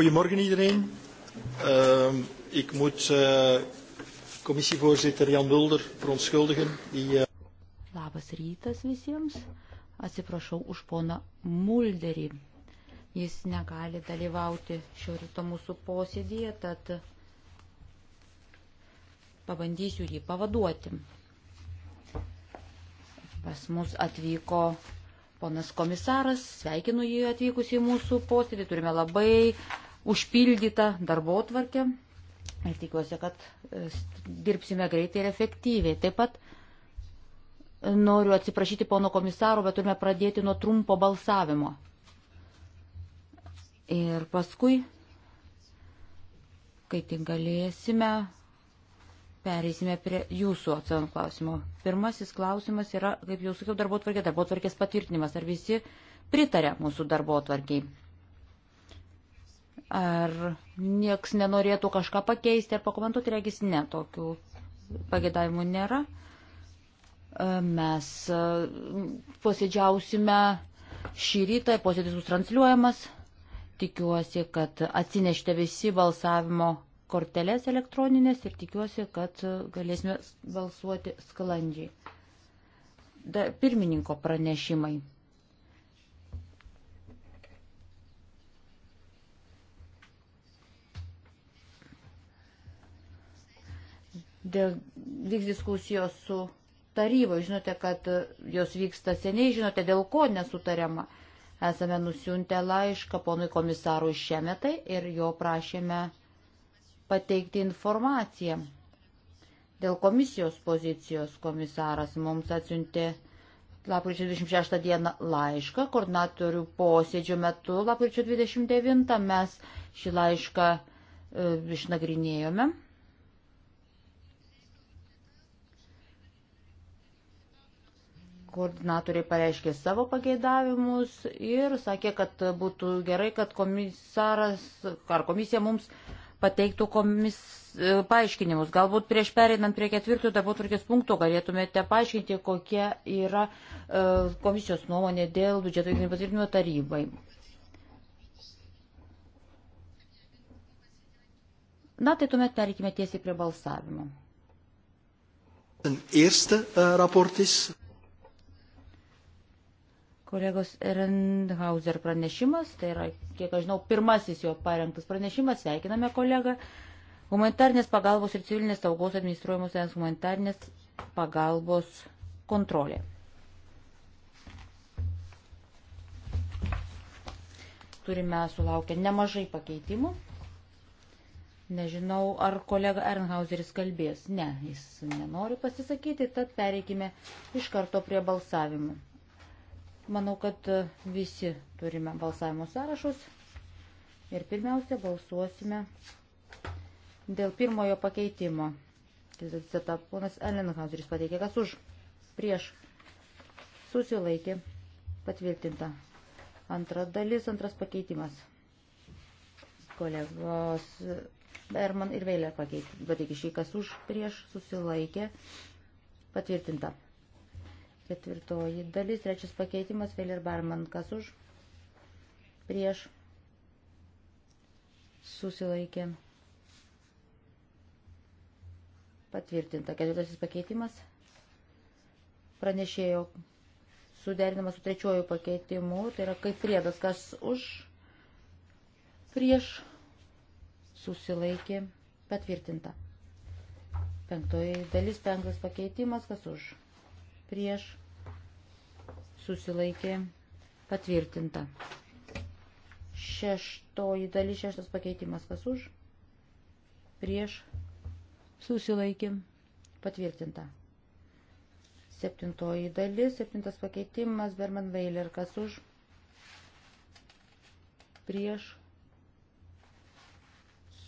Goedemorgen iedereen. Uh, ik moet uh, commissievoorzitter Jan Mulder verontschuldigen. Die, uh... Labas rytas visiems. Atsiprašau už poną Mulderį. Jis negali dalyvauti šio ryto mūsų posėdėje, tad pabandysiu jį pavaduoti. Pas mus atvyko ponas komisaras, sveikinu jį atvykus į mūsų posėdį, turime labai užpildytą darbo tvarkę ir tikiuosi, kad e, dirbsime greitai ir efektyviai. Taip pat e, noriu atsiprašyti pono komisaro, bet turime pradėti nuo trumpo balsavimo. Ir paskui, kai tik galėsime, Pereisime prie jūsų atsakymų klausimo. Pirmasis klausimas yra, kaip jau sakiau, darbo tvarkė, darbo tvarkės patvirtinimas. Ar visi pritarė mūsų darbo tvarkiai? Ar nieks nenorėtų kažką pakeisti ar pakomentuoti, regis ne, tokių pagėdavimų nėra. E, mes e, posėdžiausime šį rytą, posėdis bus transliuojamas. Tikiuosi, kad atsinešite visi balsavimo korteles elektroninės ir tikiuosi, kad e, galėsime balsuoti sklandžiai. Da, pirmininko pranešimai. dėl, vyks diskusijos su taryba. Žinote, kad jos vyksta seniai, žinote, dėl ko nesutariama. Esame nusiuntę laišką ponui komisarui šiemetai ir jo prašėme pateikti informaciją. Dėl komisijos pozicijos komisaras mums atsiuntė lapkričio 26 dieną laišką, koordinatorių posėdžio metu lapkričio 29 mes šį laišką e, išnagrinėjome. koordinatoriai pareiškė savo pageidavimus ir sakė, kad būtų gerai, kad komisaras ar komisija mums pateiktų komis, paaiškinimus. Galbūt prieš pereinant prie ketvirtojo darbo tvarkės punkto galėtumėte paaiškinti, kokia yra e, komisijos nuomonė dėl biudžeto įgyvenimo patvirtinimo tarybai. Na, tai tuomet perikime tiesiai prie balsavimo. Een eerste uh, rapport is kolegos Erenhauser pranešimas, tai yra, kiek aš žinau, pirmasis jo parengtas pranešimas, sveikiname kolegą. Humanitarnės pagalbos ir civilinės saugos administruojamos es humanitarnės pagalbos kontrolė. Turime sulaukę nemažai pakeitimų. Nežinau, ar kolega Ernhauseris kalbės. Ne, jis nenori pasisakyti, tad pereikime iš karto prie balsavimų. Manau, kad e, visi turime balsavimo sąrašus ir pirmiausia balsuosime dėl pirmojo pakeitimo. Citata, ponas Ellenhauseris pateikė, kas už, prieš, susilaikė, patvirtinta. Antra dalis, antras pakeitimas. Kolegos Berman ir Veiler pateikė šį, kas už, prieš, susilaikė, patvirtinta. Ketvirtoji dalis, trečias pakeitimas, vėl ir barman, kas už, prieš, susilaikė. Patvirtinta. Ketvirtasis pakeitimas pranešėjo suderinamas su trečiojų pakeitimu, tai yra kaip priedas, kas už, prieš, susilaikė, patvirtinta. Penktoji dalis, penktas pakeitimas, kas už prieš susilaikė patvirtinta. Šeštoji dalis, šeštas pakeitimas, kas už, prieš susilaikė patvirtinta. Septintoji dalis, septintas pakeitimas, Berman Veiler, kas už, prieš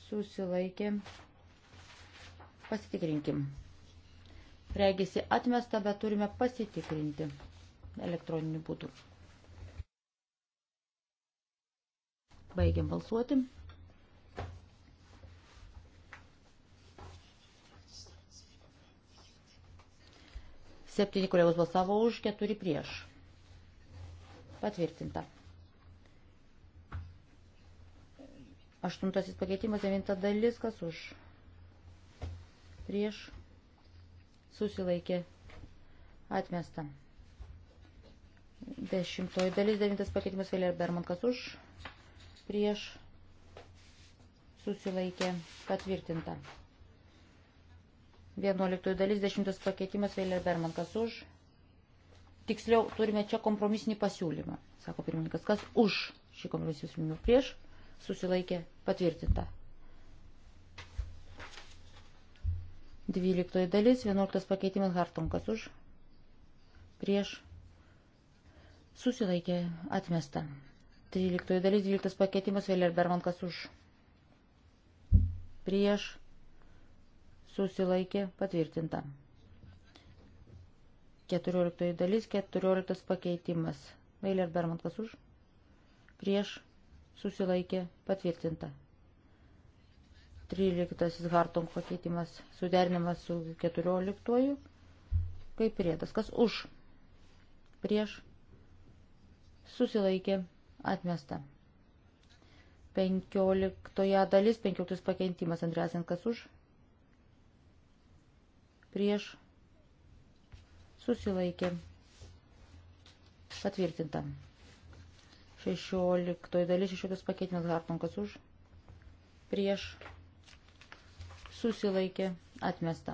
susilaikė. Pasitikrinkim. Regisi atmesta, bet turime pasitikrinti elektroniniu būdu. Baigiam balsuoti. Septyni kolegos balsavo už, keturi prieš. Patvirtinta. Aštuntasis pakeitimas, devinta dalis, kas už. Prieš susilaikė atmesta. Dešimtoji dalis, devintas pakeitimas vėliau Bermankas už, prieš susilaikė patvirtinta. Vienuoliktoji dalis, dešimtas pakeitimas vėliau Bermankas už. Tiksliau, turime čia kompromisinį pasiūlymą, sako pirmininkas, kas už šį kompromisinį pasiūlymą prieš susilaikė patvirtinta. 12 dalis, 11 pakeitimas Hartunkas už, prieš, susilaikė, atmesta. 13 dalis, 12 pakeitimas Vėlerbermankas už, prieš, susilaikė, patvirtinta. 14 dalis, 14 pakeitimas Vėlerbermankas už, prieš, susilaikė, patvirtinta. 13 Hartung pakeitimas suderinamas su 14 kaip priedas. Kas už? Prieš? Susilaikė atmesta. 15 dalis, 15 pakeitimas Andresen, kas už? Prieš? Susilaikė. Patvirtinta. 16 dalis, 16 pakeitimas Hartung, kas už? Prieš? susilaikė atmesta.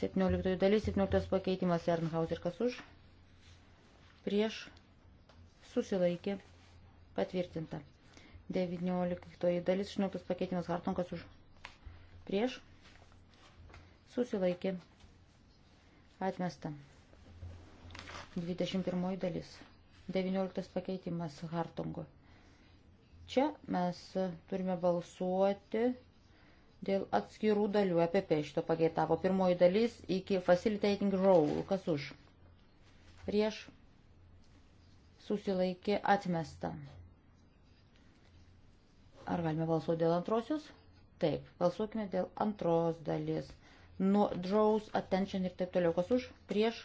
17 dalis, 17 pakeitimas Ernhauser kas už, prieš susilaikė patvirtinta. 19 dalis, 16 pakeitimas Harton kas už, prieš susilaikė atmesta. 21 dalis. 19 pakeitimas Hartungo. Čia mes turime balsuoti dėl atskirų dalių EPP šito pageitavo. Pirmoji dalis iki facilitating role, kas už. Prieš susilaikė atmesta. Ar galime balsuoti dėl antrosios? Taip, balsuokime dėl antros dalies. Nuo draws, attention ir taip toliau, kas už, prieš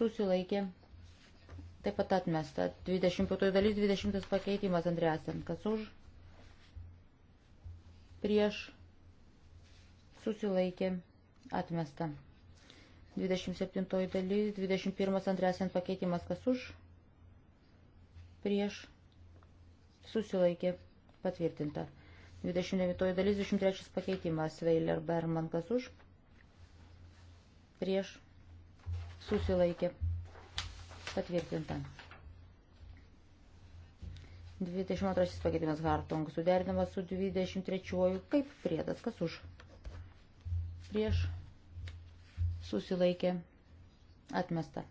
susilaikė. Taip pat atmesta. 25 dalis, 20 pakeitimas Andreasen, kas už, prieš susilaikė atmesta. 27 dalis, 21 antresiant pakeitimas kas už, prieš susilaikė patvirtinta. 29 dalis, 23 pakeitimas Veiler Berman kas už, prieš susilaikė patvirtinta. 22 pakeitimas Hartung suderinamas su 23 kaip priedas, kas už. Prieš susilaikė atmesta.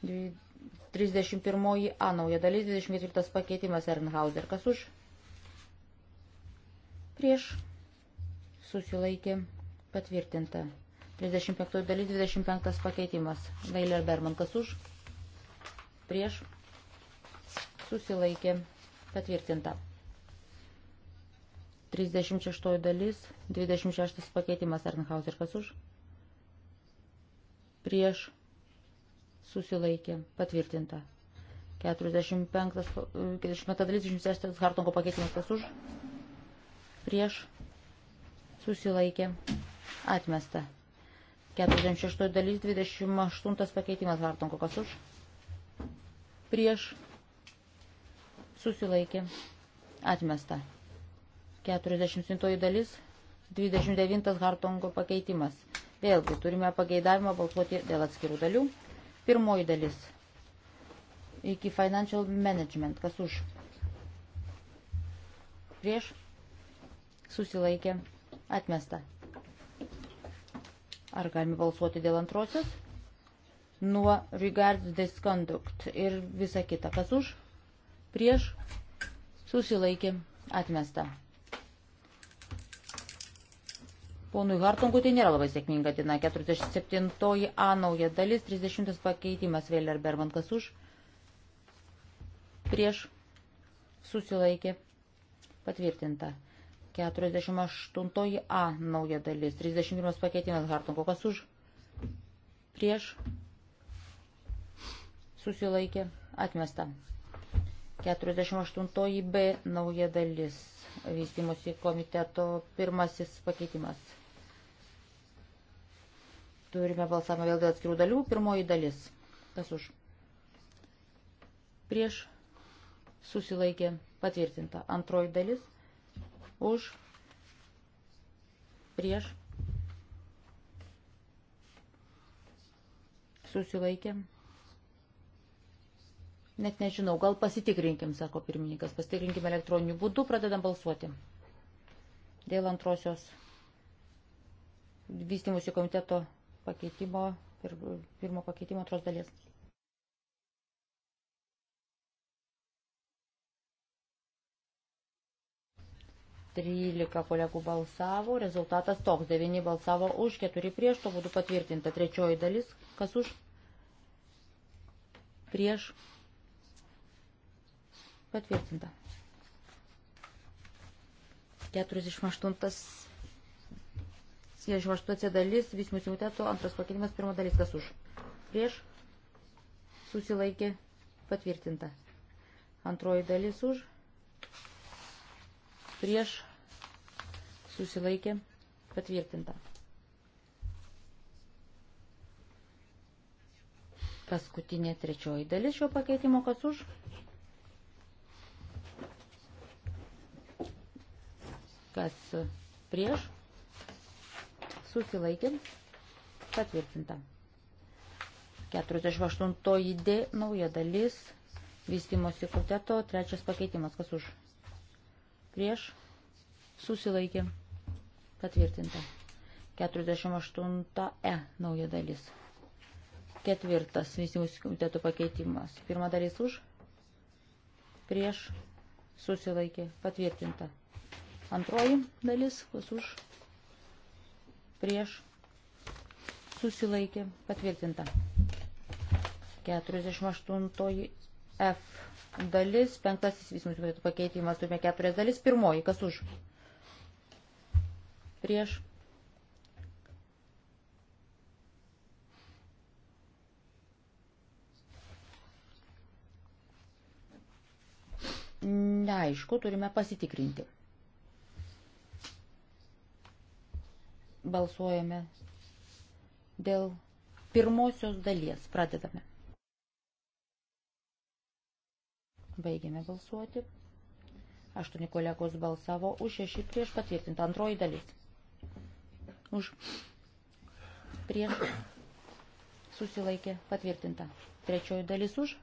31 A nauja dalis, 24 pakeitimas Ernhauser, kas už. Prieš susilaikė patvirtinta. 35 dalis, 25 pakeitimas Veiler Berman, kas už. Prieš susilaikė patvirtinta. 36 dalis, 26 pakeitimas Arnhauser kas už, prieš susilaikė patvirtinta. 45, 45 dalis, 26 Hartongo pakeitimas kas už, prieš susilaikė atmesta. 46 dalis, 28 pakeitimas Hartongo kas už, prieš susilaikė susilaikė, atmesta. 47 dalis, 29 Hartongo pakeitimas. Vėlgi turime pageidavimą balsuoti dėl atskirų dalių. Pirmoji dalis iki financial management, kas už. Prieš susilaikė atmesta. Ar galime balsuoti dėl antrosios? Nuo regards this conduct ir visa kita, kas už prieš susilaikė atmesta. Ponui Hartungui tai nėra labai sėkminga diena. 47 A nauja dalis, 30 pakeitimas Vėler Bermankas už, prieš susilaikė patvirtinta. 48 A nauja dalis, 31 pakeitimas Hartungo kas už, prieš susilaikė atmesta. 48 B nauja dalis vystimosi komiteto pirmasis pakeitimas. Turime balsavimą vėl dėl atskirų dalių. Pirmoji dalis. Kas už? Prieš susilaikė patvirtinta. Antroji dalis. Už. Prieš. Susilaikė patvirtinta. Net nežinau, gal pasitikrinkim, sako pirmininkas, pasitikrinkim elektroniniu būdu, pradedam balsuoti. Dėl antrosios vystimusių komiteto pakeitimo, pirmo pakeitimo antros dalies. Trylika kolegų balsavo, rezultatas toks, devyni balsavo už, keturi prieš, to būtų patvirtinta. Trečioji dalis, kas už, prieš, prieš Patvirtinta. 48 78 dalis, Vysimų komiteto antras pakeitimas, pirmo dalis, kas už. Prieš susilaikė patvirtinta. Antroji dalis už. Prieš susilaikė patvirtinta. Paskutinė trečioji dalis šio pakeitimo, kas už. kas prieš, susilaikė, patvirtinta. 48 D nauja dalis, vystimosi komiteto, trečias pakeitimas, kas už, prieš, susilaikė, patvirtinta. 48 E nauja dalis. Ketvirtas vystimosi komiteto pakeitimas. Pirma dalis už, prieš, susilaikė, patvirtinta. Antroji dalis, kas už, prieš, susilaikė, patvirtinta. 48 F dalis, penktasis vismus pakeitimas, turime keturias dalis, pirmoji, kas už, prieš, neaišku, turime pasitikrinti. Balsuojame dėl pirmosios dalies. Pradedame. Baigėme balsuoti. Aštuoni kolegos balsavo už šeši prieš patvirtintą antroji dalis. Už prieš susilaikė patvirtinta. Trečioji dalis už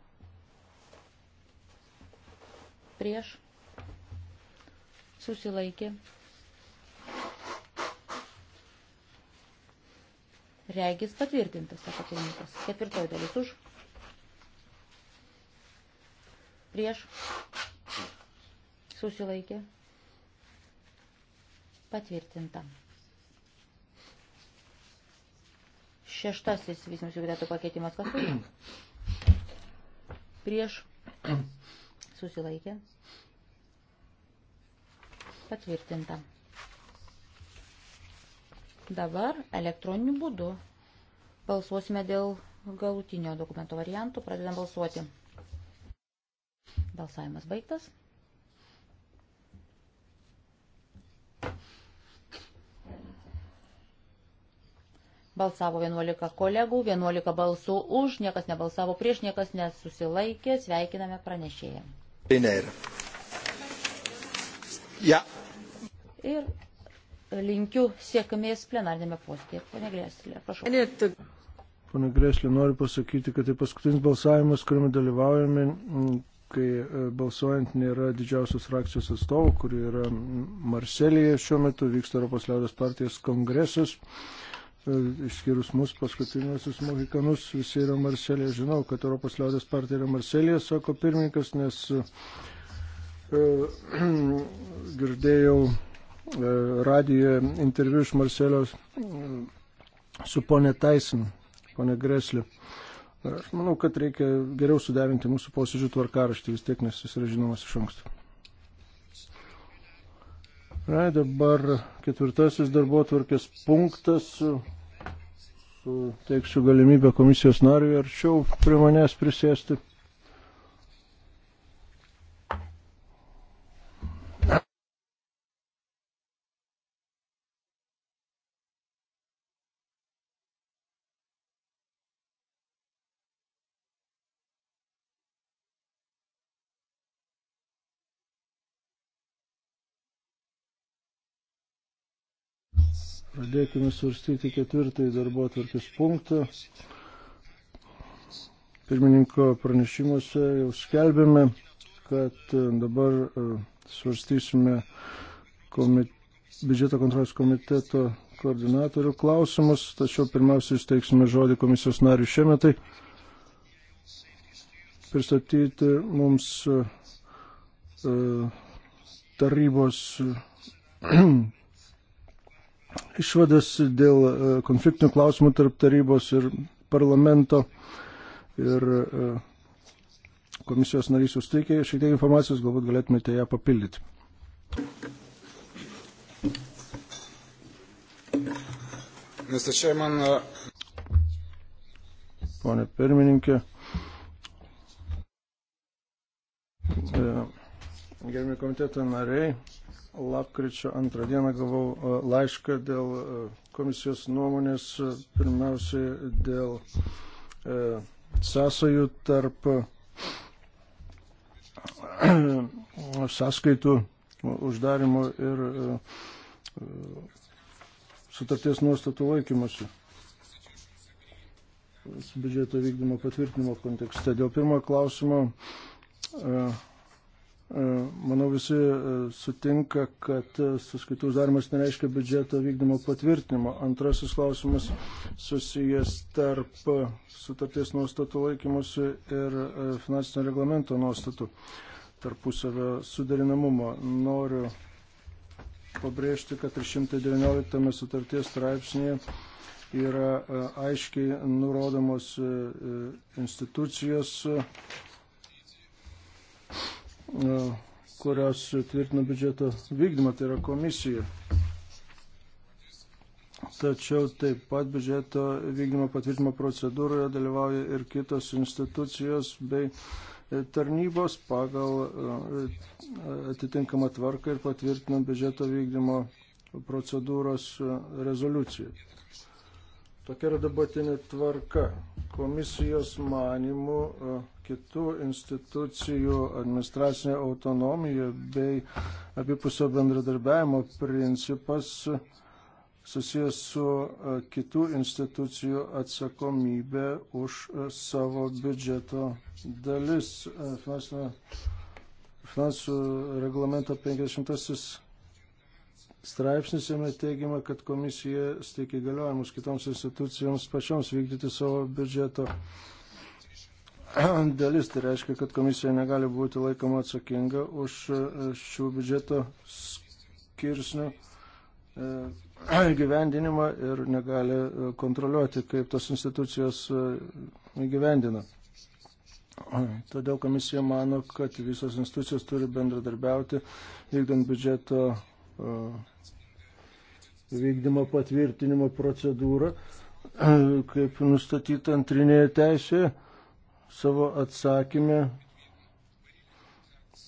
prieš susilaikė patvirtinta Regis patvirtintas, sako pirmininkas. Ketvirtoji dalis už. Prieš. Susilaikė. Patvirtinta. Šeštasis visimus jūgrėtų pakeitimas kas už. Prieš. Susilaikė. Patvirtinta. Dabar elektroniniu būdu balsuosime dėl galutinio dokumento variantų. Pradedam balsuoti. Balsavimas baigtas. Balsavo 11 kolegų, 11 balsų už, niekas nebalsavo prieš, niekas nesusilaikė. Sveikiname pranešėją. Ir linkiu sėkmės plenarnėme postėje. Pone Greslė, prašau. Pone Greslė, noriu pasakyti, kad tai paskutinis balsavimas, kuriame dalyvaujame, kai e, balsuojant nėra didžiausios frakcijos atstovų, kuri yra Marselėje šiuo metu, vyksta Europos liaudės partijos kongresas. E, išskyrus mus paskutiniuosius mohikanus, visi yra Marselėje. Žinau, kad Europos liaudės partija yra Marselėje, sako pirmininkas, nes e, girdėjau E, radijoje interviu iš Marselios e, su ponė Taisin, ponė Greslė. E, aš manau, kad reikia geriau suderinti mūsų posėdžių tvarkaraštį, vis tiek, nes jis yra žinomas iš anksto. Na, dabar ketvirtasis darbo tvarkės punktas. Suteiksiu galimybę komisijos nariui arčiau prie manęs prisėsti. Pradėkime svarstyti ketvirtąjį darbo atvarkės punktą. Pirmininko pranešimuose jau skelbėme, kad e, dabar e, svarstysime komit... biudžeto kontrolės komiteto koordinatorių klausimus, tačiau pirmiausia, įsteigsime žodį komisijos narių šiemetai pristatyti mums e, tarybos išvadas dėl e, konfliktinių klausimų tarp tarybos ir parlamento. Ir e, komisijos narys jūs teikė šiek tiek informacijos, galbūt galėtumėte ją papildyti. Man... E, Pone pirmininkė. Gerbimi komiteto nariai, Lapkričio antrą dieną gavau e, laišką dėl e, komisijos nuomonės, e, pirmiausiai dėl e, sąsajų tarp sąskaitų uždarimo ir sutarties nuostatų laikymosi biudžeto vykdymo patvirtinimo kontekste. Dėl pirmojo klausimo e, E, manau visi e, sutinka, kad e, suskaitų uždarimas nereiškia biudžeto vykdymo patvirtinimo. Antrasis klausimas susijęs tarp sutarties nuostatų laikymusi ir finansinio reglamento nuostatų tarpusavio suderinamumo. Noriu pabrėžti, kad ir 119 sutarties straipsnėje yra aiškiai nurodomos institucijos E, kurios tvirtina biudžeto vykdymą, tai yra komisija. Tačiau taip pat biudžeto vykdymo patvirtimo procedūroje dalyvauja ir kitos institucijos bei e, tarnybos pagal e, atitinkamą tvarką ir patvirtina biudžeto vykdymo procedūros rezoliuciją. Tokia yra dabartinė tvarka. Komisijos manimų e, kitų institucijų administracinė autonomija bei abipusio bendradarbiavimo principas susijęs su e, kitų institucijų atsakomybė už e, savo biudžeto dalis. Finansinio finansų reglamento 50 straipsnis jame teigiama, kad komisija steikia galiojimus kitoms institucijoms pačioms vykdyti savo biudžeto dalis. Tai reiškia, kad komisija negali būti laikoma atsakinga už e, šių biudžeto skirsnių e, gyvendinimą ir negali e, kontroliuoti, kaip tos institucijos gyvendina. Todėl komisija mano, kad visos institucijos turi bendradarbiauti, vykdant biudžeto vykdymo patvirtinimo procedūrą, kaip nustatyta antrinėje teisėje, savo atsakymę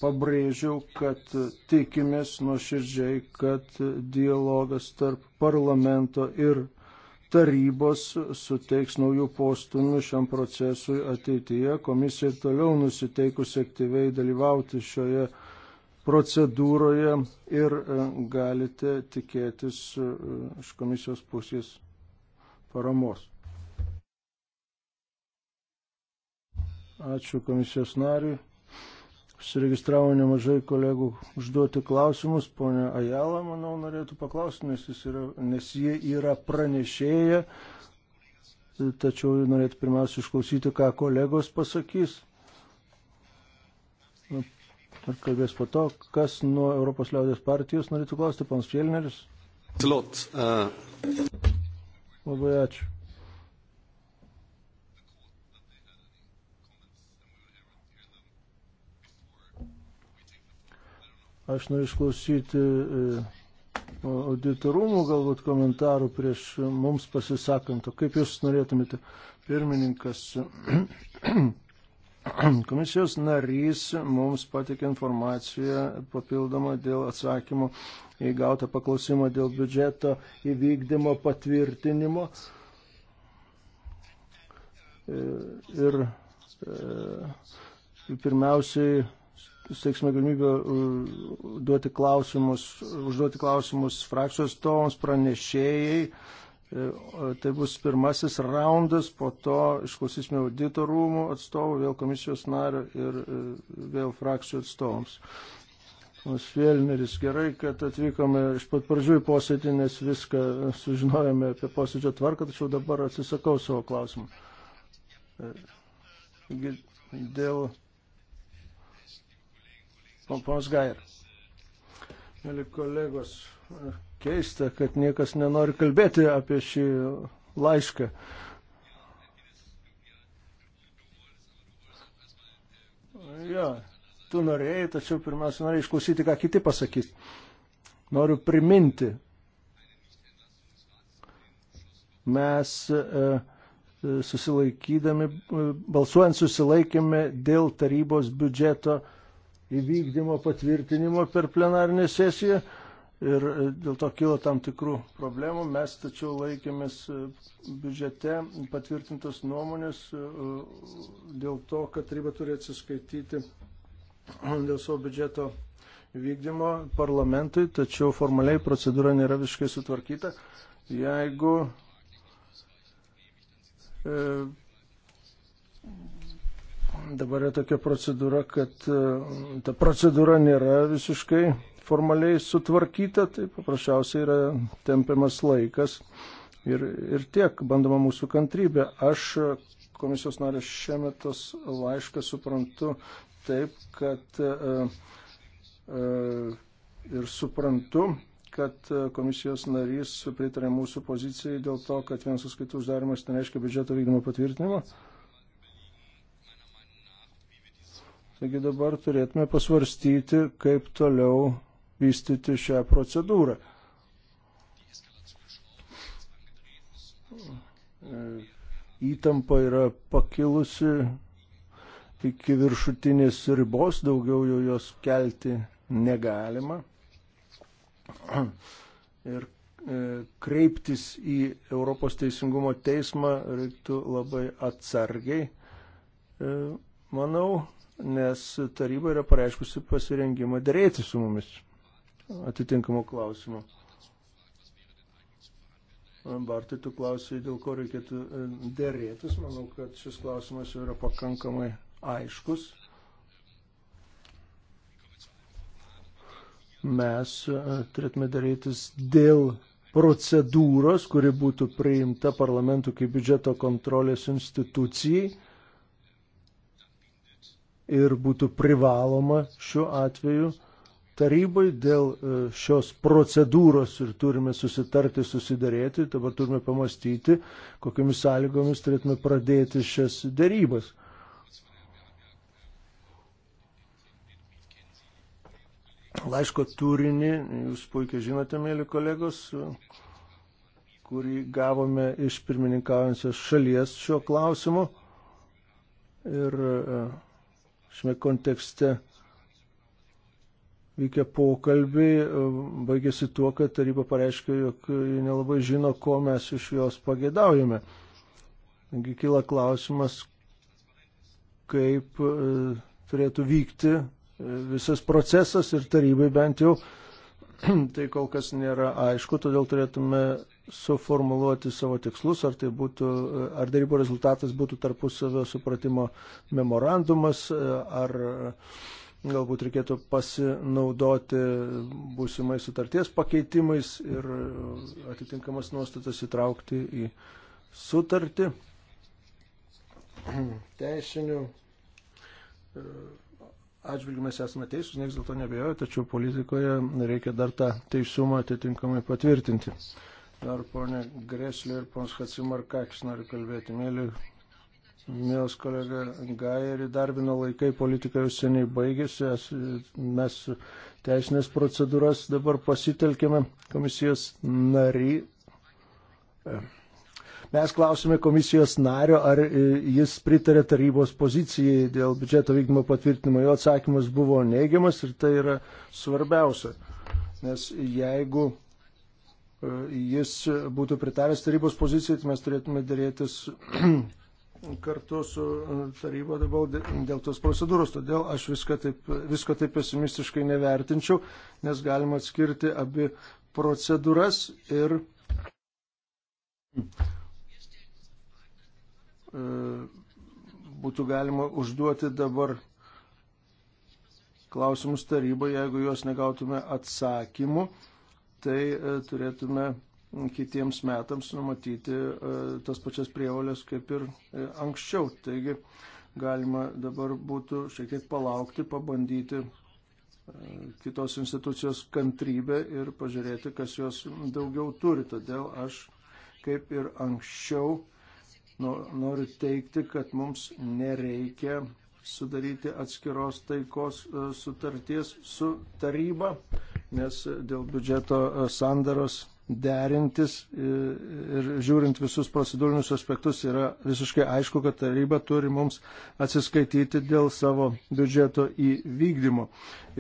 pabrėžiau, kad tikimės nuoširdžiai, kad dialogas tarp parlamento ir tarybos suteiks naujų postumių šiam procesui ateityje. Komisija ir toliau nusiteikusi aktyviai dalyvauti šioje procedūroje ir e, galite tikėtis e, iš komisijos pusės paramos. Ačiū komisijos nariui. Susiregistravo nemažai kolegų užduoti klausimus. Pone Ajala, manau, norėtų paklausti, nes, yra, nes jie yra pranešėję, tačiau norėtų pirmiausia išklausyti, ką kolegos pasakys. Ar kalbės po to, kas nuo Europos liaudės partijos norėtų klausti, pans Fjellneris? Labai ačiū. Aš noriu išklausyti e, auditorumų galbūt komentarų prieš mums pasisakant, o kaip jūs norėtumėte, pirmininkas. Komisijos narys mums patikė informaciją papildomą dėl atsakymų įgautą paklausimą dėl biudžeto įvykdymo patvirtinimo. Ir, ir e, pirmiausiai steiksime galimybę e, duoti klausimus, užduoti klausimus frakcijos tovams pranešėjai E, tai bus pirmasis raundas, po to išklausysime audito rūmų atstovų, vėl komisijos nario ir e, vėl frakcijų atstovams. Mums Vėlneris, gerai, kad atvykome iš pat pradžių į posėdį, nes viską sužinojome apie posėdžio tvarką, tačiau dabar atsisakau savo klausimą. E, dėl pompos gairų. Mėly kolegos, Keista, kad niekas nenori kalbėti apie šį laišką. Jo, tu norėjai, tačiau pirmiausia, norėjai išklausyti, ką kiti pasakys. Noriu priminti. Mes e, susilaikydami, e, balsuojant susilaikėme dėl tarybos biudžeto įvykdymo patvirtinimo per plenarinę sesiją ir e, dėl to kilo tam tikrų problemų. Mes tačiau laikėmės e, biudžete patvirtintos nuomonės e, dėl to, kad taryba turi atsiskaityti dėl savo biudžeto vykdymo parlamentui, tačiau formaliai procedūra nėra visiškai sutvarkyta. Jeigu e, dabar yra tokia procedūra, kad e, ta procedūra nėra visiškai formaliai sutvarkyta, tai paprasčiausiai yra tempiamas laikas ir, ir tiek bandoma mūsų kantrybė. Aš komisijos narės šiemetos laišką suprantu taip, kad e, e, ir suprantu, kad e, komisijos narys pritarė mūsų pozicijai dėl to, kad vienas suskaitų uždarimas nereiškia biudžeto vykdymo patvirtinimo. Taigi dabar turėtume pasvarstyti, kaip toliau vystyti šią procedūrą. Įtampa yra pakilusi iki viršutinės ribos, daugiau jau jos kelti negalima. Ir e, kreiptis į Europos teisingumo teismą reiktų labai atsargiai, e, manau, nes taryba yra pareiškusi pasirengimą dėrėti su mumis atitinkamų klausimų. Bartai, tu klausai, dėl ko reikėtų e, dėrėtis. Manau, kad šis klausimas yra pakankamai aiškus. Mes e, turėtume dėrėtis dėl procedūros, kuri būtų priimta parlamentų kaip biudžeto kontrolės institucijai ir būtų privaloma šiuo atveju tarybai dėl e, šios procedūros ir turime susitarti, susidarėti, dabar turime pamastyti, kokiamis sąlygomis turėtume pradėti šias dėrybas. Laiško turinį, jūs puikiai žinote, mėly kolegos, kurį gavome iš pirmininkaujančios šalies šiuo klausimu. Ir e, šiame kontekste vykę pokalbiai e, baigėsi tuo, kad taryba pareiškė, jog ji nelabai žino, ko mes iš jos pagėdaujame. Taigi kyla klausimas, kaip e, turėtų vykti e, visas procesas ir tarybai bent jau tai kol kas nėra aišku, todėl turėtume suformuluoti savo tikslus, ar, tai būtų, ar darybų rezultatas būtų tarpusavio supratimo memorandumas, ar Galbūt reikėtų pasinaudoti būsimai sutarties pakeitimais ir atitinkamas nuostatas įtraukti į sutartį teisinių e, atžvilgių mes esame teisūs, nieks dėl to nebejoju, tačiau politikoje reikia dar tą teisumą atitinkamai patvirtinti. Dar ponė Greslė ir pons Hatsimarkakis nori kalbėti, mėly Mielas kolega Gajerį darbino laikai, politika jau seniai baigėsi, mes teisinės procedūras dabar pasitelkime komisijos nary. Mes klausime komisijos nario, ar e, jis pritarė tarybos pozicijai dėl biudžeto vykdymo patvirtinimo. Jo atsakymas buvo neigiamas ir tai yra svarbiausia. Nes jeigu e, jis būtų pritaręs tarybos pozicijai, tai mes turėtume dėrėtis kartu su e, taryba dabar dėl tos procedūros, todėl aš viską taip, visko taip pesimistiškai nevertinčiau, nes galima atskirti abi procedūras ir e, būtų galima užduoti dabar klausimus tarybai, jeigu juos negautume atsakymų, tai e, turėtume kitiems metams numatyti e, tas pačias prievolės kaip ir e, anksčiau. Taigi galima dabar būtų šiek tiek palaukti, pabandyti e, kitos institucijos kantrybę ir pažiūrėti, kas jos daugiau turi. Todėl aš kaip ir anksčiau noriu teikti, kad mums nereikia sudaryti atskiros taikos sutarties su taryba, nes dėl biudžeto sandaros derintis ir žiūrint visus procedūrinius aspektus yra visiškai aišku, kad taryba turi mums atsiskaityti dėl savo biudžeto įvykdymo.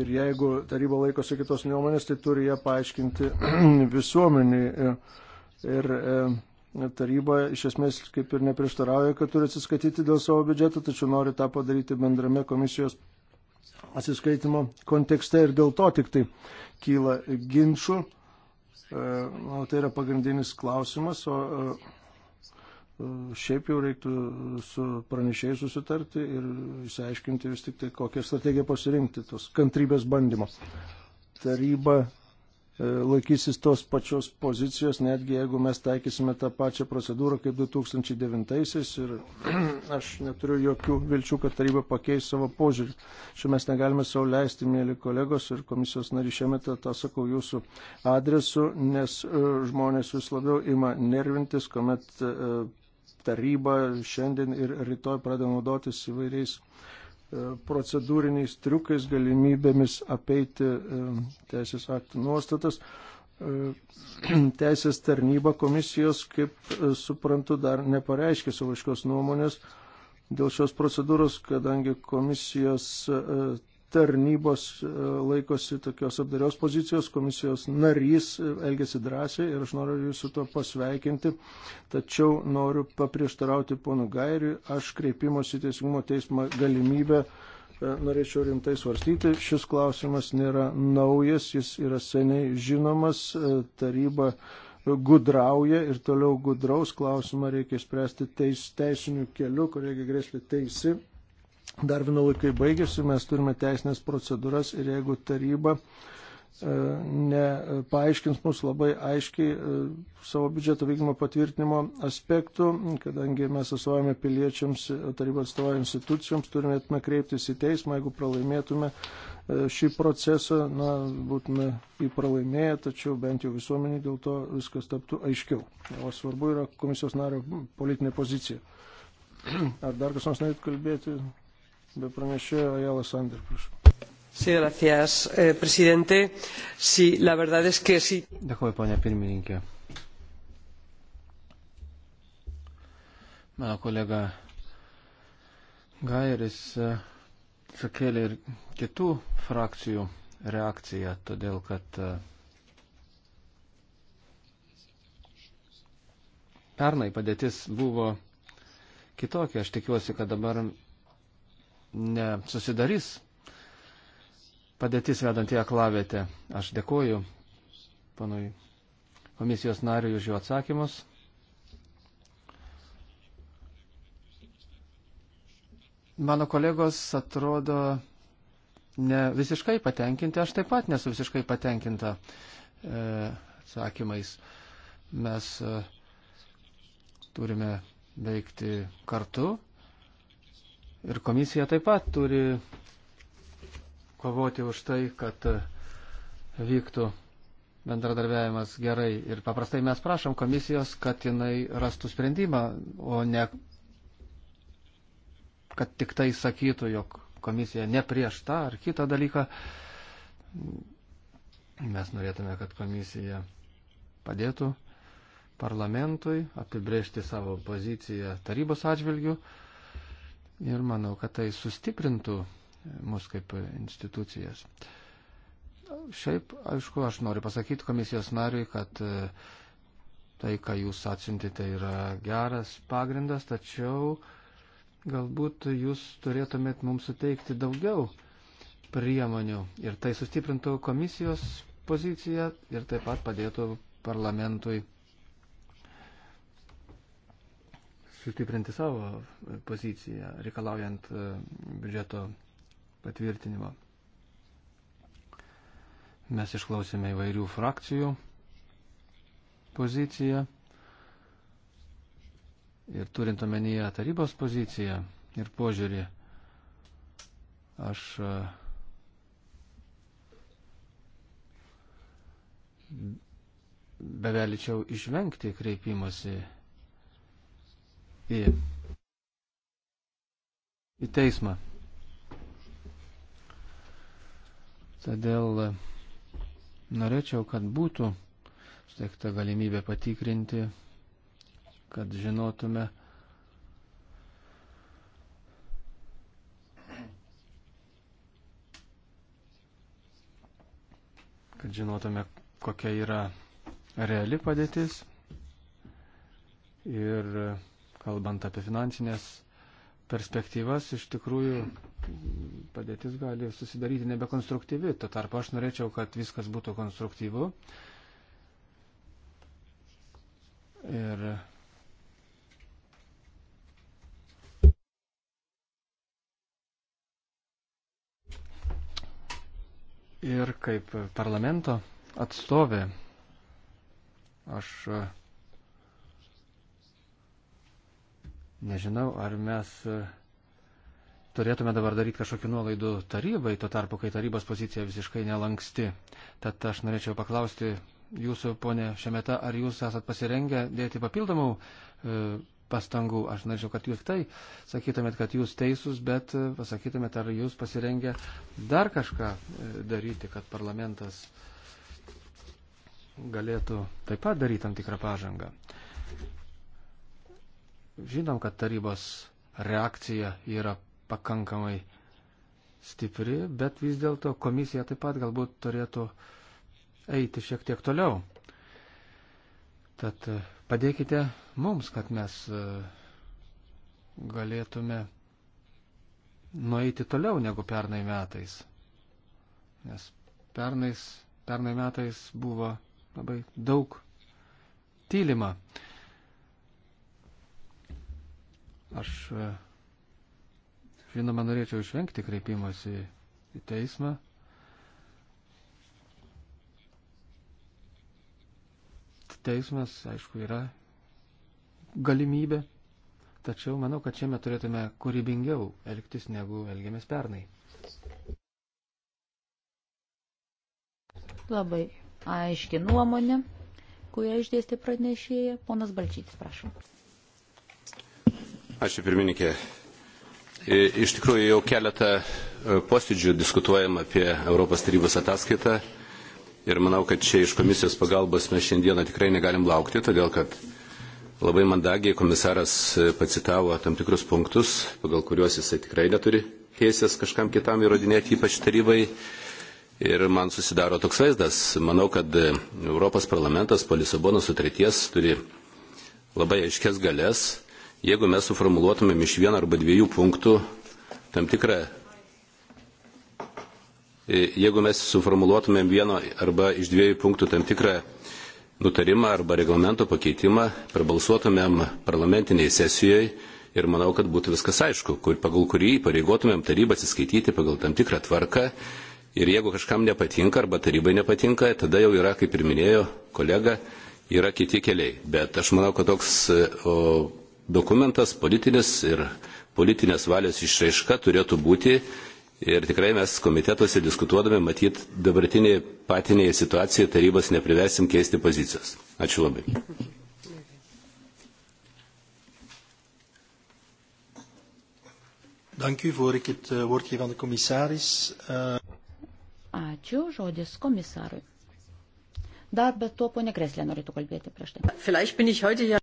Ir jeigu taryba laikosi kitos nuomonės, tai turi ją paaiškinti visuomeniai. Ir, ir e, taryba iš esmės kaip ir neprieštarauja, kad turi atsiskaityti dėl savo biudžeto, tačiau nori tą padaryti bendrame komisijos atsiskaitimo kontekste ir dėl to tik tai kyla ginčių E, manau, tai yra pagrindinis klausimas, o e, e, šiaip jau reiktų su pranešėjai susitarti ir išsiaiškinti vis tik tai, kokią strategiją pasirinkti tos kantrybės bandymo. Taryba E, laikysis tos pačios pozicijos, netgi jeigu mes taikysime tą pačią procedūrą kaip 2009-aisiais ir aš neturiu jokių vilčių, kad taryba pakeis savo požiūrį. Šiuo mes negalime savo leisti, mėly kolegos ir komisijos narišėme, tą, tą sakau jūsų adresu, nes e, žmonės vis labiau ima nervintis, kuomet e, taryba šiandien ir rytoj pradeda naudotis įvairiais E, procedūriniais triukais, galimybėmis apeiti e, teisės aktų nuostatas. E, teisės tarnyba komisijos, kaip suprantu, dar nepareiškė savo iškos nuomonės dėl šios procedūros, kadangi komisijos tarnybos e, laikosi tokios apdarios pozicijos, komisijos narys e, elgesi drąsiai ir aš noriu jūsų to pasveikinti, tačiau noriu paprieštarauti ponu Gairiui, aš kreipimosi teisingumo teismą galimybę e, norėčiau rimtai svarstyti. Šis klausimas nėra naujas, jis yra seniai žinomas, taryba gudrauja ir toliau gudraus klausimą reikia spręsti teis, teisiniu keliu, kur reikia grėsti teisi. Darvino laikai baigėsi, mes turime teisinės procedūras ir jeigu taryba e, nepaaiškins mums labai aiškiai e, savo biudžeto vykdymo patvirtinimo aspektų, kadangi mes atstovavome piliečiams, taryba atstovauja institucijoms, turėtume kreiptis į teismą, jeigu pralaimėtume e, šį procesą, na, būtume jį pralaimėję, tačiau bent jau visuomeniai dėl to viskas taptų aiškiau. O svarbu yra komisijos nario politinė pozicija. Ar dar kas nors norėtų kalbėti? be pranešėjo Ajalas Ander, prašau. Señor eh, presidente, sí, la verdad es que sí. Dėkuoju, ponia pirmininkė. Mano kolega Gairis e, sukėlė ir kitų frakcijų reakciją, todėl kad e, pernai padėtis buvo kitokia. Aš tikiuosi, kad dabar nesusidarys padėtis vedant į aklavietę. Aš dėkoju panui komisijos nariui už jų atsakymus. Mano kolegos atrodo ne visiškai patenkinti, aš taip pat nesu visiškai patenkinta e, atsakymais. Mes e, turime veikti kartu, Ir komisija taip pat turi kovoti už tai, kad vyktų bendradarbiavimas gerai. Ir paprastai mes prašom komisijos, kad jinai rastų sprendimą, o ne kad tik tai sakytų, jog komisija ne prieš tą ar kitą dalyką. Mes norėtume, kad komisija padėtų parlamentui apibrėžti savo poziciją tarybos atžvilgių ir manau, kad tai sustiprintų mus kaip institucijas. Šiaip, aišku, aš noriu pasakyti komisijos nariui, kad e, tai, ką jūs atsiuntite, tai yra geras pagrindas, tačiau galbūt jūs turėtumėt mums suteikti daugiau priemonių ir tai sustiprintų komisijos poziciją ir taip pat padėtų parlamentui sustiprinti savo poziciją, reikalaujant e, biudžeto patvirtinimo. Mes išklausėme įvairių frakcijų poziciją ir turint omenyje tarybos poziciją ir požiūrį, aš e, beveličiau išvengti kreipimosi į, į teismą. Todėl e, norėčiau, kad būtų suteikta galimybė patikrinti, kad žinotume, kad žinotume, kokia yra reali padėtis ir kalbant apie finansinės perspektyvas, iš tikrųjų padėtis gali susidaryti nebekonstruktyvi. Tuo tarpu aš norėčiau, kad viskas būtų konstruktyvu. Ir Ir kaip parlamento atstovė aš Nežinau, ar mes e, turėtume dabar daryti kažkokiu nuolaidų tarybai, tuo tarpu, kai tarybos pozicija visiškai nelanksti. Tad aš norėčiau paklausti jūsų, ponė Šemeta, ar jūs esat pasirengę dėti papildomų e, pastangų. Aš norėčiau, kad jūs tai sakytumėt, kad jūs teisūs, bet e, pasakytumėt, ar jūs pasirengę dar kažką e, daryti, kad parlamentas galėtų taip pat daryti tam tikrą pažangą. Žinom, kad tarybos reakcija yra pakankamai stipri, bet vis dėlto komisija taip pat galbūt turėtų eiti šiek tiek toliau. Tad e, padėkite mums, kad mes e, galėtume nueiti toliau negu pernai metais. Nes pernais, pernai metais buvo labai daug tylima. Aš e, žinoma norėčiau išvengti kreipimosi į teismą. Teismas, aišku, yra galimybė, tačiau manau, kad šiame turėtume kūrybingiau elgtis, negu elgėmės pernai. Labai aiški nuomonė, kurią išdėstė pranešėja. Ponas Balčytis, prašom. Ačiū pirmininkė. E, iš tikrųjų jau keletą e, posėdžių diskutuojam apie Europos tarybos ataskaitą ir manau, kad čia iš komisijos pagalbos mes šiandieną tikrai negalim laukti, todėl kad labai mandagiai komisaras e, pacitavo tam tikrus punktus, pagal kuriuos jisai tikrai neturi teisės kažkam kitam įrodinėti, ypač tarybai. Ir man susidaro toks vaizdas. Manau, kad Europos parlamentas po Lisabono sutarties turi labai aiškės galės jeigu mes suformuluotumėm iš vieno arba dviejų punktų tam tikrą e, jeigu mes suformuluotumėm vieno arba iš dviejų punktų tam tikrą nutarimą arba reglamento pakeitimą, prabalsuotumėm parlamentiniai sesijoje ir manau, kad būtų viskas aišku, kur, pagal kurį pareigotumėm tarybą atsiskaityti pagal tam tikrą tvarką ir jeigu kažkam nepatinka arba tarybai nepatinka, tada jau yra, kaip ir minėjo kolega, yra kiti keliai. Bet aš manau, kad toks e, o, dokumentas politinis ir politinės valios išraiška turėtų būti Ir tikrai mes komitetuose diskutuodami, matyt, dabartinėje patinėje situacijoje tarybos nepriversim keisti pozicijos. Ačiū labai. Dank u, voor ik het eh, woord geef aan de commissaris. Eh, Ačiū, žodis komisarui. Dar bet to, ponė Kreslė, norėtų kalbėti prieš tai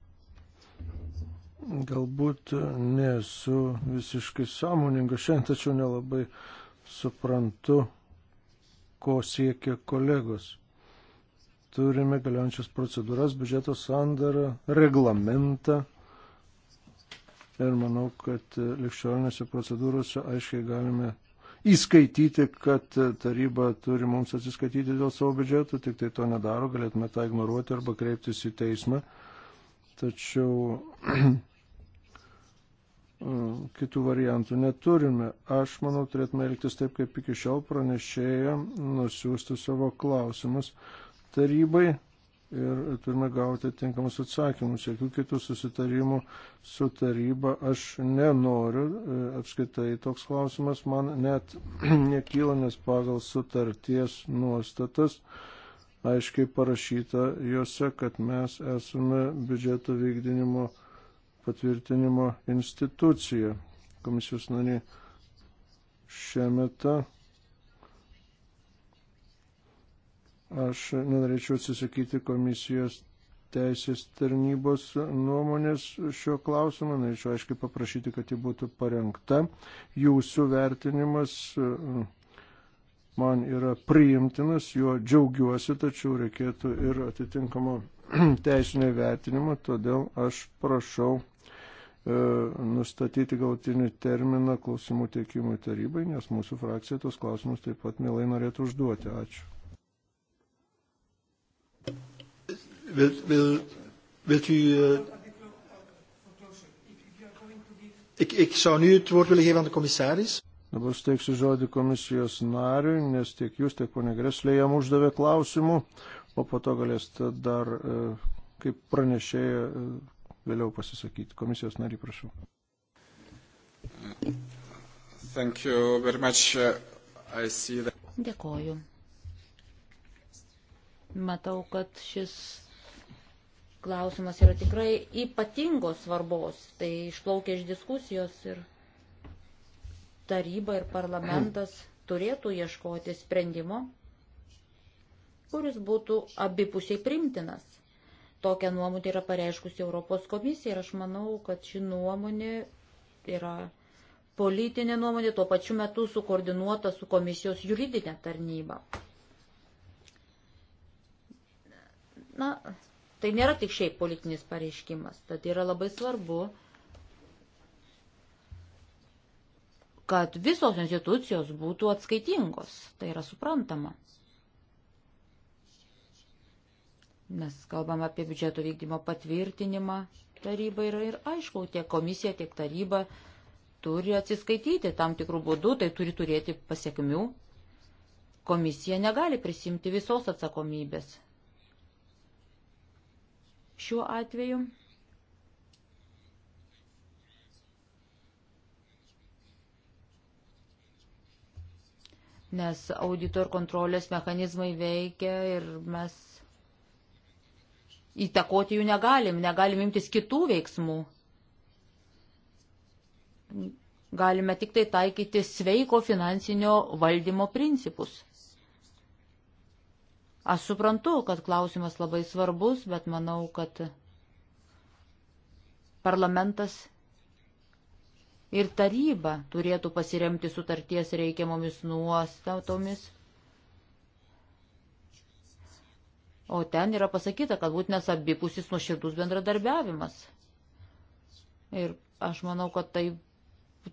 galbūt nesu visiškai sąmoninga šiandien, tačiau nelabai suprantu, ko siekia kolegos. Turime galiančias procedūras, biudžeto sandarą, reglamentą. Ir manau, kad likščiolinėse procedūrose aiškiai galime įskaityti, kad taryba turi mums atsiskaityti dėl savo biudžeto, tik tai to nedaro, galėtume tą ignoruoti arba kreiptis į teismą. Tačiau Mm, kitų variantų neturime. Aš manau, turėtume elgtis taip, kaip iki šiol pranešėja, nusiųsti savo klausimus tarybai ir turime gauti tinkamus atsakymus. Jokių kitų susitarimų su taryba aš nenoriu. E, Apskaitai toks klausimas man net nekyla, nes pagal sutarties nuostatas aiškiai parašyta juose, kad mes esame biudžeto vykdinimo patvirtinimo institucija. Komisijos nariai šiame Aš nenorėčiau atsisakyti komisijos teisės tarnybos nuomonės šiuo klausimu. Norėčiau aiškiai paprašyti, kad ji būtų parengta. Jūsų vertinimas e, man yra priimtinas, juo džiaugiuosi, tačiau reikėtų ir atitinkamo teisinio vertinimo, todėl aš prašau E, nustatyti gautinį terminą klausimų teikimui tarybai, nes mūsų frakcija tos klausimus taip pat mielai norėtų užduoti. Ačiū. Wil, wil, wilt u... Uh, ik, ik zou nu het woord willen geven aan de commissaris. Dabar steiksiu žodį komisijos nariui, nes tiek jūs, tiek ponė Greslė jam uždavė klausimų, o po to galėsite dar e, kaip pranešėja e, vėliau pasisakyti. Komisijos nariai, prašau. Uh, that... Dėkoju. Matau, kad šis klausimas yra tikrai ypatingos svarbos. Tai išplaukia iš diskusijos ir taryba ir parlamentas turėtų ieškoti sprendimo, kuris būtų abipusiai primtinas Tokią nuomonę yra pareiškusi Europos komisija ir aš manau, kad ši nuomonė yra politinė nuomonė, tuo pačiu metu sukoordinuota su komisijos juridinė tarnyba. Na, tai nėra tik šiaip politinis pareiškimas, tad yra labai svarbu, kad visos institucijos būtų atskaitingos, tai yra suprantama. Mes kalbam apie biudžeto vykdymo patvirtinimą tarybai ir, ir aišku, tiek komisija, tiek taryba turi atsiskaityti tam tikrų būdų, tai turi turėti pasiekmių. Komisija negali prisimti visos atsakomybės. Šiuo atveju nes audito ir kontrolės mechanizmai veikia ir mes įtakoti jų negalim, negalim imtis kitų veiksmų. Galime tik tai taikyti sveiko finansinio valdymo principus. Aš suprantu, kad klausimas labai svarbus, bet manau, kad parlamentas ir taryba turėtų pasiremti sutarties reikiamomis nuostatomis O ten yra pasakyta, kad būtinas abipusis nuoširdus bendradarbiavimas. Ir aš manau, kad tai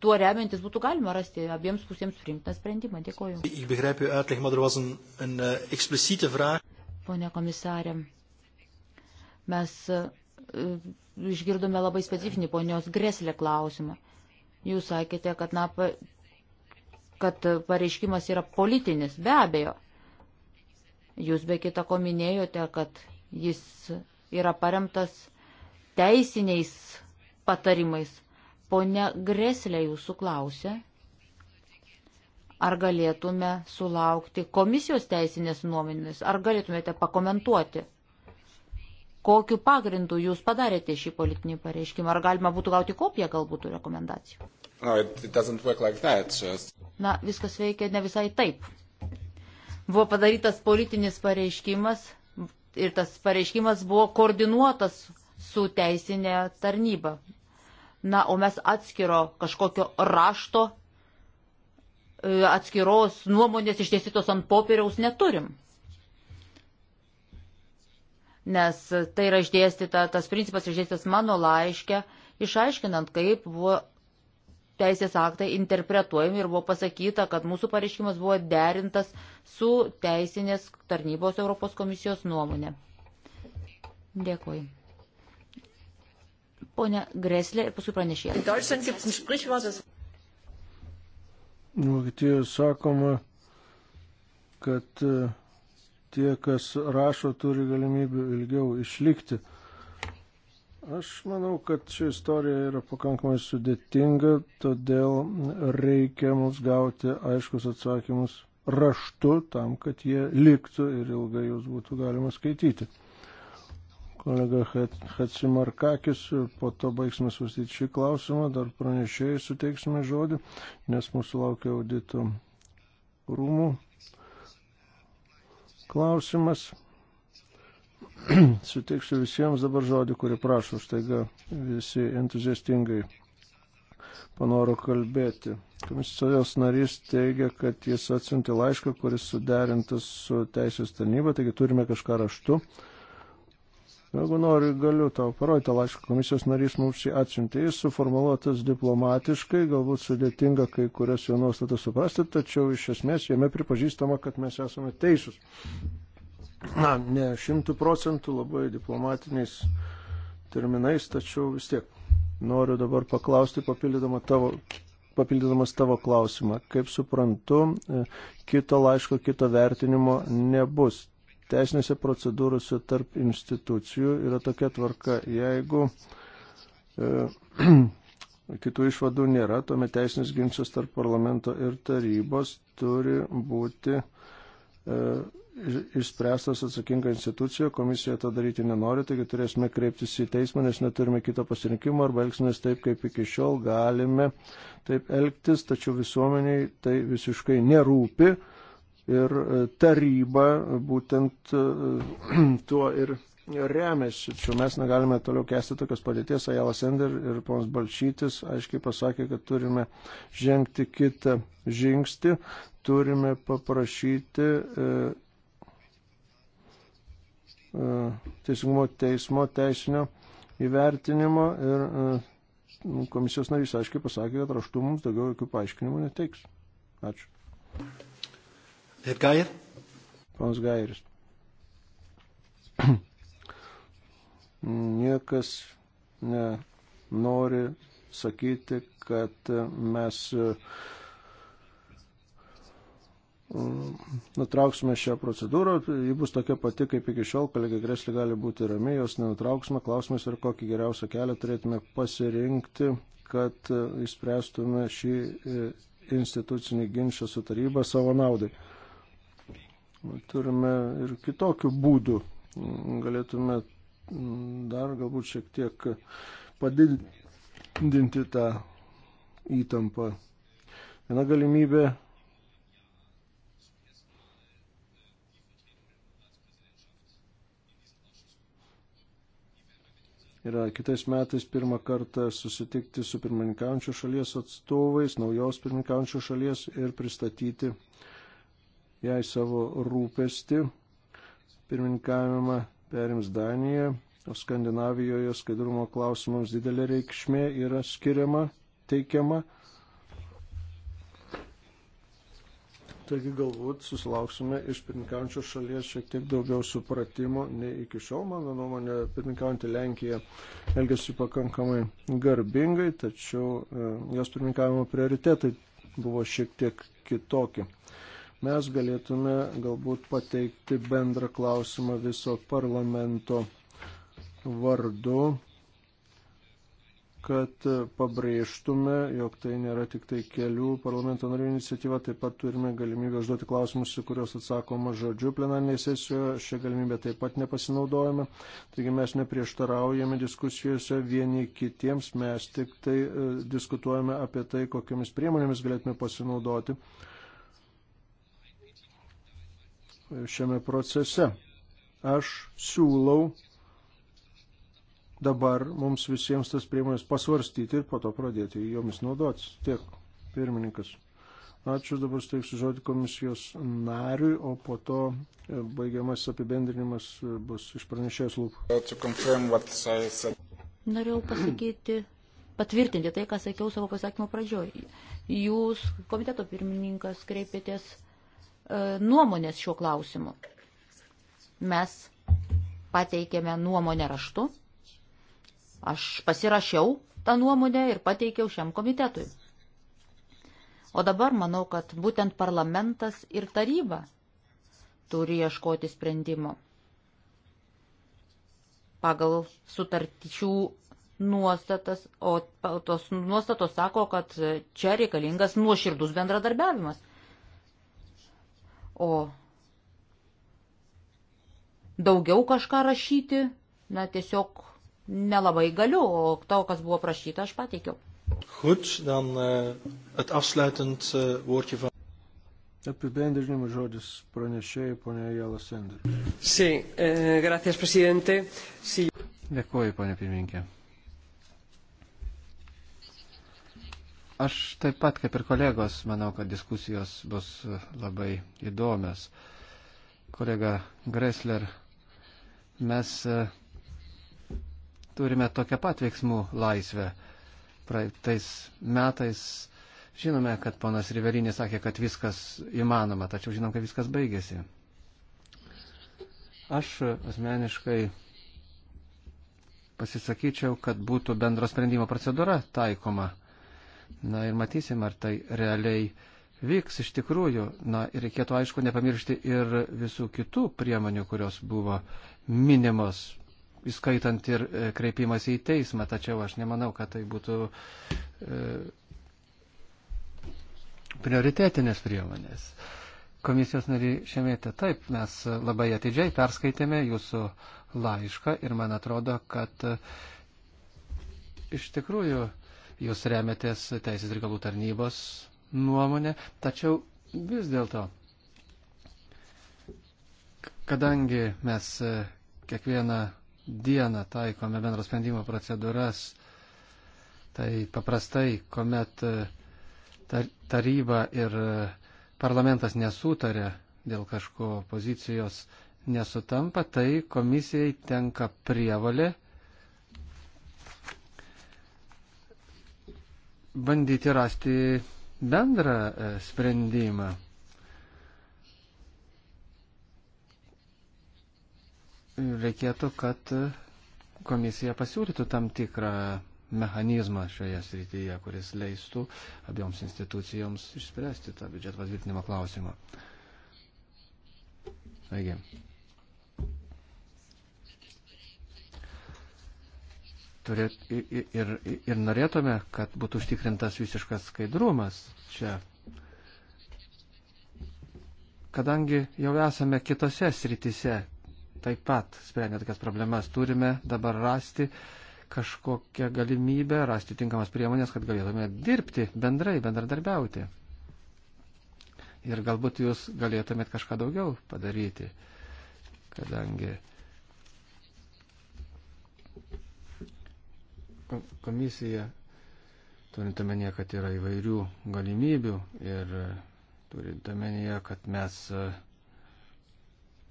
tuo remiantis būtų galima rasti abiems pusėms priimtiną sprendimą. Dėkoju. Er eh, Pone komisarė, mes eh, išgirdome labai specifinį ponios greslė klausimą. Jūs sakėte, kad, na, kad pareiškimas yra politinis, be abejo. Jūs be kita ko minėjote, kad jis yra paremtas teisiniais patarimais. Pone Greslė jūsų klausė, ar galėtume sulaukti komisijos teisinės nuomenės, ar galėtumėte pakomentuoti, kokiu pagrindu jūs padarėte šį politinį pareiškimą, ar galima būtų gauti kopiją galbūt rekomendacijų. No, like that, just... Na, viskas veikia ne visai taip. Buvo padarytas politinis pareiškimas ir tas pareiškimas buvo koordinuotas su teisinė tarnyba. Na, o mes atskiro kažkokio rašto, e, atskiros nuomonės ištiesytos ant popieriaus neturim. Nes tai yra išdėstyta, tas principas išdėstytas mano laiške, išaiškinant, kaip buvo teisės aktai interpretuojami ir buvo pasakyta, kad mūsų pareiškimas buvo derintas su teisinės tarnybos Europos komisijos nuomonė. Dėkui. Pone Greslė ir paskui pranešė. Vokietijoje sakoma, kad e, tie, kas rašo, turi galimybę ilgiau išlikti. Aš manau, kad ši istorija yra pakankamai sudėtinga, todėl reikia mums gauti aiškus atsakymus raštu tam, kad jie liktų ir ilgai jūs būtų galima skaityti. Kolega Hatsimarkakis, po to baigsime svarstyti šį klausimą, dar pranešėjai suteiksime žodį, nes mūsų laukia audito rūmų klausimas. suteiksiu visiems dabar žodį, kurį prašau, štaiga visi entuziastingai panoro kalbėti. Komisijos narys teigia, kad jis atsiuntė laišką, kuris suderintas su teisės tarnyba, taigi turime kažką raštu. Jeigu nori, galiu tau parodyti laišką. Komisijos narys mums jį atsiuntė. Jis suformuoluotas diplomatiškai, galbūt sudėtinga kai kurias jo nuostatas suprasti, tačiau iš esmės jame pripažįstama, kad mes esame teisūs na, ne šimtų procentų, labai diplomatiniais terminais, tačiau vis tiek noriu dabar paklausti, papildydama tavo, papildydamas tavo klausimą. Kaip suprantu, e, kito laiško, kito vertinimo nebus. Teisinėse procedūrose tarp institucijų yra tokia tvarka, jeigu e, kitų išvadų nėra, tuomet teisinis ginčas tarp parlamento ir tarybos turi būti e, išspręstas atsakinga institucija, komisija to daryti nenori, taigi turėsime kreiptis į teismą, nes neturime kito pasirinkimo arba elgsimės taip, kaip iki šiol galime taip elgtis, tačiau visuomeniai tai visiškai nerūpi ir e, taryba būtent e, tuo ir remiasi. Čia mes negalime toliau kesti tokios padėties. Ajala Sender ir ponas Balčytis aiškiai pasakė, kad turime žengti kitą žingsnį, turime paprašyti e, E, teisingumo teismo teisinio įvertinimo ir e, nu, komisijos narys aiškiai pasakė, kad raštu mums daugiau jokių paaiškinimų neteiks. Ačiū. Ir Gair? Pons Gairis. Niekas nenori sakyti, kad mes uh, nutrauksime šią procedūrą, ji bus tokia pati kaip iki šiol, kolegė Greslė gali būti rami, jos nenutrauksime, klausimas ir kokį geriausią kelią turėtume pasirinkti, kad įspręstume šį e, institucinį ginčą su taryba savo naudai. Turime ir kitokių būdų, galėtume mm, dar galbūt šiek tiek padidinti tą įtampą. Viena galimybė yra kitais metais pirmą kartą susitikti su pirmininkaujančių šalies atstovais, naujos pirmininkaujančių šalies ir pristatyti jai savo rūpestį. Pirmininkavimą perims Danija, o Skandinavijoje skaidrumo klausimams didelė reikšmė yra skiriama, teikiama. Taigi galbūt susilauksime iš pirmininkaujančios šalies šiek tiek daugiau supratimo nei iki šiol. Mano nuomonė, pirmininkaujantį Lenkiją elgesi pakankamai garbingai, tačiau e, jos pirmininkavimo prioritetai buvo šiek tiek kitokie. Mes galėtume galbūt pateikti bendrą klausimą viso parlamento vardu kad pabrėžtume, jog tai nėra tik tai kelių parlamento narių iniciatyva, taip pat turime galimybę užduoti klausimus, į kuriuos atsakoma žodžiu plenarinėje sesijoje, šią galimybę taip pat nepasinaudojame, taigi mes neprieštaraujame diskusijose vieni kitiems, mes tik tai e, diskutuojame apie tai, kokiamis priemonėmis galėtume pasinaudoti šiame procese. Aš siūlau dabar mums visiems tas priemonės pasvarstyti ir po to pradėti jomis naudotis. Tiek, pirmininkas. Ačiū, dabar steiksiu žodį komisijos nariui, o po to e, baigiamas apibendrinimas e, bus iš pranešėjos lūpų. Norėjau pasakyti, patvirtinti tai, ką sakiau savo pasakymo pradžioj. Jūs, komiteto pirmininkas, kreipėtės e, nuomonės šiuo klausimu. Mes pateikėme nuomonę raštu Aš pasirašiau tą nuomonę ir pateikiau šiam komitetui. O dabar manau, kad būtent parlamentas ir taryba turi ieškoti sprendimo pagal sutarčių nuostatas, o tos nuostatos sako, kad čia reikalingas nuoširdus bendradarbiavimas. O daugiau kažką rašyti, na tiesiog nelabai galiu, o to, kas buvo prašyta, aš pateikiau. Goed, dan uh, het afsluitend uh, woordje van. Apibendrinimo žodis pranešėjai, ponia Jala Sender. Sí, eh, gracias, presidente. Sí. Dėkuoju, ponia pirmininkė. Aš taip pat, kaip ir kolegos, manau, kad diskusijos bus labai įdomios. Kolega Gressler, mes. Uh, turime tokią pat veiksmų laisvę. Praeitais metais žinome, kad ponas Riverinė sakė, kad viskas įmanoma, tačiau žinom, kad viskas baigėsi. Aš asmeniškai pasisakyčiau, kad būtų bendro sprendimo procedūra taikoma. Na ir matysim, ar tai realiai vyks iš tikrųjų. Na ir reikėtų aišku nepamiršti ir visų kitų priemonių, kurios buvo minimos įskaitant ir e, kreipimas į teismą, tačiau aš nemanau, kad tai būtų e, prioritetinės priemonės. Komisijos nariai šiemėtė, taip, mes labai atidžiai perskaitėme jūsų laišką ir man atrodo, kad e, iš tikrųjų jūs remiatės Teisės reikalų tarnybos nuomonė, tačiau vis dėlto, kadangi mes kiekvieną dieną taikome bendro sprendimo procedūras, tai paprastai, kuomet e, taryba ir e, parlamentas nesutarė dėl kažko pozicijos nesutampa, tai komisijai tenka prievalė bandyti rasti bendrą e, sprendimą. reikėtų, kad komisija pasiūlytų tam tikrą mechanizmą šioje srityje, kuris leistų abiems institucijoms išspręsti tą biudžeto patvirtinimo klausimą. Taigi. Turėt, ir, ir, ir norėtume, kad būtų užtikrintas visiškas skaidrumas čia. Kadangi jau esame kitose sritise taip pat sprendė tokias problemas. Turime dabar rasti kažkokią galimybę, rasti tinkamas priemonės, kad galėtume dirbti bendrai, bendradarbiauti. Ir galbūt jūs galėtumėt kažką daugiau padaryti, kadangi komisija, turint omenyje, kad yra įvairių galimybių ir turint omenyje, kad mes uh,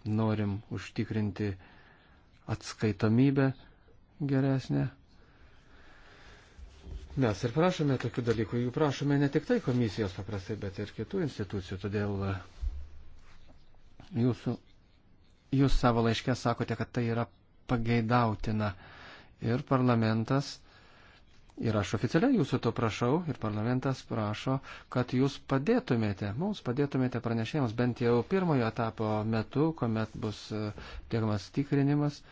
norim užtikrinti atskaitomybę geresnę. Mes ir prašome tokių dalykų, jų prašome ne tik tai komisijos paprastai, bet ir kitų institucijų. Todėl jūsų, jūs savo laiškė sakote, kad tai yra pageidautina. Ir parlamentas Ir aš oficialiai jūsų to prašau ir parlamentas prašo, kad jūs padėtumėte, mums padėtumėte pranešėjams bent jau pirmojo etapo metu, kuomet bus e, tiekiamas tikrinimas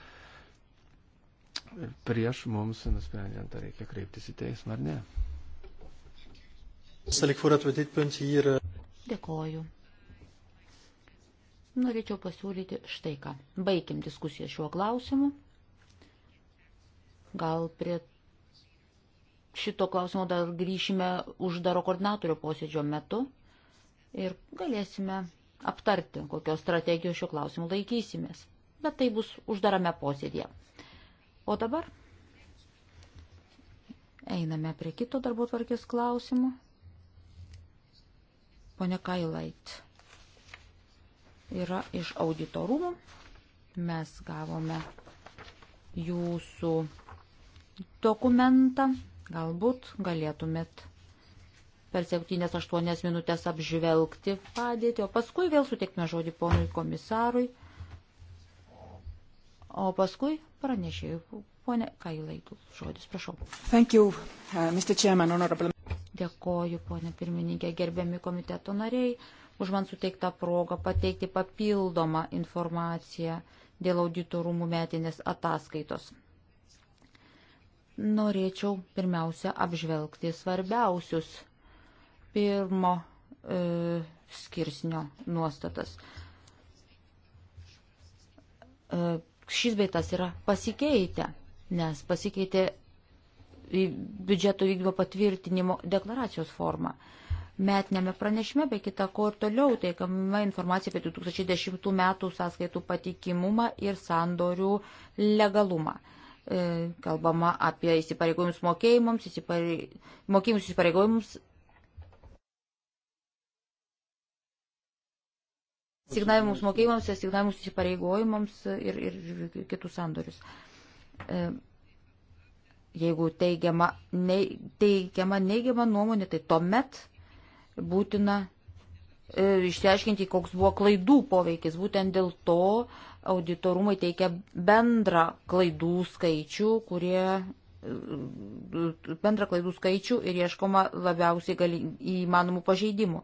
prieš mums nusprendžiant, ar reikia kreiptis į teismą ar ne. Eh, Dėkoju. Norėčiau pasiūlyti štai ką. Baikim diskusiją šiuo klausimu. Gal prie šito klausimo dar grįšime uždaro koordinatorio posėdžio metu ir galėsime aptarti, kokios strategijos šiuo klausimu laikysimės. Bet tai bus uždarame posėdėje. O dabar einame prie kito darbo tvarkės klausimų. Pone Kailait yra iš auditorumų. Mes gavome jūsų dokumentą Galbūt galėtumėt per 7-8 minutės apžvelgti padėtį, o paskui vėl sutikime žodį ponui komisarui, o paskui pranešėjai. Pone Kailai, žodis, prašau. Thank you, uh, Mr. Chairman, honorable. Dėkoju, ponė pirmininkė, gerbiami komiteto nariai, už man suteiktą progą pateikti papildomą informaciją dėl auditorumų metinės ataskaitos norėčiau pirmiausia apžvelgti svarbiausius pirmo e, skirsnio nuostatas. E, šis beitas yra pasikeitę, nes pasikeitė biudžeto vykdymo patvirtinimo deklaracijos forma. Metinėme pranešime, be kita ko ir toliau teikama informacija apie 2010 metų sąskaitų patikimumą ir sandorių legalumą. E, E, kalbama apie įsipareigojimus mokėjimams, įsiparei... mokėjimus įsipareigojimus. Signavimus mokėjimams, signavimus įsipareigojimams ir, ir kitus sandorius. E, jeigu teigiama, ne, teigiama neigiama nuomonė, tai tuomet būtina e, išsiaiškinti, koks buvo klaidų poveikis. Būtent dėl to e, Auditorumai teikia bendrą klaidų skaičių, kurie bendrą klaidų skaičių ir ieškoma labiausiai gali, įmanomų pažeidimų.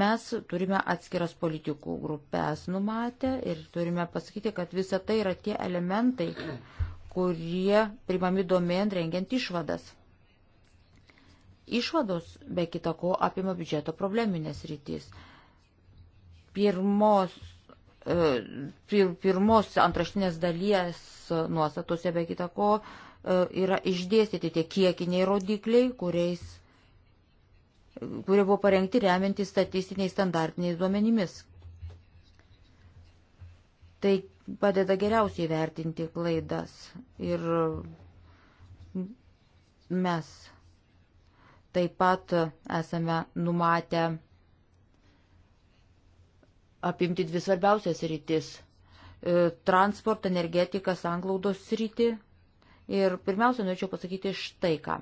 Mes turime atskiras politikų grupės numatę ir turime pasakyti, kad visa tai yra tie elementai, kurie primami domėn rengiant išvadas. Išvados, be kita ko, apima biudžeto probleminės rytis. Pirmos E, pirmos antraštinės dalies nuostatose be kita ko e, yra išdėstyti tie kiekiniai rodikliai, kuriais, kurie buvo parengti remiantys statistiniais standartiniais duomenimis. Tai padeda geriausiai vertinti klaidas ir mes taip pat esame numatę apimti dvi svarbiausias rytis e, - transportą, energetiką, sanglaudos rytį. Ir pirmiausia, norėčiau pasakyti štai ką.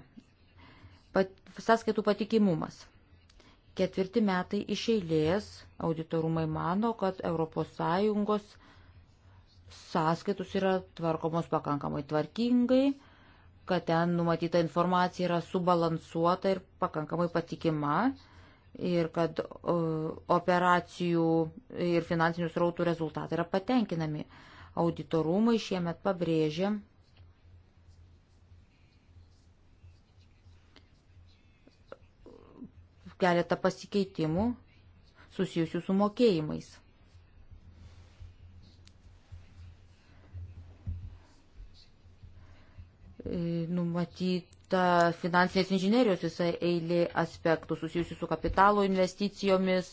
Pat, sąskaitų patikimumas. Ketvirti metai iš eilės auditorumai mano, kad ES sąskaitus yra tvarkomos pakankamai tvarkingai, kad ten numatyta informacija yra subalansuota ir pakankamai patikima ir kad operacijų ir finansinių srautų rezultatai yra patenkinami. Auditorumai šiemet pabrėžė, keletą pasikeitimų susijusių su mokėjimais. E, numatyt ta finansinės inžinerijos visai eilė aspektų susijusių su kapitalo investicijomis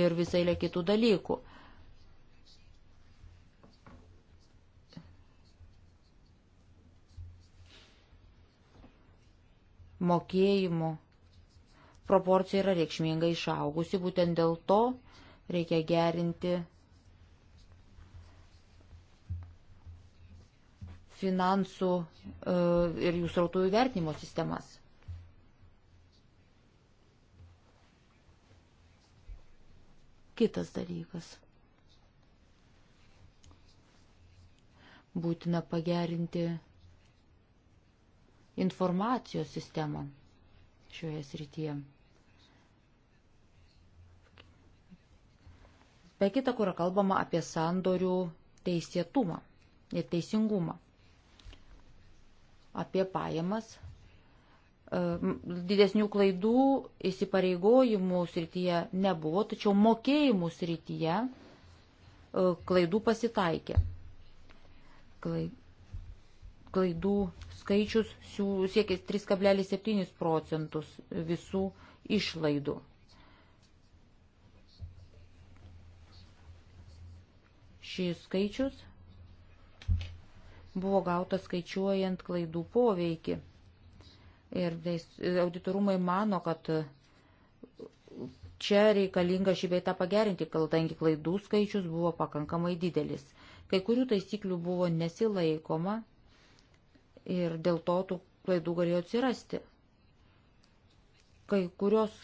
ir visai eilė kitų dalykų. Mokėjimų proporcija yra reikšmingai išaugusi, būtent dėl to reikia gerinti finansų e, ir jų srautų įvertinimo sistemas. Kitas dalykas. Būtina pagerinti informacijos sistemą šioje srityje. Be kita, kur kalbama apie sandorių teisėtumą ir teisingumą apie pajamas, e, didesnių klaidų įsipareigojimų srityje nebuvo, tačiau mokėjimų srityje e, klaidų pasitaikė. Klaidų skaičius siekia 3,7 procentus visų išlaidų. Šis skaičius buvo gauta skaičiuojant klaidų poveikį. Ir auditorumai mano, kad čia reikalinga šį beitą pagerinti, kadangi klaidų skaičius buvo pakankamai didelis. Kai kurių taisyklių buvo nesilaikoma ir dėl to tų klaidų galėjo atsirasti. Kai kurios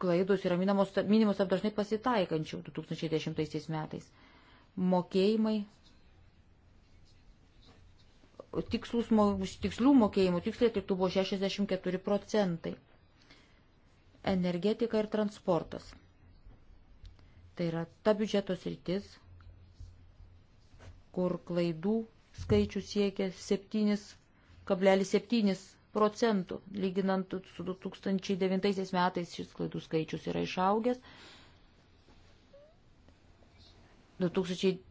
klaidos yra minimos, minimos apdažnai pasitaikančių 2010 metais. Mokėjimai tikslus, tikslių mokėjimų tiksliai atliktų buvo 64 procentai. Energetika ir transportas. Tai yra ta biudžeto sritis, kur klaidų skaičius siekia 7,7 procentų. Lyginant su 2009 metais šis klaidų skaičius yra išaugęs. 2009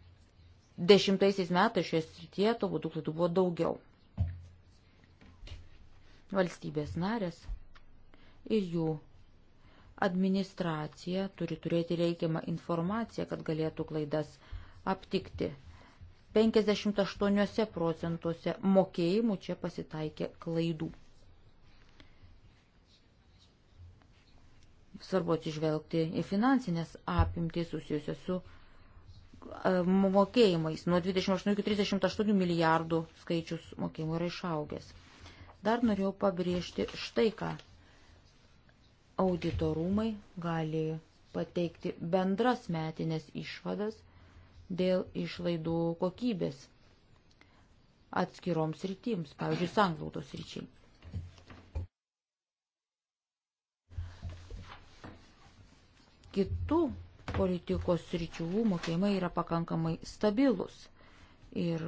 Dešimtaisiais metais šioje srityje to būtų klaidų buvo daugiau. Valstybės narės ir jų administracija turi turėti reikiamą informaciją, kad galėtų klaidas aptikti. 58 procentuose mokėjimų čia pasitaikė klaidų. Svarbu atsižvelgti į finansinės apimtį susijusią su E, mokėjimais. Nuo 28 iki 38 milijardų skaičius mokėjimų yra išaugęs. Dar norėjau pabrėžti štai ką. Auditorumai gali pateikti bendras metinės išvadas dėl išlaidų kokybės atskiroms rytims, pavyzdžiui, sanglautos ryčiai. Kitų politikos sričių mokėjimai yra pakankamai stabilus. Ir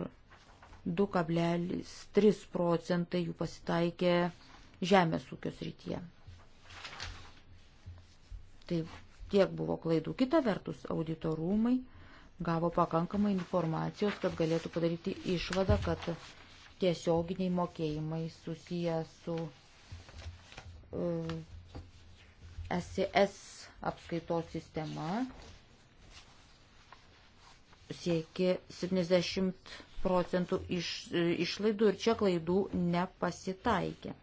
2,3 procentai jų pasitaikė žemės ūkio srityje. Tai tiek buvo klaidų. Kita vertus, auditorumai gavo pakankamai informacijos, kad galėtų padaryti išvadą, kad tiesioginiai mokėjimai susiję su uh, e, SES apskaitos sistema siekia 70 procentų iš, e, išlaidų ir čia klaidų nepasitaikė.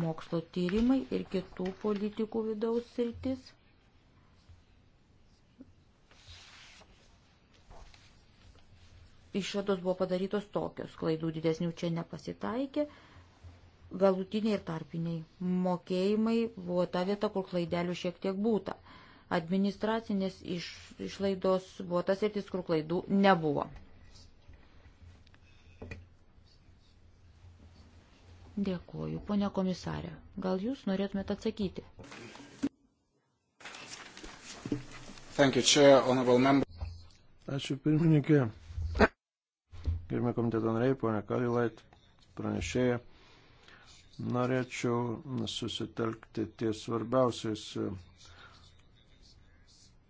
Mokslo tyrimai ir kitų politikų vidaus sritis. Išvados buvo padarytos tokios, klaidų didesnių čia nepasitaikė galutiniai ir tarpiniai mokėjimai buvo ta vieta, kur klaidelių šiek tiek būta. Administracinės iš, išlaidos buvo tas sritis, kur klaidų nebuvo. Dėkuoju, ponia komisarė. Gal jūs norėtumėte atsakyti? Thank you, Chair, Honorable Member. Ačiū pirmininkė. Gerbė komiteto nariai, ponia Kalilait, pranešėja norėčiau susitelkti ties svarbiausiais e,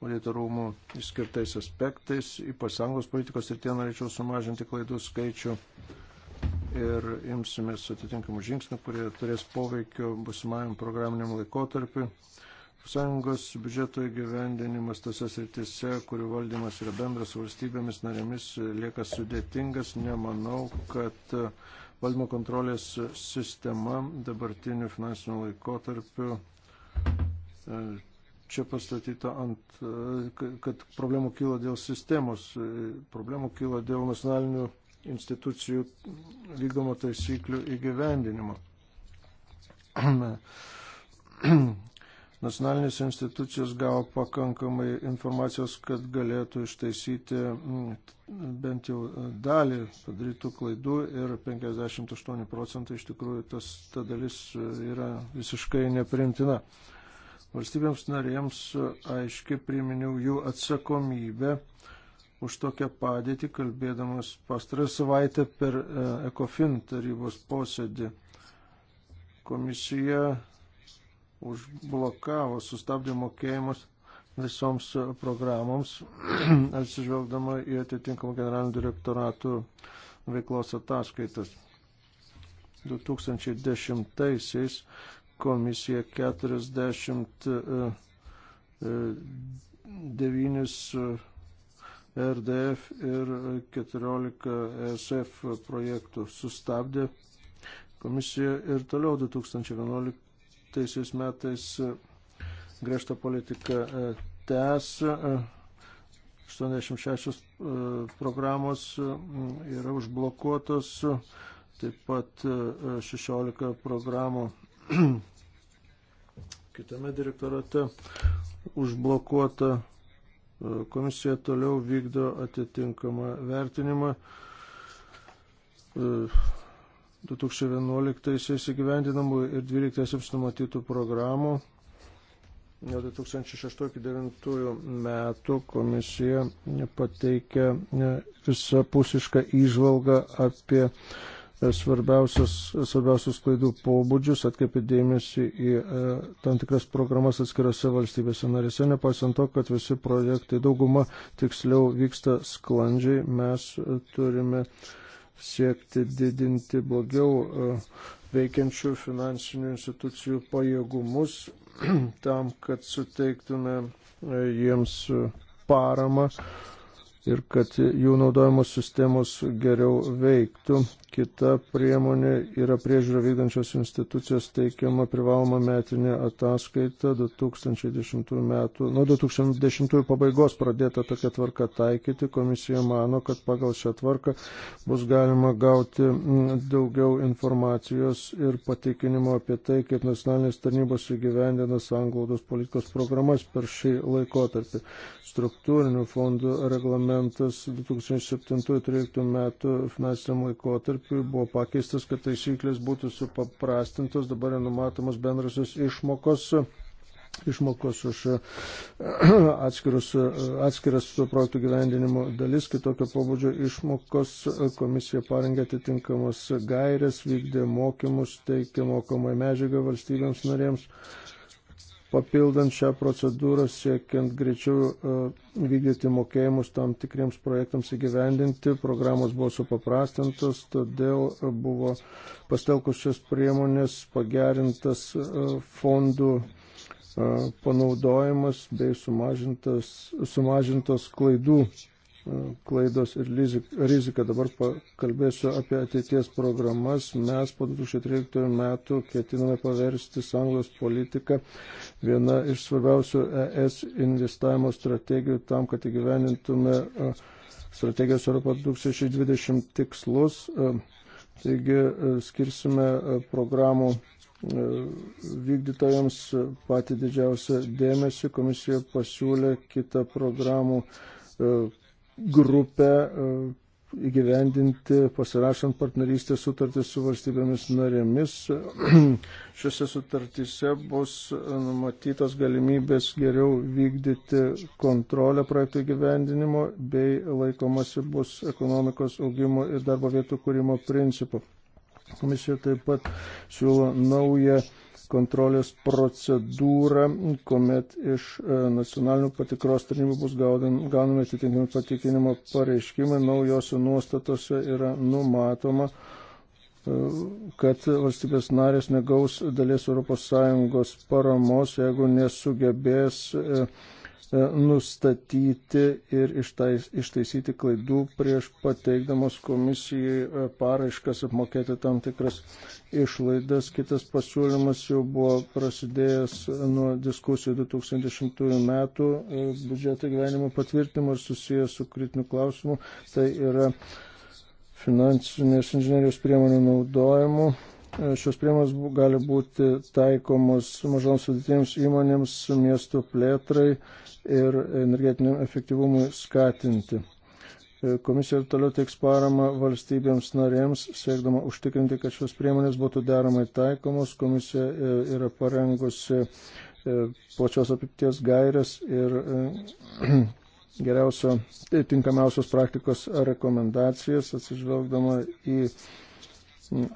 auditorumų išskirtais aspektais. Ypač sąjungos politikos ir tie norėčiau sumažinti klaidų skaičių ir imsimės atitinkamų žingsnių, kurie turės poveikio busimajam programiniam laikotarpiu. Sąjungos biudžeto įgyvendinimas tose sritise, kurių valdymas yra bendras valstybėmis narėmis, lieka sudėtingas. Nemanau, kad uh, valdymo kontrolės sistema dabartiniu finansiniu laikotarpiu e, čia pastatyta ant, e, kad problemų kyla dėl sistemos, e, problemų kyla dėl nacionalinių institucijų vykdomo taisyklių įgyvendinimo. nacionalinės institucijos gavo pakankamai informacijos, kad galėtų ištaisyti mm, bent jau dalį padarytų klaidų ir 58 procentai iš tikrųjų tas, ta dalis yra visiškai neprimtina. Valstybėms narėms aiškiai priminiau jų atsakomybę už tokią padėtį, kalbėdamas pastarą savaitę per e, ECOFIN tarybos posėdį. Komisija užblokavo, sustabdė mokėjimus visoms programoms, atsižvelgdama į atitinkamą generalinių direktoratų veiklos ataskaitas. 2010 komisija 49 e, e, e, RDF ir 14 ESF projektų sustabdė. Komisija ir toliau 2011 2013 metais e, griežtą politiką e, tęs. 86 e, programos yra užblokuotos, taip pat 16 programų kitame direktorate užblokuota. Komisija toliau vykdo atitinkamą vertinimą 2011 įgyvendinamų ir 2012 numatytų programų. Nuo 2006-2009 metų komisija pateikė e, visapusišką įžvalgą apie e, svarbiausius, svarbiausius klaidų pobūdžius, atkreipė dėmesį į e, tam tikras programas atskirose valstybėse narėse. Nepaisant to, kad visi projektai dauguma tiksliau vyksta sklandžiai, mes turime uh, siekti didinti blogiau e, veikiančių finansinių institucijų pajėgumus tam, kad suteiktume e, jiems e, paramą ir kad jų naudojamos sistemos geriau veiktų. Kita priemonė yra priežiūro vykdančios institucijos teikiama privaloma metinė ataskaita 2010 metų. Nuo 2010 pabaigos pradėta tokia tvarka taikyti. Komisija mano, kad pagal šią tvarką bus galima gauti daugiau informacijos ir patikinimo apie tai, kaip nacionalinės tarnybos įgyvendina sanglaudos politikos programas per šį laikotarpį struktūrinių fondų reglamentas 2007-2013 metų finansiniam laikotarpiu buvo pakeistas, kad taisyklės būtų supaprastintos, dabar yra numatomos bendrasios išmokos išmokos už atskirus, atskiras projektų gyvendinimo dalis, kitokio pobūdžio išmokos. Komisija parengė atitinkamos gairės, vykdė mokymus, teikė mokomai medžiagą valstybėms narėms papildant šią procedūrą, siekiant greičiau e, vykdyti mokėjimus tam tikriems projektams įgyvendinti. Programos buvo supaprastintos, todėl buvo pastelkus šias priemonės pagerintas e, fondų e, panaudojimas bei sumažintos klaidų klaidos ir rizika. Dabar pakalbėsiu apie ateities programas. Mes po 2013 metų ketiname paversti sąjungos politiką viena iš svarbiausių ES investavimo strategijų tam, kad įgyvenintume strategijos Europa 2020 tikslus. Taigi skirsime programų vykdytojams patį didžiausią dėmesį. Komisija pasiūlė kitą programų grupę e, įgyvendinti, pasirašant partnerystės sutartį su valstybėmis narėmis. Šiuose sutartyse bus e, numatytos galimybės geriau vykdyti kontrolę projektų įgyvendinimo bei laikomasi bus ekonomikos augimo ir darbo vietų kūrimo principų. Komisija taip pat siūlo naują kontrolės procedūrą, kuomet iš e, nacionalinių patikros tarnybų bus gaunami atitinkami patikinimo pareiškimai. Naujose nuostatose yra numatoma, e, kad valstybės narės negaus dalies ES paramos, jeigu nesugebės e, E, nustatyti ir ištais, ištaisyti klaidų prieš pateikdamos komisijai e, paraiškas apmokėti tam tikras išlaidas. Kitas pasiūlymas jau buvo prasidėjęs nuo diskusijų 2010 metų e, biudžeto gyvenimo patvirtimo ir susijęs su kritiniu klausimu. Tai yra finansinės inžinierijos priemonių naudojimu Šios priemonės gali būti taikomos mažoms sudėtinėms įmonėms, miestų plėtrai ir energetiniam efektyvumui skatinti. E, komisija ir toliau teiks paramą valstybėms narėms, siekdama užtikrinti, kad šios priemonės būtų deramai taikomos. Komisija e, yra parengusi e, plačios apipties gairias ir geriausio, tai tinkamiausios praktikos rekomendacijas, atsižvelgdama į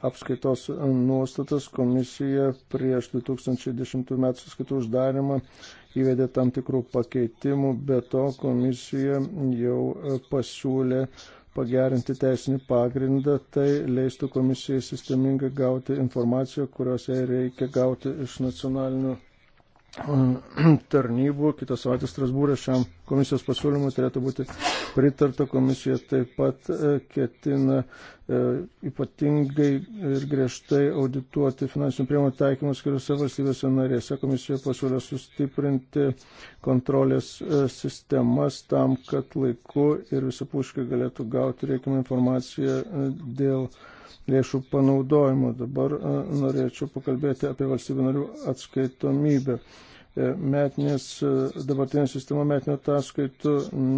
apskaitos nuostatas komisija prieš 2010 m. skaitų uždarimą įvedė tam tikrų pakeitimų, bet to komisija jau pasiūlė pagerinti teisinį pagrindą, tai leistų komisijai sistemingai gauti informaciją, kurios jai reikia gauti iš nacionalinių tarnybų. Kitas savaitės Strasbūrė šiam komisijos pasiūlymui turėtų būti pritarta. Komisija taip pat e, ketina e, ypatingai ir griežtai audituoti finansinių priemonių taikymus keliose valstybėse narėse. Komisija pasiūlė sustiprinti kontrolės e, sistemas tam, kad laiku ir visapuškai galėtų gauti reikiamą informaciją dėl lėšų panaudojimo. Dabar norėčiau pakalbėti apie valstybių narių atskaitomybę metinės, e, dabartinė sistema metinio ataskaitų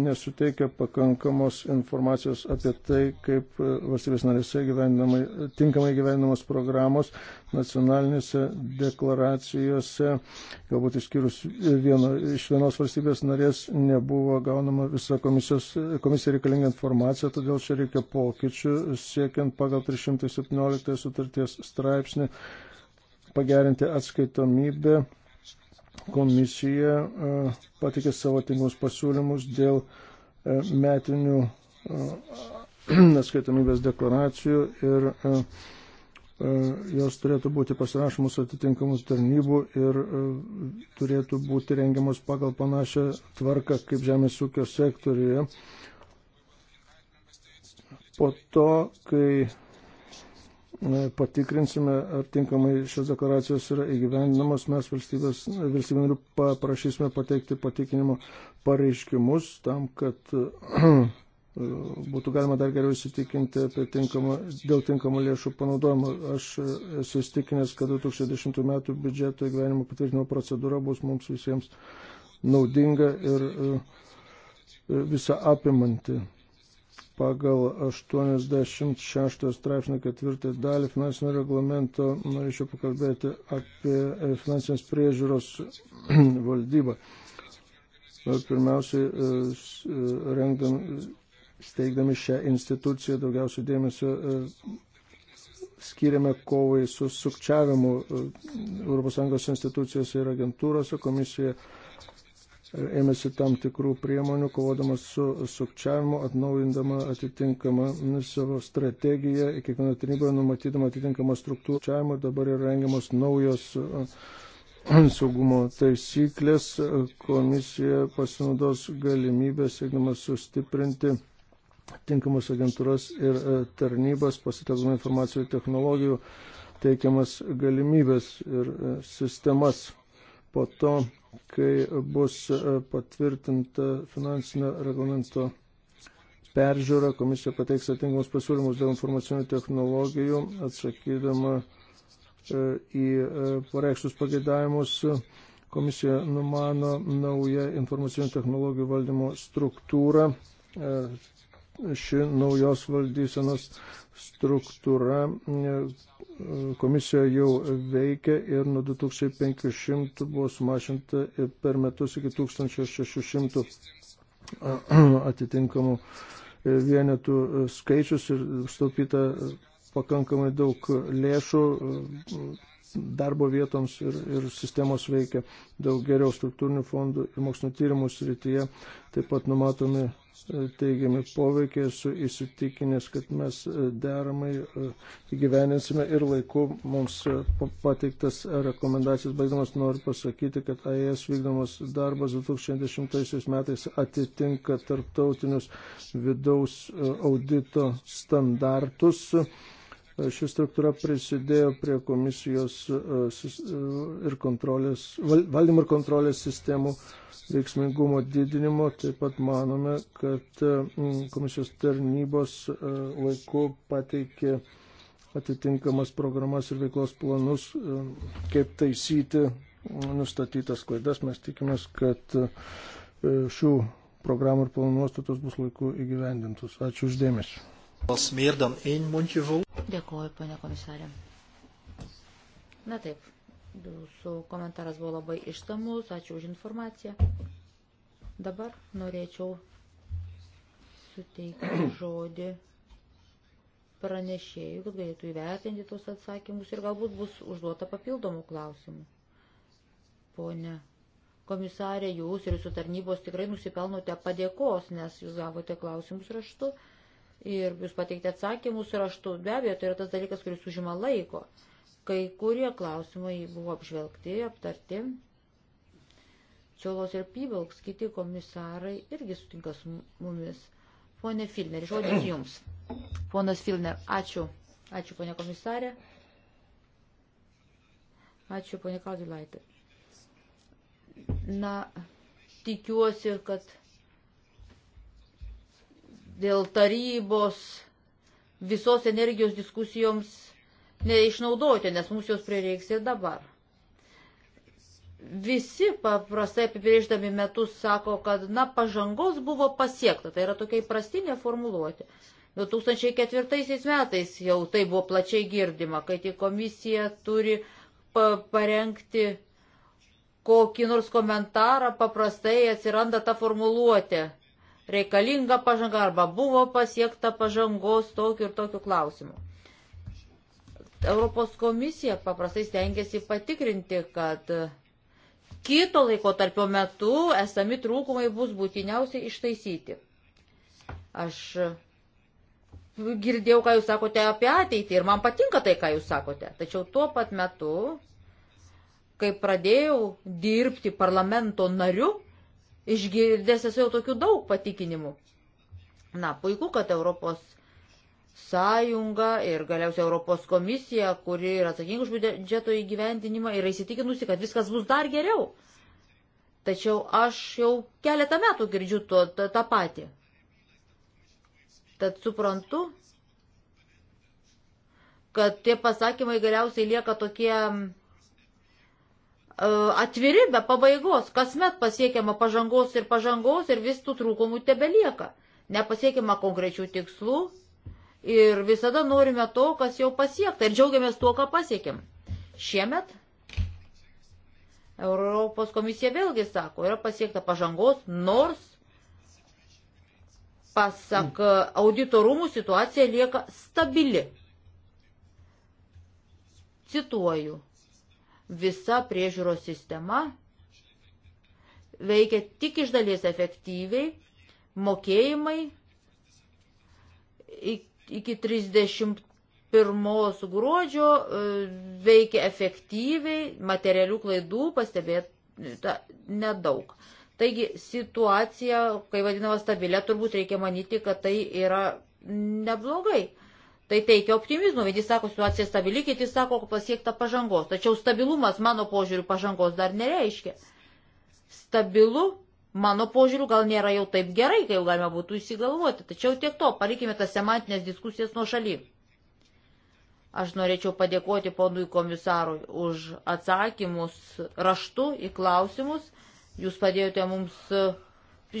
nesuteikia pakankamos informacijos apie tai, kaip e, valstybės narėse tinkamai gyvenamos programos nacionalinėse deklaracijose, galbūt išskyrus vieno, iš vienos valstybės narės nebuvo gaunama visa komisijos, komisija reikalinga informacija, todėl čia reikia pokyčių siekiant pagal 317 sutarties straipsnį pagerinti atskaitomybę komisija e, patikė savo tinkamus pasiūlymus dėl e, metinių e, atskaitomybės deklaracijų ir jos turėtų būti pasirašomos atitinkamus tarnybų ir turėtų būti rengiamos pagal panašią tvarką kaip žemės ūkio sektoriuje. Po to, kai patikrinsime, ar tinkamai šios deklaracijos yra įgyvendinamos, mes valstybinių paprašysime pateikti patikinimo pareiškimus tam, kad uh, būtų galima dar geriau įsitikinti tinkamą, dėl tinkamo lėšų panaudojimo. Aš esu įstikinęs, kad 2010 metų biudžeto įgyvenimo patvirtinimo procedūra bus mums visiems naudinga ir uh, uh, visą apimanti pagal 86 straipsnio ketvirtą dalį finansinio reglamento norėčiau pakalbėti apie e, finansinės priežiūros valdybą. E, pirmiausiai, e, rengdam, steigdami šią instituciją, daugiausiai dėmesio skiriame kovai su sukčiavimu ES institucijose ir agentūrose. Komisija ėmėsi tam tikrų priemonių, kovodamas su sukčiavimu, atnaujindama atitinkamą savo strategiją, kiekvienoje tarnyboje numatydama atitinkamą struktūrą, dabar yra rengiamos naujos saugumo taisyklės, komisija pasinaudos galimybę, siekdama sustiprinti tinkamus agentūras ir e, tarnybas, pasitelkdama informacijų technologijų teikiamas galimybės ir e, sistemas. Po to kai bus e, patvirtinta finansinio reglamento peržiūra, komisija pateiks atinkamus pasiūlymus dėl informacinių technologijų, atsakydama e, į e, pareikštus pagėdavimus. Komisija numano naują informacinių technologijų valdymo struktūrą ši naujos valdysenos struktūra e, komisijoje jau veikia ir nuo 2500 buvo sumažinta per metus iki 1600 e, atitinkamų e, vienetų skaičius ir staupyta pakankamai daug lėšų darbo vietoms ir, ir sistemos veikia daug geriau struktūrinių fondų ir mokslinio tyrimų srityje. Taip pat numatomi e, teigiami poveikiai, esu įsitikinęs, kad mes e, deramai e, įgyveninsime ir laiku mums pateiktas rekomendacijas. Baigdamas noriu pasakyti, kad AES vykdomas darbas 2010 metais atitinka tarptautinius vidaus audito standartus. Ši struktūra prisidėjo prie komisijos e, e, ir kontrolės, valdymo ir kontrolės sistemų veiksmingumo didinimo. Taip pat manome, kad e, komisijos tarnybos laiku pateikė atitinkamas programas ir veiklos planus, kaip taisyti nustatytas klaidas. Mes tikimės, kad šių programų ir planų nuostatos bus laiku įgyvendintos. Ačiū uždėmesi. Dėkuoju, ponė komisarė. Na taip, jūsų komentaras buvo labai išsamus, ačiū už informaciją. Dabar norėčiau suteikti žodį pranešėjų, kad galėtų įvertinti tos atsakymus ir galbūt bus užduota papildomų klausimų. Pone komisarė, jūs ir jūsų tarnybos tikrai nusipelnote padėkos, nes jūs gavote klausimus raštu ir jūs pateikti atsakymus raštu. Be abejo, tai yra tas dalykas, kuris užima laiko. Kai kurie klausimai buvo apžvelgti, aptarti. Čiolos ir Pybalks, kiti komisarai irgi sutinka su mumis. Pone Filner, žodis jums. Ponas Filner, ačiū. Ačiū, ponė komisarė. Ačiū, ponė Kaldilaitė. Na, tikiuosi, kad dėl tarybos visos energijos diskusijoms neišnaudoti, nes mums jos prireiks ir dabar. Visi paprastai apibrėždami metus sako, kad, na, pažangos buvo pasiekta, tai yra tokia įprastinė formuluotė. 2004 metais jau tai buvo plačiai girdima, kai tik komisija turi parengti kokį nors komentarą, paprastai atsiranda ta formuluotė reikalinga pažanga arba buvo pasiekta pažangos tokiu ir tokiu klausimu. Europos komisija paprastai stengiasi patikrinti, kad kito laiko tarpio metu esami trūkumai bus būtiniausiai ištaisyti. Aš girdėjau, ką jūs sakote apie ateitį ir man patinka tai, ką jūs sakote. Tačiau tuo pat metu, kai pradėjau dirbti parlamento nariu, išgirdęs esu jau tokių daug patikinimų. Na, puiku, kad Europos sąjunga ir galiausiai Europos komisija, kuri yra atsakinga už biudžeto įgyvendinimą, yra įsitikinusi, kad viskas bus dar geriau. Tačiau aš jau keletą metų girdžiu to, tą, tą patį. Tad suprantu, kad tie pasakymai galiausiai lieka tokie E, atviri be pabaigos, kasmet pasiekiama pažangos ir pažangos ir vis tų trūkumų tebelieka. Nepasiekiama konkrečių tikslų ir visada norime to, kas jau pasiekta ir džiaugiamės tuo, ką pasiekėm. Šiemet Europos komisija vėlgi sako, yra pasiekta pažangos, nors, pasak auditorumų, situacija lieka stabili. Cituoju visa priežiūros sistema veikia tik iš dalies efektyviai, mokėjimai iki 31 gruodžio e, veikia efektyviai, materialių klaidų pastebėta nedaug. Taigi situacija, kai vadinama stabilė, turbūt reikia manyti, kad tai yra neblogai. Tai teikia optimizmo, vieni sako situacija stabili, kiti sako pasiekta pažangos. Tačiau stabilumas mano požiūriu pažangos dar nereiškia. Stabilu mano požiūriu gal nėra jau taip gerai, kai jau galima būtų įsigalvoti. Tačiau tiek to, palikime tas semantinės diskusijas nuo šaly. Aš norėčiau padėkoti ponui komisarui už atsakymus raštu į klausimus. Jūs padėjote mums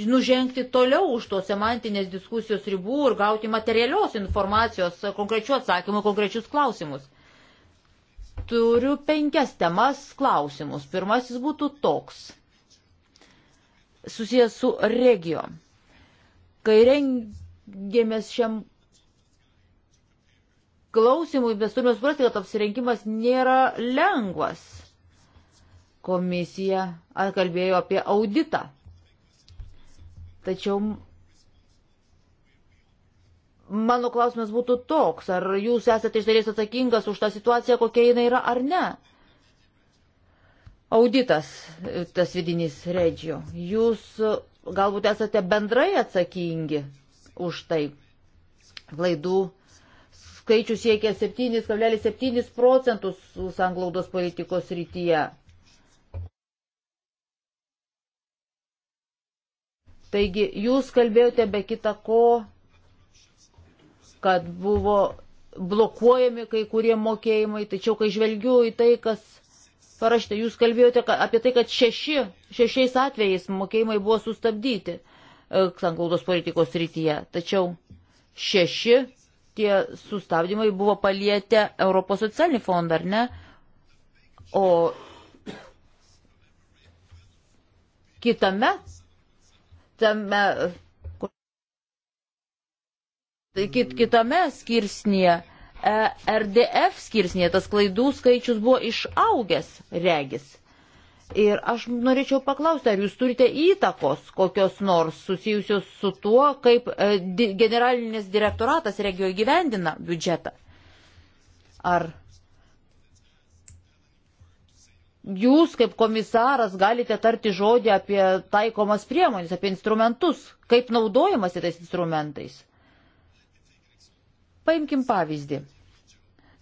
nužengti toliau už tos semantinės diskusijos ribų ir gauti materialios informacijos, konkrečių atsakymų, konkrečius klausimus. Turiu penkias temas klausimus. Pirmasis būtų toks. Susijęs su regio. Kai rengėmės šiam klausimui, mes turime suprasti, kad apsirinkimas nėra lengvas. Komisija kalbėjo apie auditą Tačiau mano klausimas būtų toks, ar jūs esate iš dalies atsakingas už tą situaciją, kokia jinai yra, ar ne? Auditas, e, tas vidinis redžio, jūs e, galbūt esate bendrai atsakingi už tai. Klaidų skaičius siekia 7,7 procentus sanglaudos politikos rytyje. Taigi jūs kalbėjote be kita ko, kad buvo blokuojami kai kurie mokėjimai, tačiau kai žvelgiu į tai, kas parašyta, jūs kalbėjote apie tai, kad šeši, šešiais atvejais mokėjimai buvo sustabdyti e, sanglaudos politikos rytyje. Tačiau šeši tie sustabdymai buvo palietę Europos socialinį fondą, ar ne? O kitame tame kit, kitame skirsnėje, e RDF skirsnėje, tas klaidų skaičius buvo išaugęs regis. Ir aš norėčiau paklausti, ar jūs turite įtakos kokios nors susijusios su tuo, kaip e, generalinis direktoratas regio įgyvendina biudžetą? Ar jūs kaip komisaras galite tarti žodį apie taikomas priemonės, apie instrumentus, kaip naudojamasi tais instrumentais. Paimkim pavyzdį.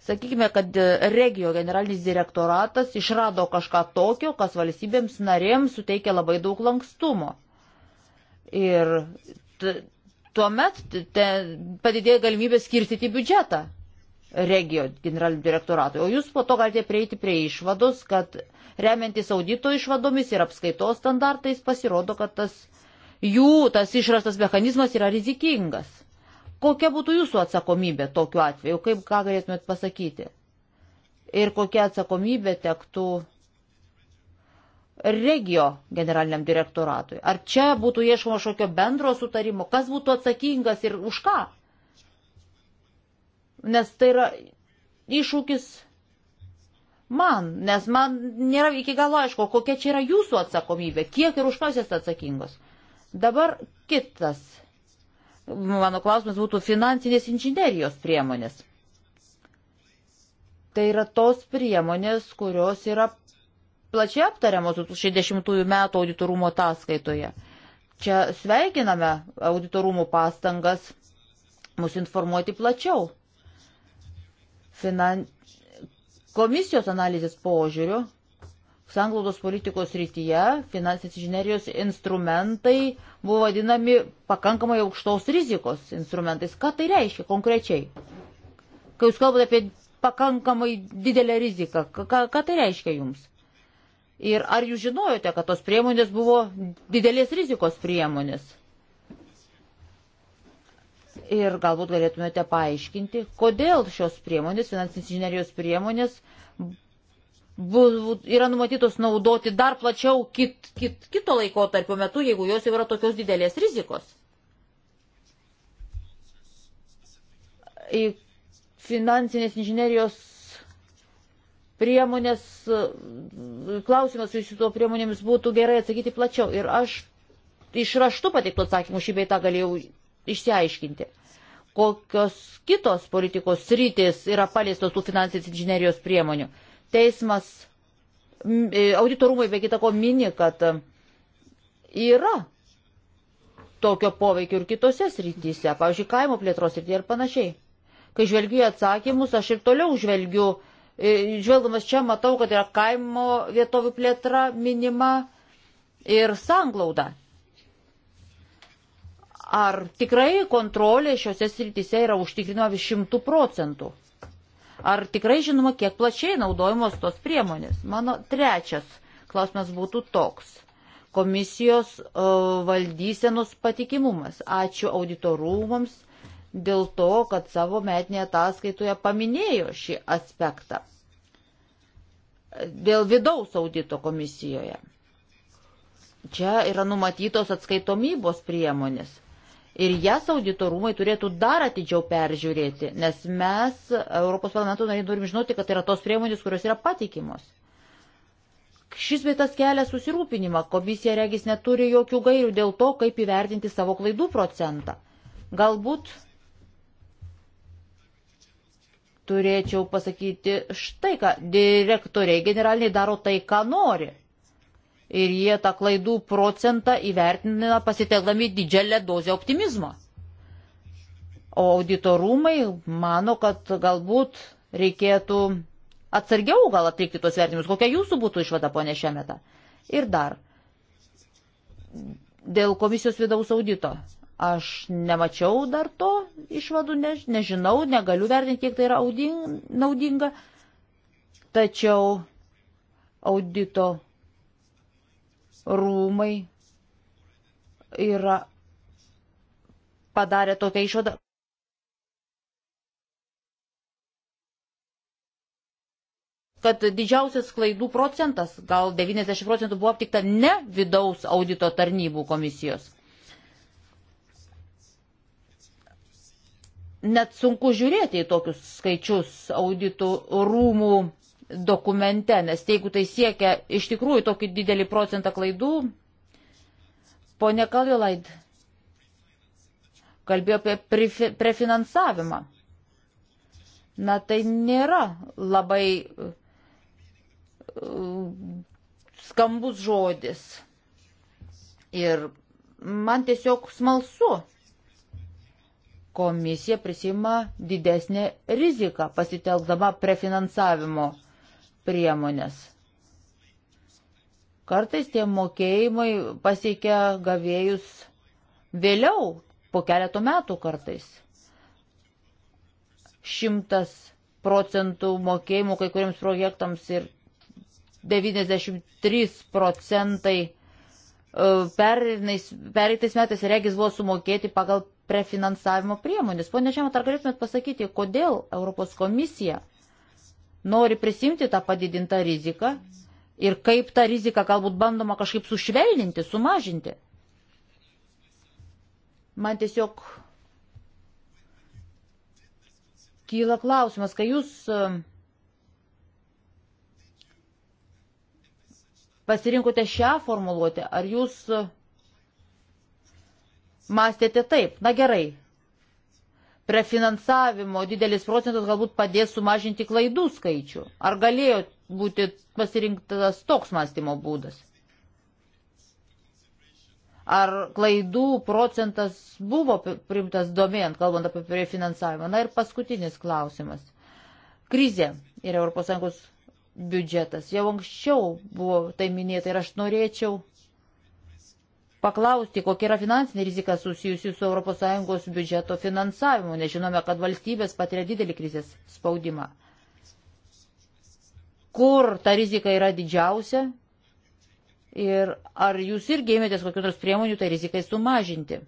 Sakykime, kad regio generalinis direktoratas išrado kažką tokio, kas valstybėms narėms suteikia labai daug lankstumo. Ir tuomet padidėja galimybė skirstyti biudžetą regio generaliniu direktoratui. O jūs po to galite prieiti prie išvados, kad remiantis audito išvadomis ir apskaitos standartais pasirodo, kad tas jų tas išrastas mechanizmas yra rizikingas. Kokia būtų jūsų atsakomybė tokiu atveju, kaip ką galėtumėt pasakyti? Ir kokia atsakomybė tektų regio generaliniam direktoratui? Ar čia būtų ieškoma kažkokio bendro sutarimo, kas būtų atsakingas ir už ką? nes tai yra iššūkis man, nes man nėra iki galo aišku, kokia čia yra jūsų atsakomybė, kiek ir už ką jūs esate atsakingos. Dabar kitas, mano klausimas būtų finansinės inžinerijos priemonės. Tai yra tos priemonės, kurios yra plačiai aptariamos 60 metų auditorumo ataskaitoje. Čia sveikiname auditorumų pastangas mus informuoti plačiau finan... komisijos analizės požiūriu, sanglaudos politikos rytyje finansinės inžinerijos instrumentai buvo vadinami pakankamai aukštos rizikos instrumentais. Ką tai reiškia konkrečiai? Kai jūs kalbate apie pakankamai didelę riziką, ką, ką tai reiškia jums? Ir ar jūs žinojote, kad tos priemonės buvo didelės rizikos priemonės? Ir galbūt galėtumėte paaiškinti, kodėl šios priemonės, finansinės inžinerijos priemonės, bu, yra numatytos naudoti dar plačiau kit, kit, kito laiko tarpio metu, jeigu jos jau yra tokios didelės rizikos. Į finansinės inžinerijos priemonės, klausimas jūsų to priemonėmis būtų gerai atsakyti plačiau. Ir aš iš raštų pateiktų atsakymų šį beitą galėjau išsiaiškinti, kokios kitos politikos rytis yra paliestos tų finansinės inžinerijos priemonių. Teismas, e, auditorumai be kitako mini, kad e, yra tokio poveikio ir kitose srityse, pavyzdžiui, kaimo plėtros srityje ir panašiai. Kai žvelgiu į atsakymus, aš ir toliau žvelgiu, e, žvelgdamas čia matau, kad yra kaimo vietovių plėtra minima ir sanglauda ar tikrai kontrolė šiuose srityse yra užtikrinama šimtų procentų. Ar tikrai žinoma, kiek plačiai naudojamos tos priemonės? Mano trečias klausimas būtų toks. Komisijos e, valdysenos patikimumas. Ačiū auditorumams dėl to, kad savo metinėje ataskaitoje paminėjo šį aspektą. Dėl vidaus audito komisijoje. Čia yra numatytos atskaitomybos priemonės ir jas auditorumai turėtų dar atidžiau peržiūrėti, nes mes, Europos parlamento nariai, turim žinoti, kad tai yra tos priemonės, kurios yra patikimos. Šis vietas kelia susirūpinimą, komisija regis neturi jokių gairių dėl to, kaip įvertinti savo klaidų procentą. Galbūt turėčiau pasakyti štai ką, direktoriai generaliniai daro tai, ką nori ir jie tą klaidų procentą įvertina pasitelkdami didžiulę dozę optimizmo. O auditorumai mano, kad galbūt reikėtų atsargiau gal atlikti tuos vertinimus. Kokia jūsų būtų išvada, ponė Šemeta? Ir dar. Dėl komisijos vidaus audito. Aš nemačiau dar to išvadų, ne, nežinau, negaliu vertinti, kiek tai yra auding, naudinga. Tačiau audito rūmai yra padarę tokią išvadą. kad didžiausias klaidų procentas, gal 90 procentų buvo aptikta ne vidaus audito tarnybų komisijos. Net sunku žiūrėti į tokius skaičius auditų rūmų dokumente, nes jeigu tai siekia iš tikrųjų tokį didelį procentą klaidų, ponė Kaljolaid kalbėjo apie prefinansavimą. Na tai nėra labai uh, skambus žodis. Ir man tiesiog smalsu. Komisija prisima didesnį riziką pasitelkdama prefinansavimo priemonės. Kartais tie mokėjimai pasiekia gavėjus vėliau, po keletų metų kartais. Šimtas procentų mokėjimų kai kuriems projektams ir 93 procentai e, pereitais metais regis buvo sumokėti pagal prefinansavimo priemonės. Pone Žemot, ar galėtumėt pasakyti, kodėl Europos komisija nori prisimti tą padidintą riziką ir kaip tą riziką galbūt bandoma kažkaip sušvelninti, sumažinti. Man tiesiog kyla klausimas, kai jūs um, pasirinkote šią formuluotę, ar jūs um, mąstėte taip, na gerai, prefinansavimo didelis procentas galbūt padės sumažinti klaidų skaičių. Ar galėjo būti pasirinktas toks mąstymo būdas? Ar klaidų procentas buvo primtas domėjant, kalbant apie prefinansavimą? Na ir paskutinis klausimas. Krizė ir ES biudžetas. Jau anksčiau buvo tai minėta ir aš norėčiau paklausti, kokia yra finansinė rizika susijusi su ES biudžeto finansavimu, nes žinome, kad valstybės patiria didelį krizės spaudimą. Kur ta rizika yra didžiausia ir ar jūs irgi ėmėtės kokių nors priemonių tai rizikai sumažinti?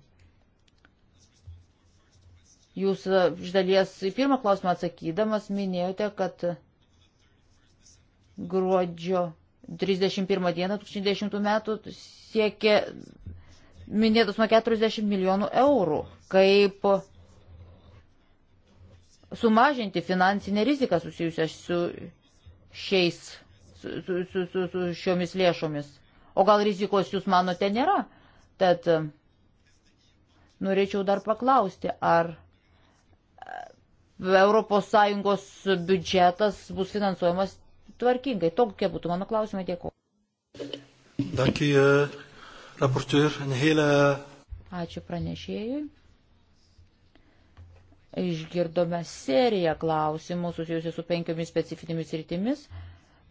Jūs e, iš dalies į pirmą klausimą atsakydamas minėjote, kad gruodžio 31 dieną 2010 metų siekė minėtus nuo 40 milijonų eurų, kaip sumažinti finansinę riziką susijusią su šiais, su, su, su, su šiomis lėšomis. O gal rizikos jūs manote nėra? Tad e, norėčiau dar paklausti, ar ES biudžetas bus finansuojamas tvarkingai. Tokie būtų mano klausimai. Dėkuoju. Dank u, uh, rapporteur. Een hele... Ačiū pranešėjui. Išgirdome seriją klausimų susijusių su penkiomis specifinėmis rytimis.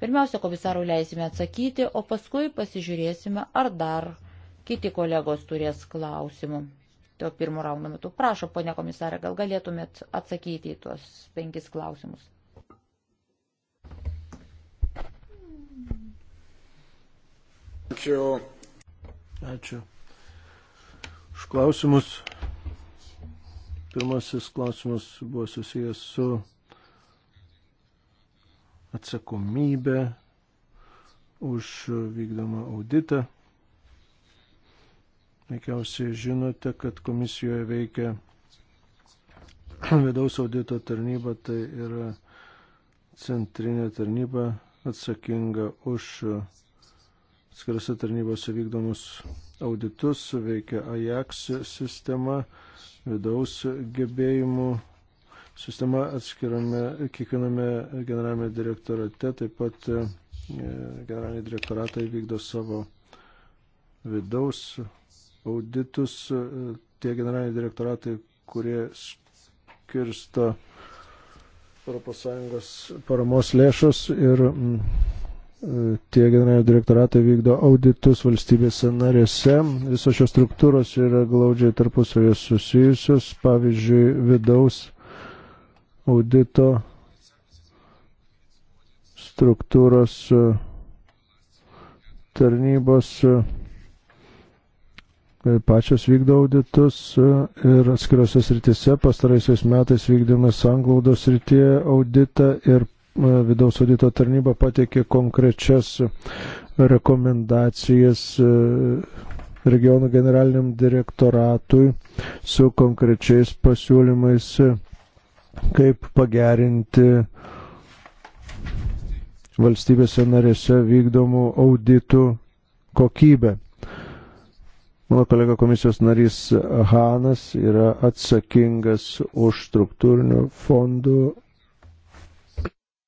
Pirmiausia, komisarų leisime atsakyti, o paskui pasižiūrėsime, ar dar kiti kolegos turės klausimų. To pirmo raundo metu. Prašau, ponia komisarė, gal galėtumėt atsakyti į tuos penkis klausimus. Thank you. Ačiū. Už klausimus. Pirmasis klausimas buvo susijęs su atsakomybė už vykdomą auditą. Veikiausiai žinote, kad komisijoje veikia vidaus audito tarnyba, tai yra centrinė tarnyba atsakinga už skiriose tarnybose vykdomus auditus, veikia AJAX sistema, vidaus gebėjimų sistema atskirame, kiekviename generalinėme direktorate, taip pat e, generaliniai direktoratai vykdo savo vidaus auditus, e, tie generaliniai direktoratai, kurie skirsto ES paramos lėšos ir tie generalinio direktoratai vykdo auditus valstybėse narėse. Visos šios struktūros yra glaudžiai tarpusavėje susijusios. Pavyzdžiui, vidaus audito struktūros e, tarnybos e, pačios vykdo auditus e, ir atskirose srityse pastaraisiais metais vykdėme sanglaudos srityje auditą ir E, vidaus audito tarnyba pateikė konkrečias rekomendacijas e, regionų generaliniam direktoratui su konkrečiais pasiūlymais, kaip pagerinti valstybėse narėse vykdomų auditų kokybę. Mano kolega komisijos narys Hanas yra atsakingas už struktūrinių fondų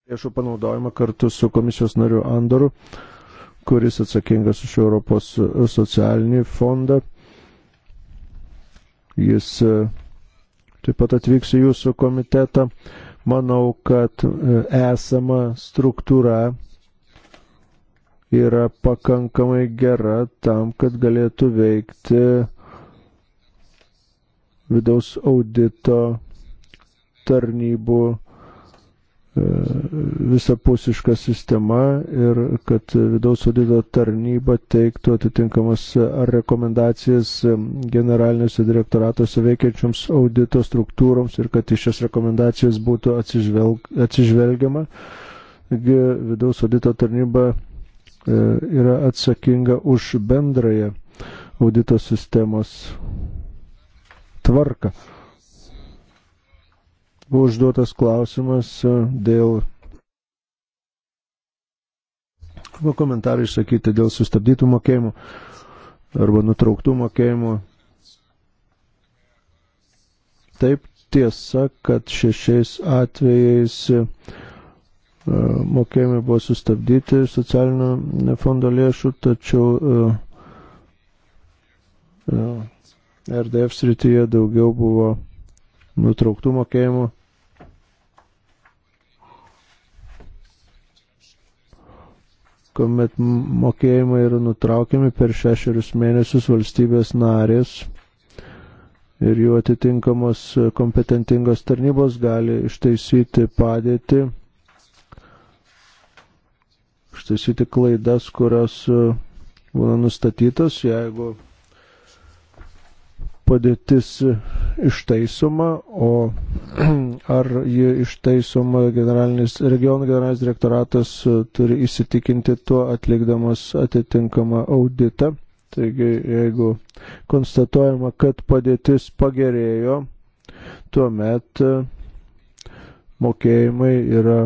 lėšų panaudojimą kartu su komisijos nariu Andoru, kuris atsakingas už Europos socialinį fondą. Jis e, taip pat atvyks į jūsų komitetą. Manau, kad e, esama struktūra yra pakankamai gera tam, kad galėtų veikti vidaus audito tarnybų E, visapusiška sistema ir kad vidaus audito tarnyba teiktų atitinkamas rekomendacijas generaliniuose direktoratuose veikiančioms audito struktūroms ir kad į šias rekomendacijas būtų atsižvelg, atsižvelgiama. Taigi vidaus audito tarnyba e, yra atsakinga už bendrąją audito sistemos tvarką. Buvo užduotas klausimas e, dėl arba komentarai išsakyti dėl sustabdytų mokėjimų arba nutrauktų mokėjimų. Taip tiesa, kad šešiais atvejais e, mokėjimai buvo sustabdyti socialinio fondo lėšų, tačiau e, RDF srityje daugiau buvo nutrauktų mokėjimų kuomet mokėjimai yra nutraukiami per šešerius mėnesius valstybės narės ir jų atitinkamos kompetentingos tarnybos gali ištaisyti padėtį, ištaisyti klaidas, kurios e, būna nustatytos, jeigu padėtis ištaisoma, o ar ji ištaisoma generalinis, regionų generalinis direktoratas e, turi įsitikinti tuo atlikdamas atitinkamą auditą. Taigi, jeigu konstatuojama, kad padėtis pagerėjo, tuomet e, mokėjimai yra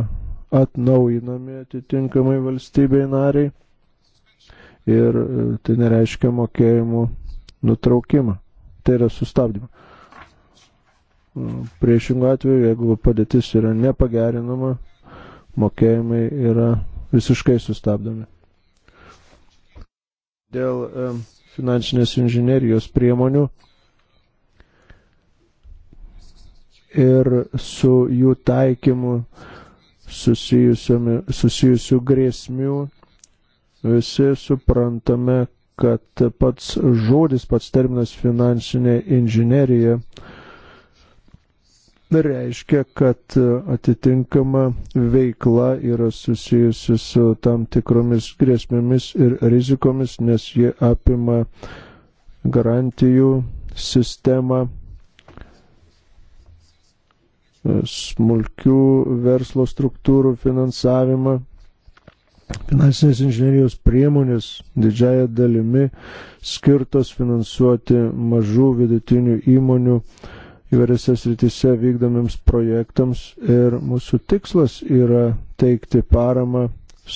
atnaujinami atitinkamai valstybei nariai ir e, tai nereiškia mokėjimų nutraukimą tai yra sustabdymą. Priešingų atveju, jeigu padėtis yra nepagerinama, mokėjimai yra visiškai sustabdomi. Dėl finansinės inžinerijos priemonių ir su jų taikymu susijusių grėsmių visi suprantame, kad pats žodis, pats terminas finansinė inžinerija reiškia, kad atitinkama veikla yra susijusi su tam tikromis grėsmėmis ir rizikomis, nes ji apima garantijų sistemą smulkių verslo struktūrų finansavimą Finansinės inžinierijos priemonės didžiaja dalimi skirtos finansuoti mažų vidutinių įmonių įvairiose srityse vykdomiams projektams ir mūsų tikslas yra teikti paramą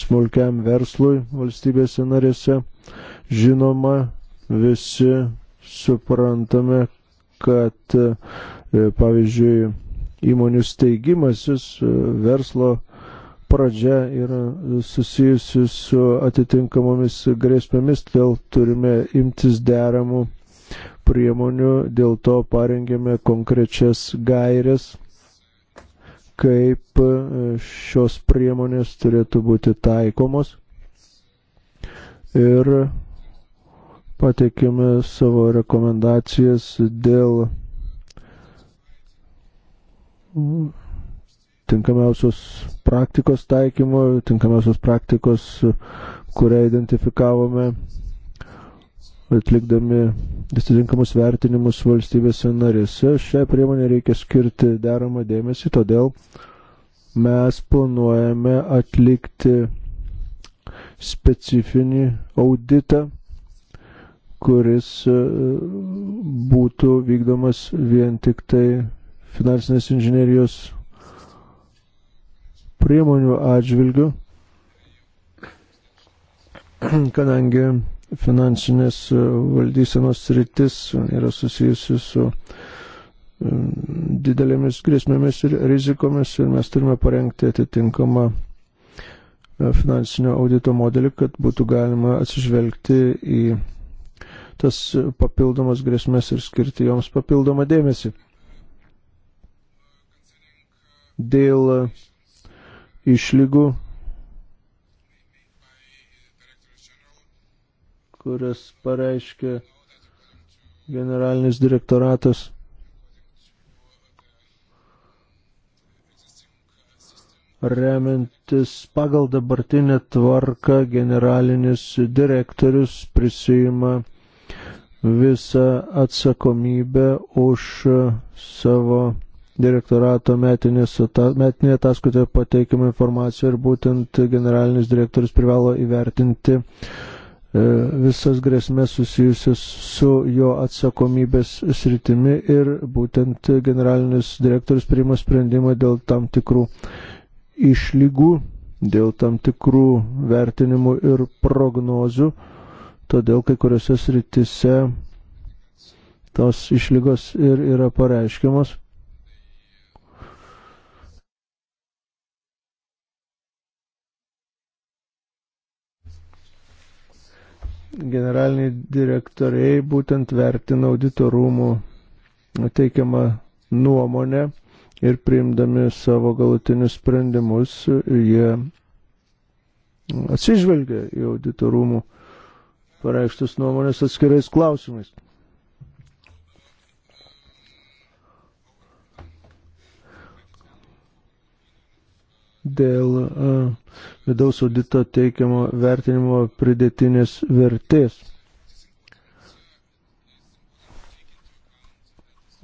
smulkiam verslui valstybėse narėse. Žinoma, visi suprantame, kad e, pavyzdžiui įmonių steigimasis e, verslo pradžia yra susijusi su atitinkamomis grėsmėmis, todėl turime imtis deramų priemonių, dėl to parengėme konkrečias gairias, kaip e, šios priemonės turėtų būti taikomos. Ir pateikėme savo rekomendacijas dėl tinkamiausios praktikos taikymo, tinkamiausios praktikos, kurią identifikavome atlikdami atitinkamus vertinimus valstybėse narėse. Šią priemonę reikia skirti deramą dėmesį, todėl mes planuojame atlikti specifinį auditą, kuris e, būtų vykdomas vien tik tai finansinės inžinerijos priemonių atžvilgių, kadangi finansinės valdysenos sritis yra susijusi su didelėmis grėsmėmis ir rizikomis ir mes turime parengti atitinkamą e, finansinio audito modelį, kad būtų galima atsižvelgti į tas papildomas grėsmės ir skirti joms papildomą dėmesį. Dėl išlygų, kurias pareiškė generalinis direktoratas. remiantis pagal dabartinę tvarką generalinis direktorius prisima visą atsakomybę už savo direktorato metinėje ataskaitoje pateikima informacija ir būtent generalinis direktorius privalo įvertinti e, visas grėsmės susijusias su jo atsakomybės sritimi ir būtent generalinis direktorius priima sprendimą dėl tam tikrų išlygų, dėl tam tikrų vertinimų ir prognozių, todėl kai kuriuose sritise tos išlygos ir yra pareiškiamos. generaliniai direktoriai būtent vertina auditorumų teikiamą nuomonę ir priimdami savo galutinius sprendimus, jie atsižvelgia į auditorumų pareikštus nuomonės atskirais klausimais. dėl vidaus audito teikiamo vertinimo pridėtinės vertės.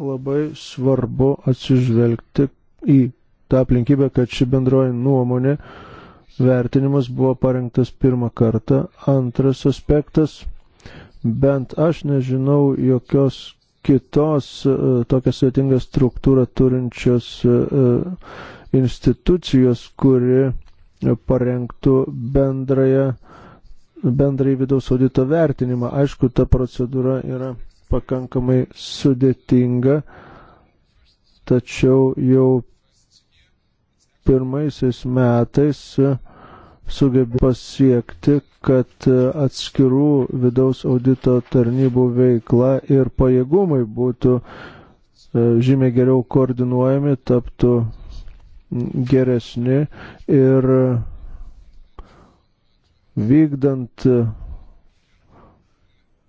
Labai svarbu atsižvelgti į tą aplinkybę, kad ši bendroji nuomonė vertinimas buvo parengtas pirmą kartą. Antras aspektas, bent aš nežinau jokios kitos tokią sveitingą struktūrą turinčios institucijos, kuri parengtų bendrąją, bendrąjį vidaus audito vertinimą. Aišku, ta procedūra yra pakankamai sudėtinga, tačiau jau pirmaisiais metais sugebė pasiekti, kad atskirų vidaus audito tarnybų veikla ir pajėgumai būtų e, žymiai geriau koordinuojami, taptų geresni ir vykdant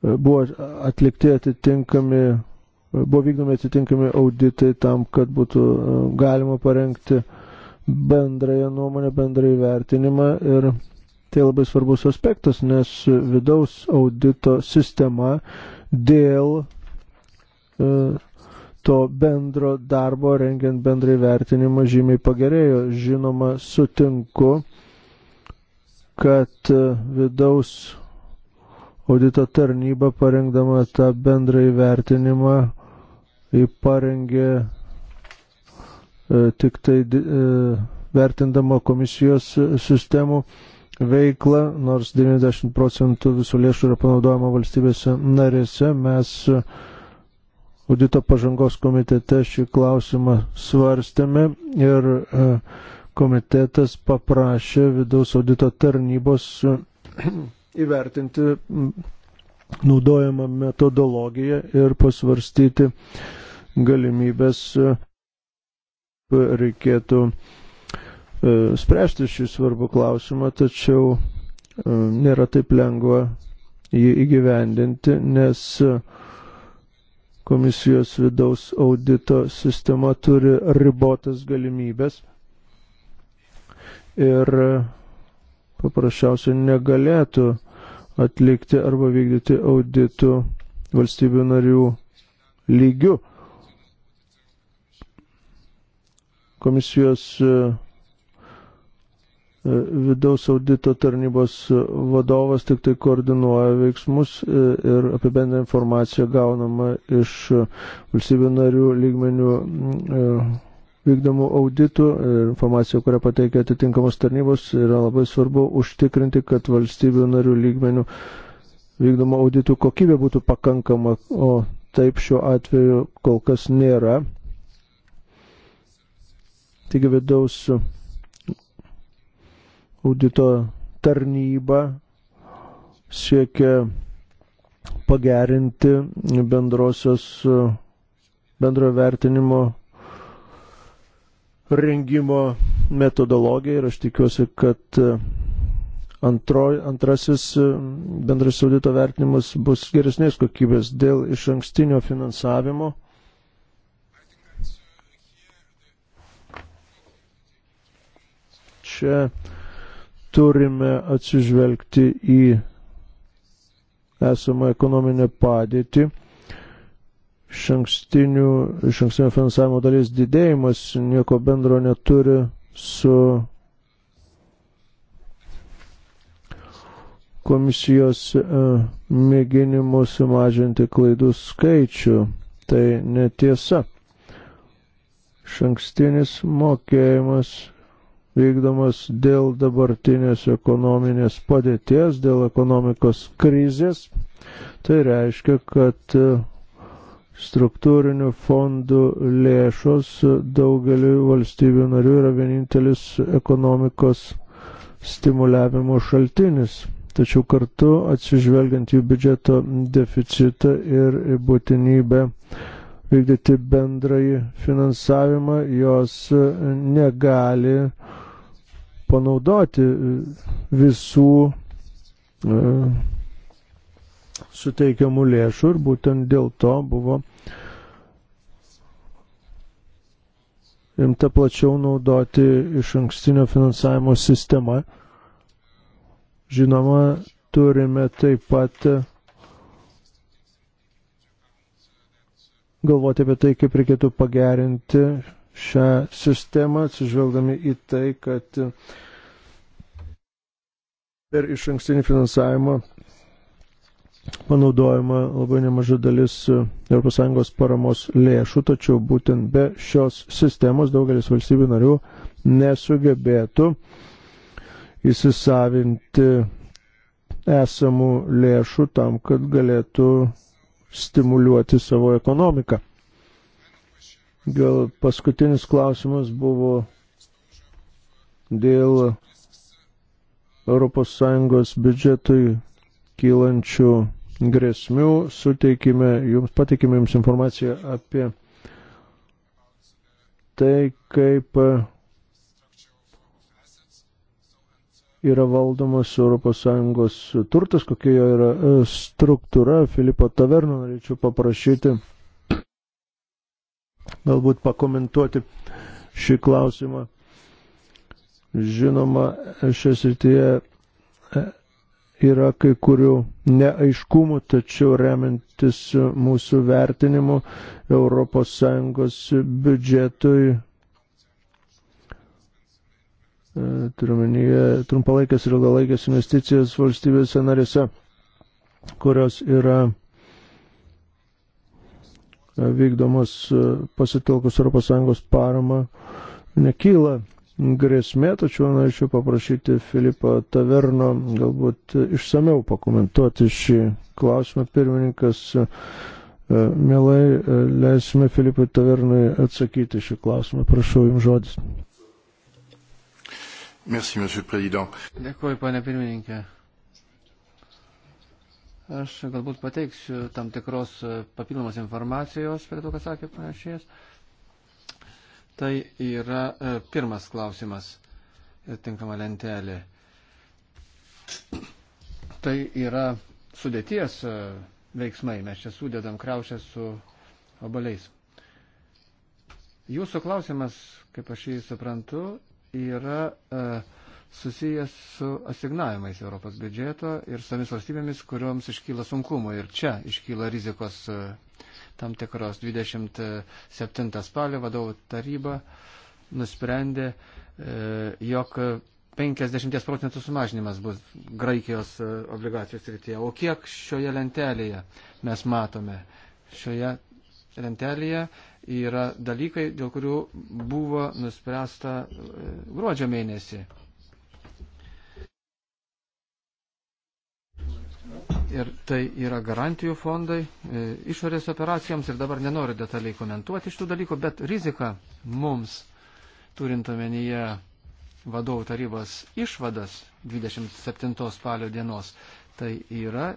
buvo atlikti atitinkami, buvo vykdomi atitinkami auditai tam, kad būtų galima parengti bendrąją nuomonę, bendrąjį vertinimą ir tai labai svarbus aspektas, nes vidaus audito sistema dėl e, to bendro darbo, rengiant bendrai vertinimą, žymiai pagerėjo. Žinoma, sutinku, kad e, vidaus audito tarnyba parengdama tą bendrai vertinimą parengė e, tik tai e, vertindama komisijos sistemų veiklą, nors 90 procentų visų lėšų yra panaudojama valstybėse narėse, mes audito pažangos komitete šį klausimą svarstėme ir e, komitetas paprašė vidaus audito tarnybos e, įvertinti naudojamą metodologiją ir pasvarstyti galimybės e, reikėtų spręsti šį svarbų klausimą, tačiau nėra taip lengva jį įgyvendinti, nes uh, Komisijos vidaus audito sistema turi ribotas galimybės ir paprasčiausiai negalėtų atlikti arba vykdyti auditų valstybių narių lygių. Komisijos E, vidaus audito tarnybos vadovas tik tai koordinuoja veiksmus e, ir apibendrą informaciją gaunama iš valstybių narių lygmenių e, vykdomų auditų ir informacija, kurią pateikia atitinkamos tarnybos, yra labai svarbu užtikrinti, kad valstybių narių lygmenių vykdomų auditų kokybė būtų pakankama, o taip šiuo atveju kol kas nėra. Taigi vidaus Audito tarnyba siekia pagerinti bendrosios bendrojo vertinimo rengimo metodologiją ir aš tikiuosi, kad antroj, antrasis bendras audito vertinimas bus geresnės kokybės dėl iš ankstinio finansavimo. Čia turime atsižvelgti į esamą ekonominę padėtį. Šankstinio finansavimo dalies didėjimas nieko bendro neturi su komisijos e, mėginimu sumažinti klaidų skaičių. Tai netiesa. Šankstinis mokėjimas vykdomas dėl dabartinės ekonominės padėties, dėl ekonomikos krizės. Tai reiškia, kad e, struktūrinių fondų lėšos daugeliu valstybių narių yra vienintelis ekonomikos stimuliavimo šaltinis. Tačiau kartu atsižvelgiant jų biudžeto deficitą ir būtinybę vykdyti bendrąjį finansavimą, jos negali uh, panaudoti e, visų e, suteikiamų lėšų ir būtent dėl to buvo imta plačiau naudoti iš ankstinio finansavimo sistemą. Žinoma, turime taip pat galvoti apie tai, kaip reikėtų pagerinti šią sistemą, atsižvelgdami į tai, kad per iš ankstinį finansavimą panaudojama labai nemaža dalis ES paramos lėšų, tačiau būtent be šios sistemos daugelis valstybių narių nesugebėtų įsisavinti esamų lėšų tam, kad galėtų stimuliuoti savo ekonomiką. Gal paskutinis klausimas buvo dėl ES biudžetui kylančių grėsmių. Suteikime, jums pateikime jums informaciją apie tai, kaip yra valdomas ES turtas, kokia jo yra e, struktūra. Filipo Taverną norėčiau paprašyti galbūt pakomentuoti šį klausimą. Žinoma, šią srityje e, yra kai kurių neaiškumų, tačiau remiantis mūsų vertinimu ES biudžetui, e, turiuomenyje trumpalaikės ir ilgalaikės investicijas valstybėse narėse, kurios yra E, vykdomas e, pasitelkus ES paramą nekyla grėsmė, tačiau norėčiau paprašyti Filipo Taverno galbūt išsameu pakomentuoti šį klausimą. Pirmininkas, e, mielai leisime Filipui Tavernui atsakyti šį klausimą. Prašau jums žodis. Merci, Dėkuoju, pane pirmininkė. Aš galbūt pateiksiu tam tikros e, papildomos informacijos prie to, ką sakė pranešėjas. Tai yra e, pirmas klausimas ir e, tinkama lentelė. Tai yra sudėties e, veiksmai. Mes čia sudedam kraušę su obaliais. Jūsų klausimas, kaip aš jį suprantu, yra e, susijęs su asignavimais Europos biudžeto ir su tomis valstybėmis, kuriuoms iškyla sunkumų. Ir čia iškyla rizikos e, tam tikros 27 spalio vadovų taryba nusprendė, e, jog 50 procentų sumažinimas bus Graikijos e, obligacijų srityje. O kiek šioje lentelėje mes matome? Šioje lentelėje yra dalykai, dėl kurių buvo nuspręsta gruodžio mėnesį. ir tai yra garantijų fondai e, išorės operacijoms ir dabar nenoriu detaliai komentuoti šitų dalykų, bet rizika mums, turint omenyje vadovų tarybos išvadas 27 spalio dienos, tai yra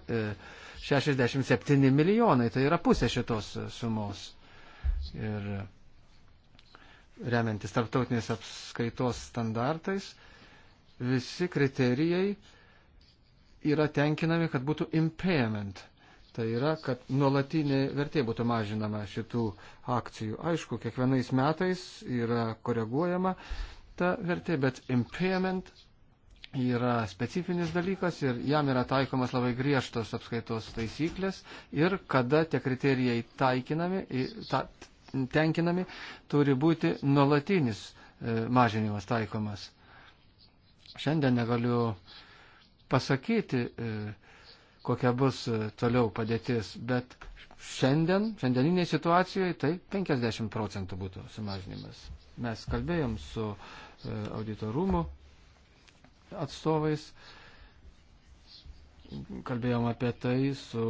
67 e, milijonai, tai yra pusė šitos sumos. Ir remiantis tarptautinės apskaitos standartais, visi kriterijai yra tenkinami, kad būtų impairment. Tai yra, kad nuolatinė vertė būtų mažinama šitų akcijų. Aišku, kiekvienais metais yra koreguojama ta vertė, bet impairment yra specifinis dalykas ir jam yra taikomas labai griežtos apskaitos taisyklės ir kada tie kriterijai taikinami, ta, tenkinami, turi būti nuolatinis e, mažinimas taikomas. Šiandien negaliu pasakyti, e, kokia bus e, toliau padėtis, bet šiandien, šiandieniniai situacijoje tai 50 procentų būtų sumažinimas. Mes kalbėjom su e, auditorumu atstovais, kalbėjom apie tai su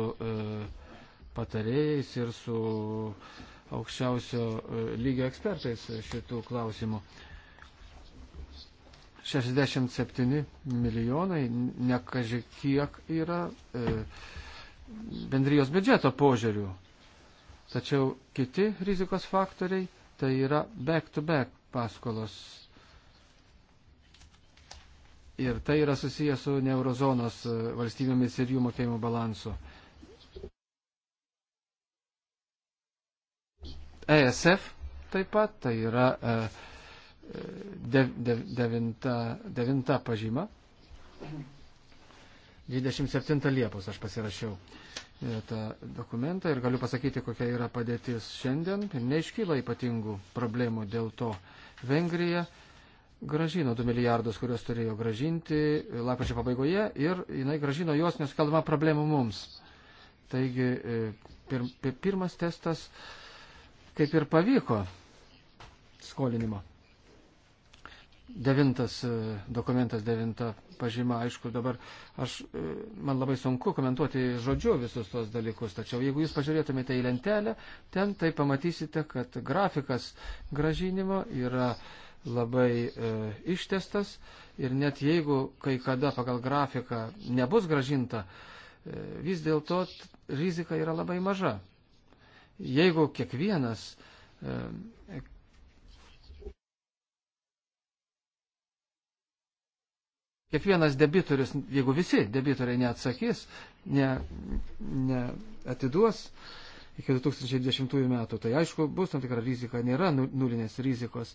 patarėjais ir su aukščiausio lygio ekspertais šitų klausimų. 67 milijonai nekaži kiek yra e, bendrijos biudžeto požiūrių. Tačiau kiti rizikos faktoriai tai yra back-to-back -back paskolos. Ir tai yra susijęs su neurozonos e, valstybėmis ir jų mokėjimo balansu. ESF taip pat tai yra e, de, de, devinta, devinta pažyma. 27 Liepos aš pasirašiau e, tą dokumentą ir galiu pasakyti, kokia yra padėtis šiandien. Ir neiškyla ypatingų problemų dėl to. Vengrija gražino 2 milijardus, kuriuos turėjo gražinti lapkričio pabaigoje ir jinai gražino juos, nes kalbama problemų mums. Taigi e, pir, pirmas testas kaip ir pavyko skolinimo. Devintas e, dokumentas, devinta pažyma, aišku, dabar aš, e, man labai sunku komentuoti žodžiu visus tos dalykus, tačiau jeigu jūs pažiūrėtumėte į lentelę, ten tai pamatysite, kad grafikas gražinimo yra labai e, ištestas ir net jeigu kai kada pagal grafiką nebus gražinta, e, vis dėlto rizika yra labai maža. Jeigu kiekvienas e, kiekvienas debitorius, jeigu visi debitoriai neatsakys, neatiduos ne, ne iki 2020 metų, tai aišku, bus tam tikra rizika, nėra nu, nulinės rizikos.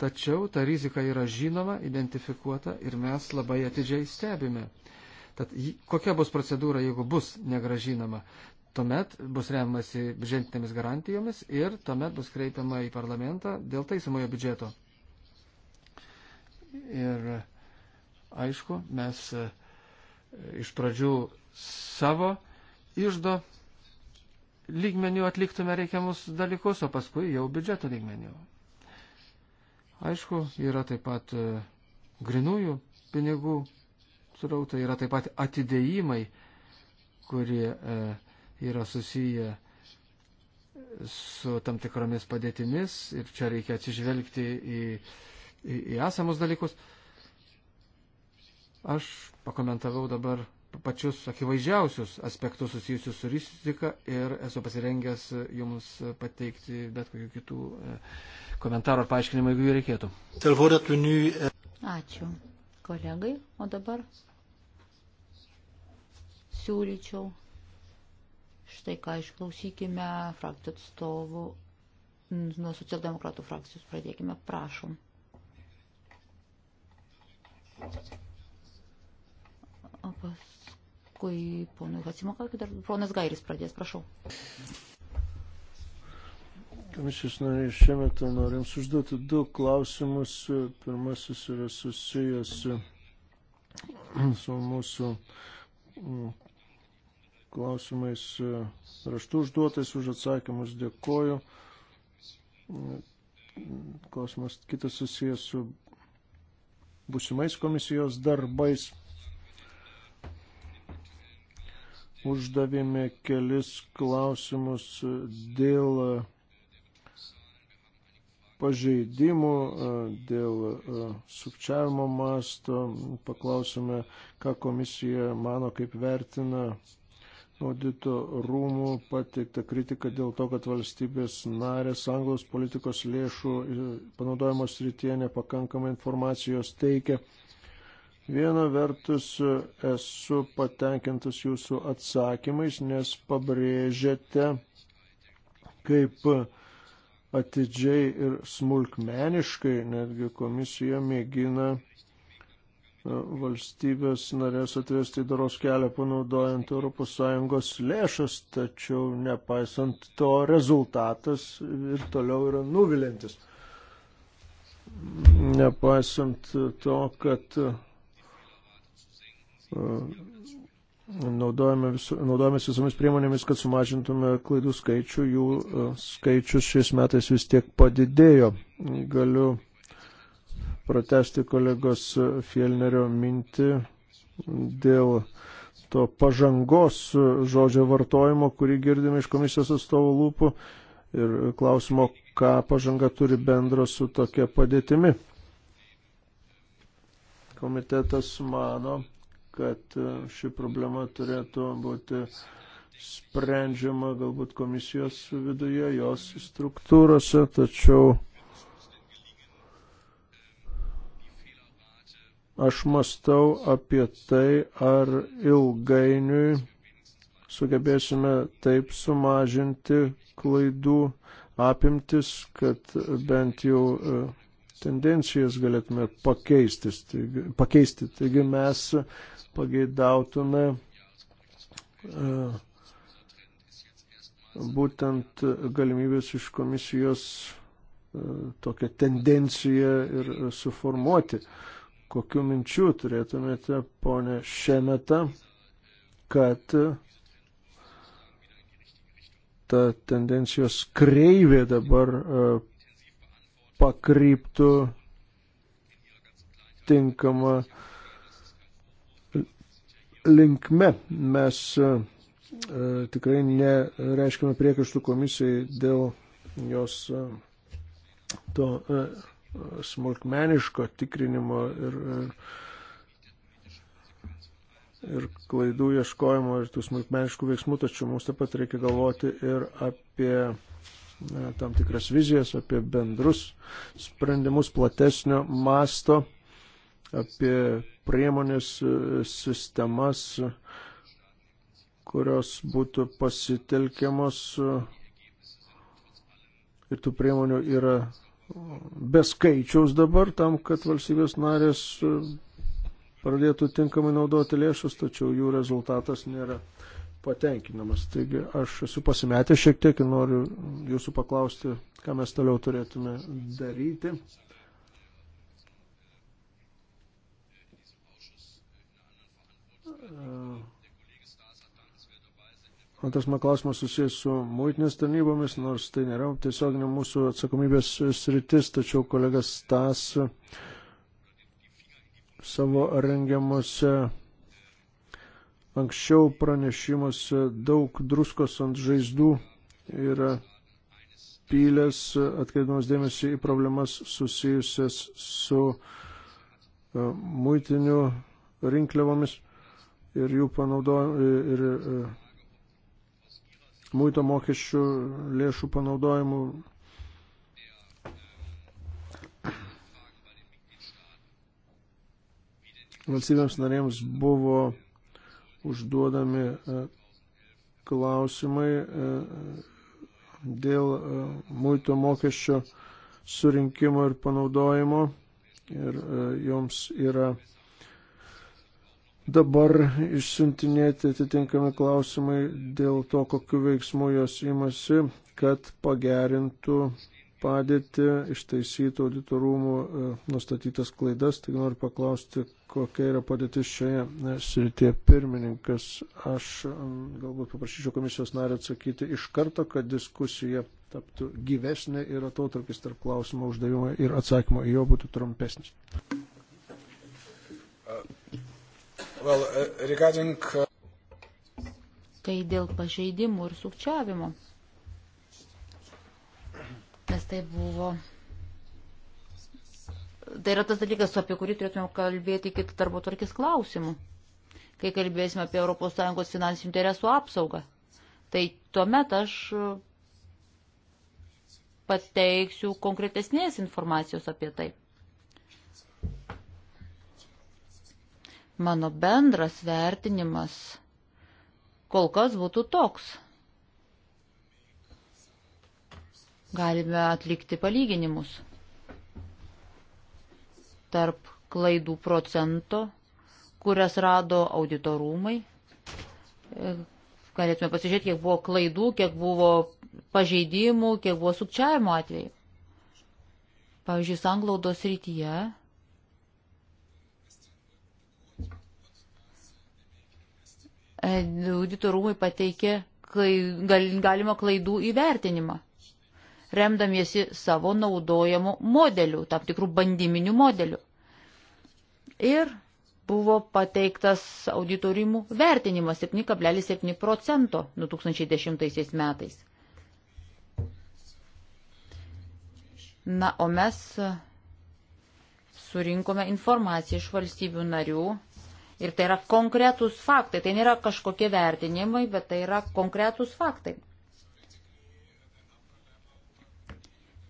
Tačiau ta rizika yra žinoma, identifikuota ir mes labai atidžiai stebime. Tad kokia bus procedūra, jeigu bus negražinama? Tuomet bus remiamasi biudžetinėmis garantijomis ir tuomet bus kreipiama į parlamentą dėl taisomojo biudžeto. Ir Aišku, mes e, iš pradžių savo išdo lygmenių atliktume reikiamus dalykus, o paskui jau biudžeto lygmenių. Aišku, yra taip pat e, grinųjų pinigų srautai, yra taip pat atidėjimai, kurie e, yra susiję su tam tikromis padėtimis ir čia reikia atsižvelgti į, į, į esamus dalykus. E, Aš pakomentavau dabar pačius akivaizdžiausius aspektus susijusius su rizika ir esu pasirengęs jums pateikti bet kokių kitų e, komentarų ar paaiškinimų, jeigu jų reikėtų. E, Ačiū kolegai, o dabar siūlyčiau štai ką išklausykime frakcijų atstovų, nuo socialdemokratų frakcijos pradėkime, prašom. Thank you o paskui ponui Hatsimakakui dar ponas Gairis pradės, prašau. Komisijos nariai šiemet norim užduoti du klausimus. Pirmasis yra susijęs su mūsų klausimais raštu užduotais už atsakymus. Dėkoju. Klausimas kitas susijęs su būsimais komisijos darbais. uždavėme kelis klausimus dėl pažeidimų, dėl e, sukčiavimo masto. Paklausome, ką komisija mano, kaip vertina audito rūmų pateikta kritika dėl to, kad valstybės narės anglos politikos lėšų e, panaudojimo srityje nepakankamai informacijos teikia. Viena vertus esu patenkintas jūsų atsakymais, nes pabrėžėte, kaip atidžiai ir smulkmeniškai netgi komisija mėgina e, valstybės narės atvesti į daros kelią panaudojant ES lėšas, tačiau nepaisant to rezultatas ir toliau yra nuvilintis. Nepaisant to, kad naudojame, visu, naudojame visomis priemonėmis, kad sumažintume klaidų skaičių, jų e, skaičius šiais metais vis tiek padidėjo. Galiu pratesti kolegos Fielnerio mintį dėl to pažangos žodžio vartojimo, kurį girdime iš komisijos atstovų lūpų ir klausimo, ką pažanga turi bendro su tokia padėtimi. Komitetas mano, kad e, ši problema turėtų būti sprendžiama galbūt komisijos viduje, jos struktūrose, tačiau aš mastau apie tai, ar ilgainiui sugebėsime taip sumažinti klaidų apimtis, kad bent jau e, tendencijas galėtume pakeisti. Taigi, pakeisti. Taigi mes pageidautume e, būtent galimybės iš komisijos e, tokią tendenciją ir suformuoti. Kokiu minčiu turėtumėte, ponė Šemeta, kad ta tendencijos kreivė dabar e, pakryptų tinkama linkme. Mes e, tikrai nereiškime priekaištų komisijai dėl jos e, to e, smulkmeniško tikrinimo ir, ir klaidų ieškojimo ir tų smulkmeniškų veiksmų, tačiau mums taip pat reikia galvoti ir apie tam tikras vizijas apie bendrus sprendimus platesnio masto, apie priemonės sistemas, kurios būtų pasitelkiamos ir tų priemonių yra beskaičiaus dabar tam, kad valstybės narės pradėtų tinkamai naudoti lėšus, tačiau jų rezultatas nėra patenkinamas. Taigi aš esu pasimetęs šiek tiek ir noriu jūsų paklausti, ką mes toliau turėtume daryti. Antras man klausimas susijęs su muitinės tarnybomis, nors tai nėra tiesioginė mūsų atsakomybės sritis, tačiau kolegas Stas savo rengiamuose Anksčiau pranešimuose daug druskos ant žaizdų yra pylės, e, atkreipiamas dėmesį į problemas susijusias su e, muitiniu rinkliavomis ir jų panaudojimu e, ir muito mokesčių lėšų panaudojimu. Valstybėms narėms buvo užduodami e, klausimai e, dėl e, muito mokesčio surinkimo ir panaudojimo ir joms yra dabar išsiuntinėti atitinkami klausimai dėl to, kokiu veiksmu jos imasi, kad pagerintų padėtį, ištaisytų auditorumų e, nustatytas klaidas. Tik noriu paklausti, kokia yra padėtis šioje e, srityje pirmininkas. Aš galbūt paprašyčiau komisijos narį atsakyti iš karto, kad diskusija taptų gyvesnė ir atotrukis tarp klausimo uždavimo ir atsakymo į jo būtų trumpesnis. Well, uh, regarding... Uh, tai dėl pažeidimų ir sukčiavimo nes tai buvo. Tai yra tas dalykas, apie kurį turėtume kalbėti kitų darbo tvarkės klausimų, kai kalbėsime apie ES finansinių interesų apsaugą. Tai tuomet aš pateiksiu konkretesnės informacijos apie tai. Mano bendras vertinimas kol kas būtų toks. Galime atlikti palyginimus tarp klaidų procento, kurias rado auditorumai. E, galėtume pasižiūrėti, kiek buvo klaidų, kiek buvo pažeidimų, kiek buvo sukčiavimo atvejų. Pavyzdžiui, sanglaudos rytyje auditorumai pateikė kai gal, galima klaidų įvertinimą remdamiesi savo naudojamu modeliu, tam tikrų bandyminių modelių. Ir buvo pateiktas auditorimų vertinimas 7,7 procento 2010 metais. Na, o mes surinkome informaciją iš valstybių narių ir tai yra konkretūs faktai, tai nėra kažkokie vertinimai, bet tai yra konkretūs faktai.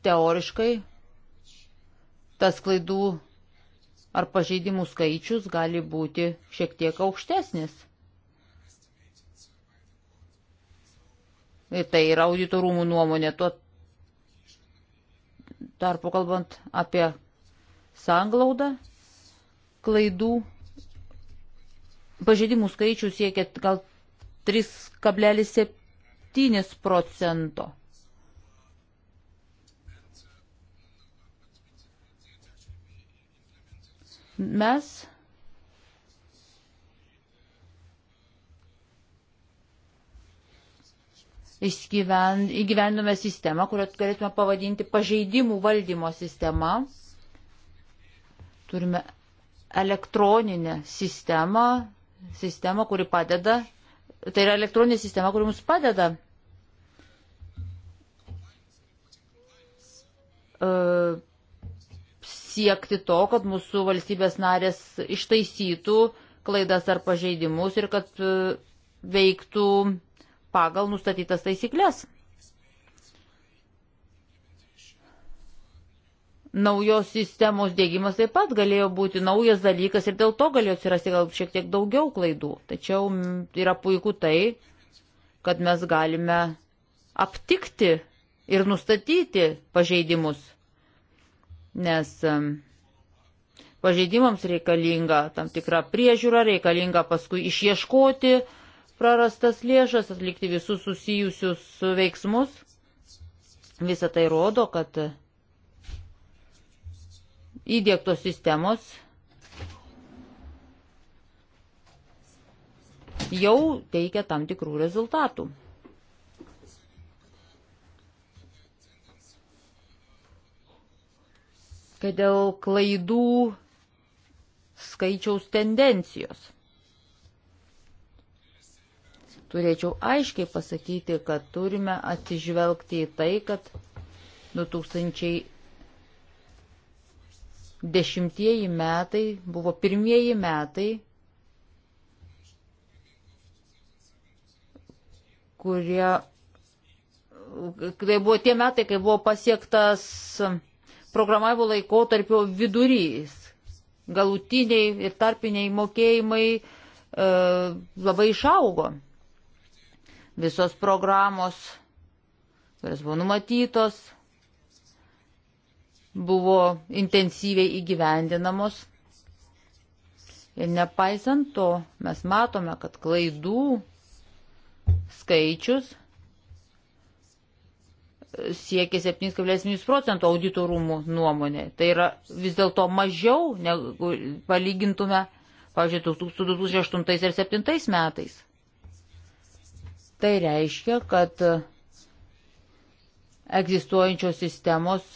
teoriškai tas klaidų ar pažeidimų skaičius gali būti šiek tiek aukštesnis. Ir tai yra auditorumų nuomonė. Tuo tarpu kalbant apie sanglaudą, klaidų pažeidimų skaičių siekia gal 3,7 procento. Mes įgyvendome sistemą, kurią galėtume pavadinti pažeidimų valdymo sistema. Turime elektroninę sistemą, sistemą, kuri padeda, tai yra elektroninė sistema, kuri mums padeda uh, siekti to, kad mūsų valstybės narės ištaisytų klaidas ar pažeidimus ir kad e, veiktų pagal nustatytas taisyklės. Naujos sistemos dėgymas taip pat galėjo būti naujas dalykas ir dėl to galėjo atsirasti gal šiek tiek daugiau klaidų. Tačiau yra puiku tai, kad mes galime aptikti ir nustatyti pažeidimus nes pažeidimams reikalinga tam tikra priežiūra, reikalinga paskui išieškoti prarastas lėšas, atlikti visus susijusius veiksmus. Visą tai rodo, kad įdėktos sistemos jau teikia tam tikrų rezultatų. kai dėl klaidų skaičiaus tendencijos. Turėčiau aiškiai pasakyti, kad turime atsižvelgti į tai, kad 2010 metai buvo pirmieji metai, kurie, tai buvo tie metai, kai buvo pasiektas programavimo laikotarpio vidurys. Galutiniai ir tarpiniai mokėjimai e, labai išaugo. Visos programos, kurios buvo numatytos, buvo intensyviai įgyvendinamos. Ir nepaisant to, mes matome, kad klaidų skaičius siekia 7,7 procentų auditorumų nuomonė. Tai yra vis dėlto mažiau, negu palygintume, pavyzdžiui, su 2008 ir 2007 metais. Tai reiškia, kad egzistuojančios sistemos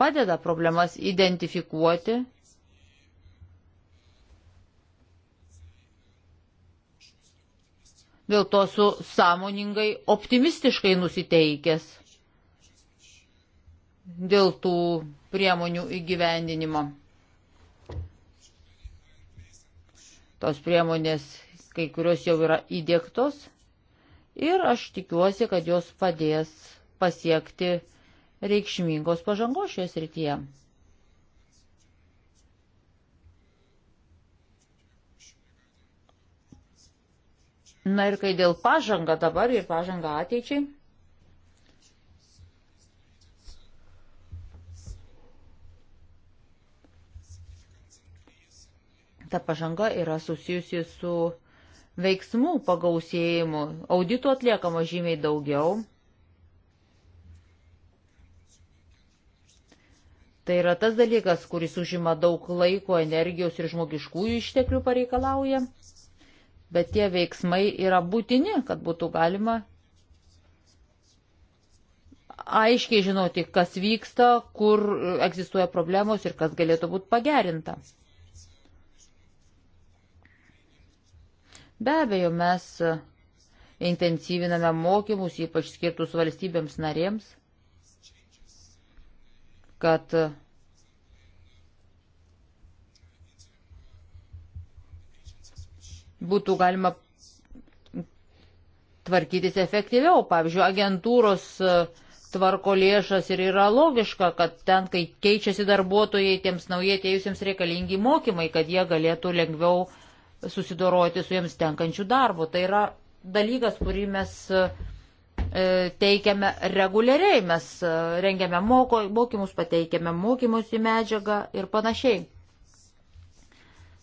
padeda problemas identifikuoti dėl to esu sąmoningai optimistiškai nusiteikęs dėl tų priemonių įgyvendinimo. Tos priemonės kai kurios jau yra įdėktos ir aš tikiuosi, kad jos padės pasiekti reikšmingos pažangos šioje srityje. Na ir kai dėl pažanga dabar ir pažanga ateičiai. Ta pažanga yra susijusi su veiksmų pagausėjimu. Auditų atliekama žymiai daugiau. Tai yra tas dalykas, kuris užima daug laiko, energijos ir žmogiškųjų išteklių pareikalauja bet tie veiksmai yra būtini, kad būtų galima aiškiai žinoti, kas vyksta, kur egzistuoja problemos ir kas galėtų būti pagerinta. Be abejo, mes intensyviname mokymus, ypač skirtus valstybėms narėms, kad būtų galima tvarkytis efektyviau. Pavyzdžiui, agentūros e, tvarko lėšas ir yra logiška, kad ten, kai keičiasi darbuotojai, tiems naujai atėjusiems reikalingi mokymai, kad jie galėtų lengviau susidoroti su jiems tenkančių darbų. Tai yra dalykas, kurį mes e, e, teikiame reguliariai, mes rengiame moko, mokymus, pateikiame mokymus į medžiagą ir panašiai.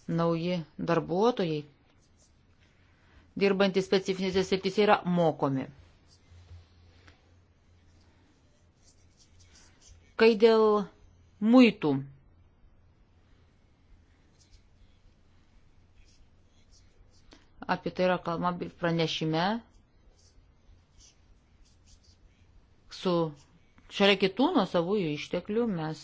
Nauji darbuotojai dirbantys specifinėse srityse yra mokomi. Kai dėl muitų apie tai yra kalba pranešime su šalia kitų nuo savųjų išteklių mes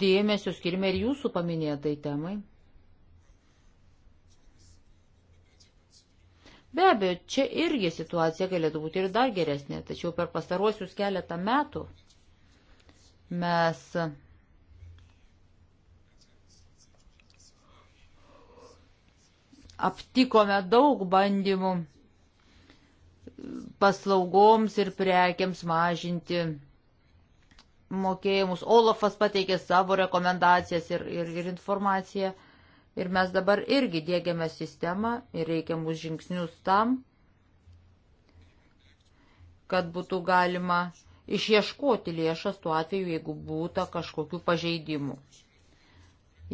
dėmesio skirime ir jūsų paminėtai temai. Be abejo, čia irgi situacija galėtų būti ir dar geresnė, tačiau per pastaruosius keletą metų mes aptikome daug bandymų paslaugoms ir prekiams mažinti mokėjimus. Olafas pateikė savo rekomendacijas ir, ir, ir informaciją. Ir mes dabar irgi dėgiame sistemą ir reikiamus žingsnius tam, kad būtų galima išieškoti lėšas tuo atveju, jeigu būtų kažkokių pažeidimų.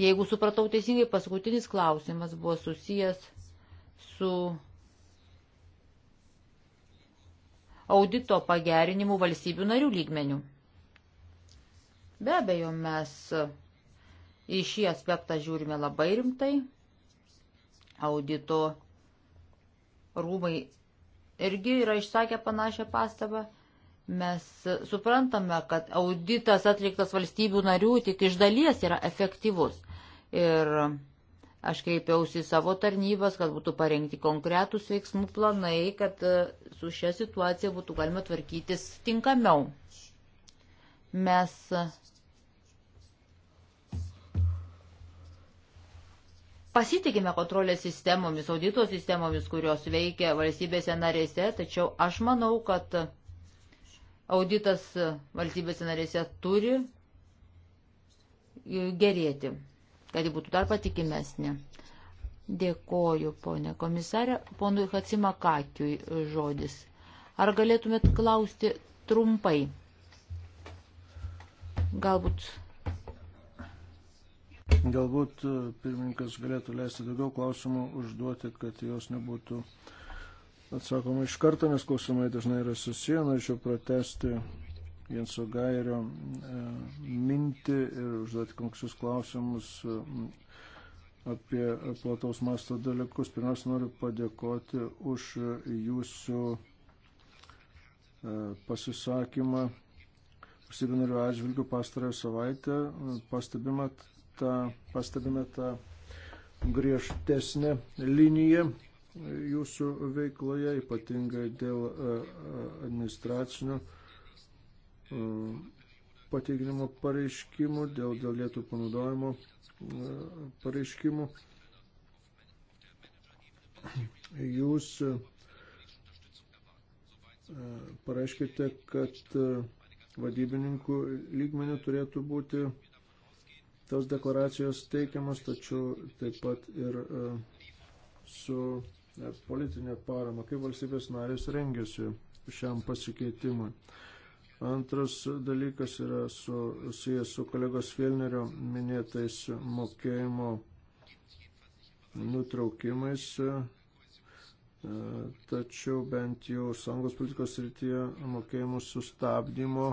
Jeigu supratau teisingai, paskutinis klausimas buvo susijęs su audito pagerinimu valstybių narių lygmenių. Be abejo, mes į šį aspektą žiūrime labai rimtai. Audito rūmai irgi yra išsakę panašią pastabą. Mes suprantame, kad auditas atliktas valstybių narių tik iš dalies yra efektyvus. Ir aš kreipiausi į savo tarnybas, kad būtų parengti konkretūs veiksmų planai, kad e, su šia situacija būtų galima tvarkytis tinkamiau. Mes pasitikime kontrolės sistemomis, audito sistemomis, kurios veikia valstybėse narėse, tačiau aš manau, kad auditas valstybėse narėse turi gerėti, kad ji būtų dar patikimesnė. Dėkoju, ponė komisarė, ponui Hatsimakakiui žodis. Ar galėtumėt klausti trumpai? Galbūt Galbūt e, pirmininkas galėtų leisti daugiau klausimų užduoti, kad jos nebūtų atsakoma iš karto, nes klausimai dažnai yra susiję. Norėčiau pratesti Jenso Gairio e, mintį ir užduoti konkrečius klausimus e, apie plataus masto dalykus. Pirmiausia, noriu padėkoti už jūsų pasisakymą valstybių narių atžvilgių pastarąją savaitę pastebimą tą, pastebime tą griežtesnę liniją jūsų veikloje, ypatingai dėl e, administracinių e, patikrinimo pareiškimų, dėl, dėl lietų panaudojimo e, pareiškimų. Jūs pareiškite, kad vadybininkų lygmenių turėtų būti tos deklaracijos teikiamas, tačiau taip pat ir e, su e, politinė parama, kaip valstybės narės rengiasi šiam pasikeitimui. Antras dalykas yra susijęs su, su kolegos Fielnerio minėtais mokėjimo nutraukimais, e, tačiau bent jau sąjungos politikos rytyje mokėjimų sustabdymo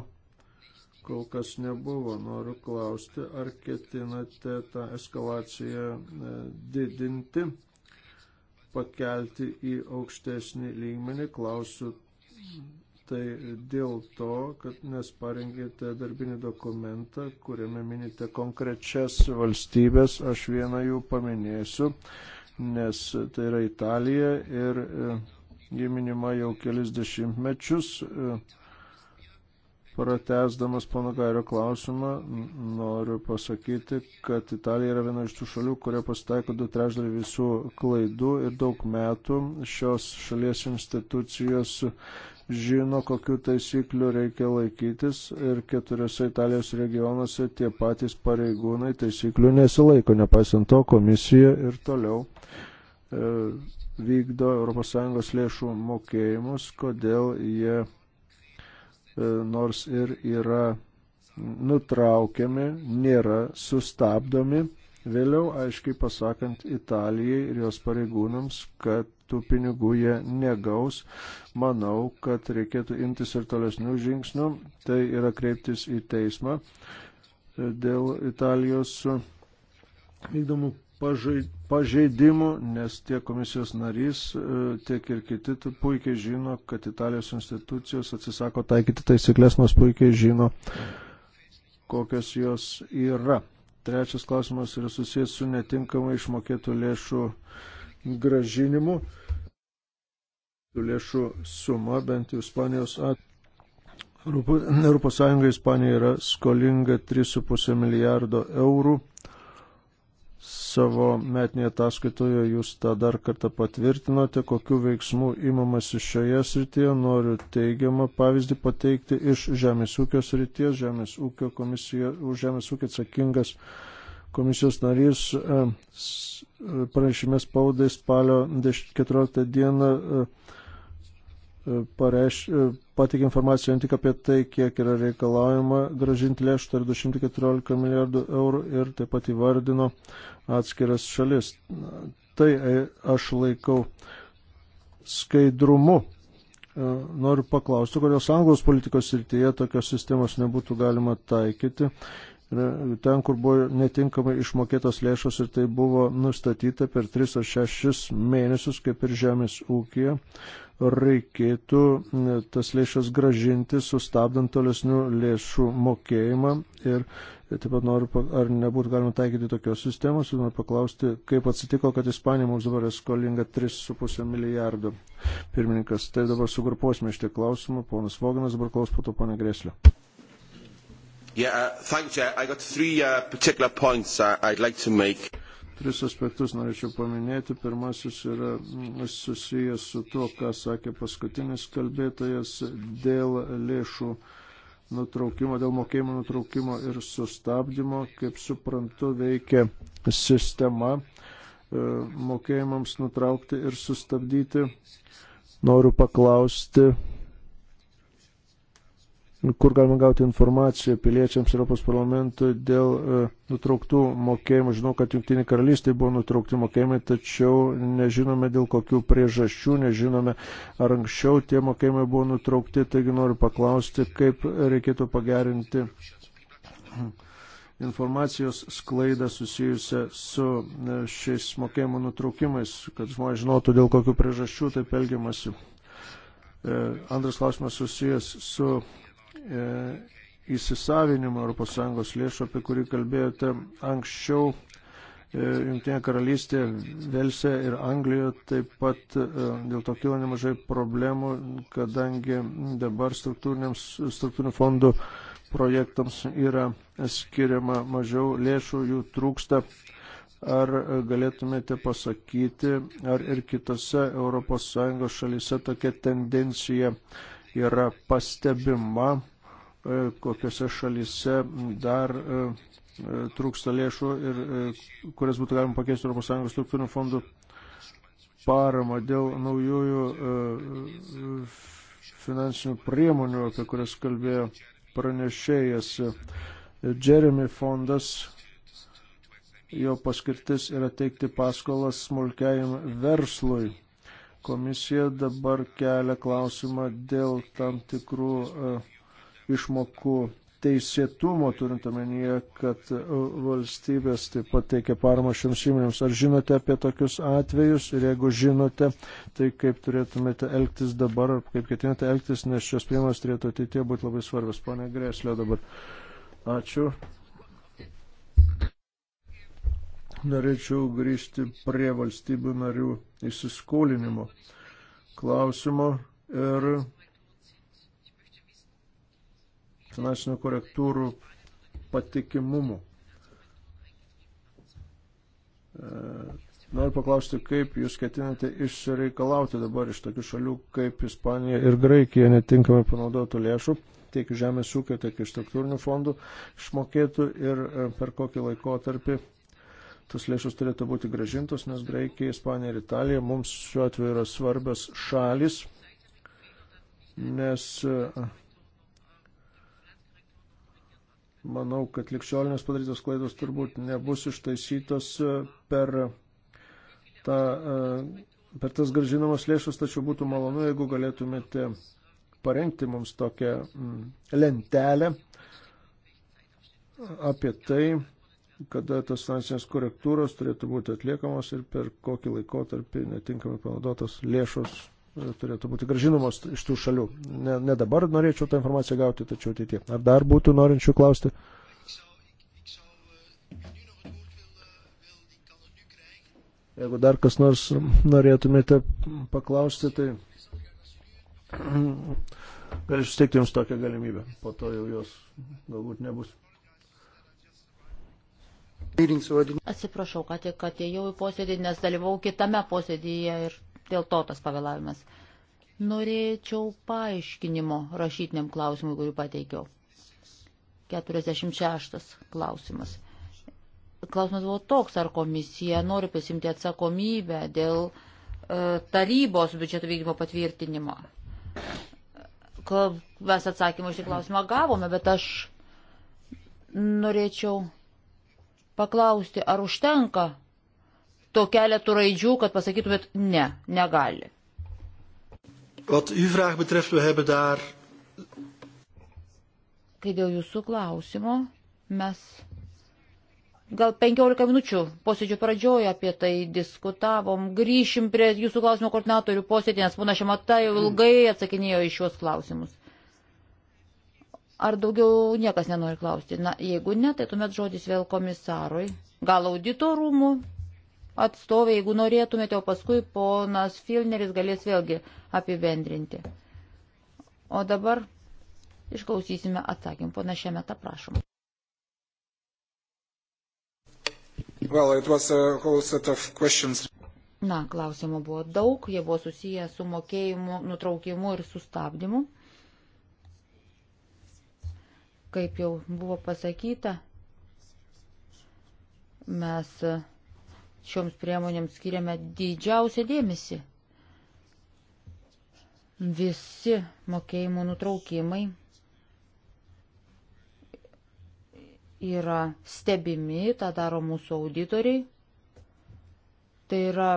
kol kas nebuvo. Noriu klausti, ar ketinate tą eskalaciją e, didinti, pakelti į aukštesnį lygmenį. Klausiu tai dėl to, kad nes parengėte darbinį dokumentą, kuriame minite konkrečias valstybės, aš vieną jų paminėsiu, nes tai yra Italija ir e, ji minima jau kelis dešimtmečius. E, Pratesdamas pono Gairio klausimą, noriu pasakyti, kad Italija yra viena iš tų šalių, kurie pasitaiko du trešdalį visų klaidų ir daug metų šios šalies institucijos žino, kokiu taisykliu reikia laikytis ir keturiose Italijos regionuose tie patys pareigūnai taisyklių nesilaiko, nepaisant to komisija ir toliau e, vykdo ES lėšų mokėjimus, kodėl jie E, nors ir yra nutraukiami, nėra sustabdomi. Vėliau aiškiai pasakant Italijai ir jos pareigūnams, kad tų pinigų jie negaus, manau, kad reikėtų imtis ir tolesnių žingsnių, tai yra kreiptis į teismą dėl Italijos vykdomų pažeidimų, nes tiek komisijos narys, e, tiek ir kiti puikiai žino, kad Italijos institucijos atsisako taikyti taisyklės, nors puikiai žino, kokios jos yra. Trečias klausimas yra susijęs su netinkamai išmokėtų lėšų gražinimu. Lėšų suma, bent jau Ispanijos atveju. Europos Sąjunga Ispanija yra skolinga 3,5 milijardo eurų savo metinėje ataskaitoje jūs tą dar kartą patvirtinote, kokiu veiksmu imamasi šioje srityje. Noriu teigiamą pavyzdį pateikti iš Žemės ūkio srities. Žemės ūkio komisija, už Žemės ūkio atsakingas komisijos narys e, e, pranešimės spaudai spalio 14 dieną e, pareiš, patikė informaciją ne tik apie tai, kiek yra reikalaujama gražinti lėšų, tai 214 milijardų eurų ir taip pat įvardino atskiras šalis. Tai e, aš laikau skaidrumu. E, noriu paklausti, kodėl sąjungos politikos srityje tokios sistemos nebūtų galima taikyti ten, kur buvo netinkamai išmokėtos lėšos ir tai buvo nustatyta per 3 ar 6 mėnesius, kaip ir žemės ūkija, reikėtų tas lėšas gražinti, sustabdant tolesnių lėšų mokėjimą. Ir taip pat noriu, ar nebūtų galima taikyti tokios sistemos, noriu paklausti, kaip atsitiko, kad Ispanija mums dabar yra skolinga 3,5 milijardo. Pirmininkas, tai dabar sugrupuosime iš tiek klausimą. Ponas Voganas dabar klaus po to, ponė Greslio. Yeah, uh, thank you. I got three uh, particular points uh, I'd like to make. Tris aspektus norėčiau paminėti. Pirmasis yra mm, susijęs su tuo, ką sakė paskutinis kalbėtojas dėl lėšų nutraukimo, dėl mokėjimo nutraukimo ir sustabdymo. Kaip suprantu, veikia sistema e, mokėjimams nutraukti ir sustabdyti. Noriu paklausti, kur galima gauti informaciją piliečiams Europos parlamentui dėl e, nutrauktų mokėjimų. Žinau, kad Junktinė karalystė buvo nutraukti mokėjimai, tačiau nežinome dėl kokių priežasčių, nežinome, ar anksčiau tie mokėjimai buvo nutraukti, taigi noriu paklausti, kaip reikėtų pagerinti informacijos sklaidą susijusią su e, šiais mokėjimų nutraukimais, kad žmonės žinotų, dėl kokių priežasčių taip elgiamasi. E, antras klausimas susijęs su E, įsisavinimą ES lėšų, apie kurį kalbėjote anksčiau. E, Junktinė karalystė, Velsė ir Anglija taip pat e, dėl to kilo nemažai problemų, kadangi dabar struktūrinių fondų projektams yra skiriama mažiau lėšų, jų trūksta. Ar galėtumėte pasakyti, ar ir kitose ES šalyse tokia tendencija uh, yra pastebima, e, kokiuose šalise dar e, e, trūksta lėšų ir kurias būtų galima pakeisti Europos Sąjungos struktūrinių fondų paramą dėl naujųjų finansinių priemonių, apie kurias kalbėjo pranešėjas. Jeremy fondas, jo paskirtis yra teikti paskolas smulkiajam verslui Komisija dabar kelia klausimą dėl tam tikrų e, išmokų teisėtumo, turint omenyje, kad e, valstybės taip pat teikia paramą šiems įmonėms. Ar žinote apie tokius atvejus ir jeigu žinote, tai kaip turėtumėte elgtis dabar, ar kaip ketinate elgtis, nes šios priemonės turėtų ateitie būti labai svarbios. Pane Greslio dabar. Ačiū norėčiau grįžti prie valstybių narių įsiskolinimo klausimo ir finansinių korektūrų patikimumu. E, noriu paklausti, kaip jūs ketinate išsireikalauti dabar iš tokių šalių, kaip Ispanija ir Graikija netinkamai panaudotų lėšų, tiek žemės ūkio, tiek iš struktūrinių fondų išmokėtų ir e, per kokį laikotarpį tos lėšos turėtų būti gražintos, nes Graikija, Ispanija ir Italija mums šiuo atveju yra svarbios šalis, nes e, manau, kad likščiolinės padarytos klaidos turbūt nebus ištaisytos e, per, ta, e, per tas gražinamas lėšas, tačiau būtų malonu, jeigu galėtumėte parengti mums tokią lentelę apie tai, kada tos finansinės korektūros turėtų būti atliekamos ir per kokį laikotarpį netinkamai panaudotos lėšos e, turėtų būti gražinamos iš tų šalių. Ne, ne dabar norėčiau tą informaciją gauti, tačiau ateitie. Ar dar būtų norinčių klausti? Jeigu dar kas nors norėtumėte paklausti, tai galiu suteikti jums tokią galimybę. Po to jau jos galbūt nebus. Atsiprašau, kad tik atėjau į posėdį, nes dalyvau kitame posėdėje ir dėl to tas pavėlavimas. Norėčiau paaiškinimo rašytiniam klausimui, kurį pateikiau. 46 klausimas. Klausimas buvo toks, ar komisija nori prisimti atsakomybę dėl e, tarybos biudžeto vykdymo patvirtinimo. Mes atsakymą iš šį klausimą gavome, bet aš norėčiau paklausti, ar užtenka to keletų raidžių, kad pasakytumėt ne, negali. Wat uw vraag betreft, we hebben daar. Kai dėl jūsų klausimo, mes gal 15 minučių posėdžio pradžioje apie tai diskutavom. Grįšim prie jūsų klausimo koordinatorių posėdį, nes pana Šimata jau ilgai atsakinėjo į šios klausimus. Ar daugiau niekas nenori klausti? Na, jeigu ne, tai tuomet žodis vėl komisarui. Gal auditorumų atstovai, jeigu norėtumėte, o paskui ponas Filneris galės vėlgi apibendrinti. O dabar išklausysime atsakymą. Pona Šemeta, prašom. Well, it was a whole set of questions. Na, klausimų buvo daug, jie buvo susiję su mokėjimu, nutraukimu ir sustabdymu. Kaip jau buvo pasakyta, mes šioms priemonėms skiriame didžiausią dėmesį. Visi mokėjimų nutraukimai yra stebimi, tą daro mūsų auditoriai. Tai yra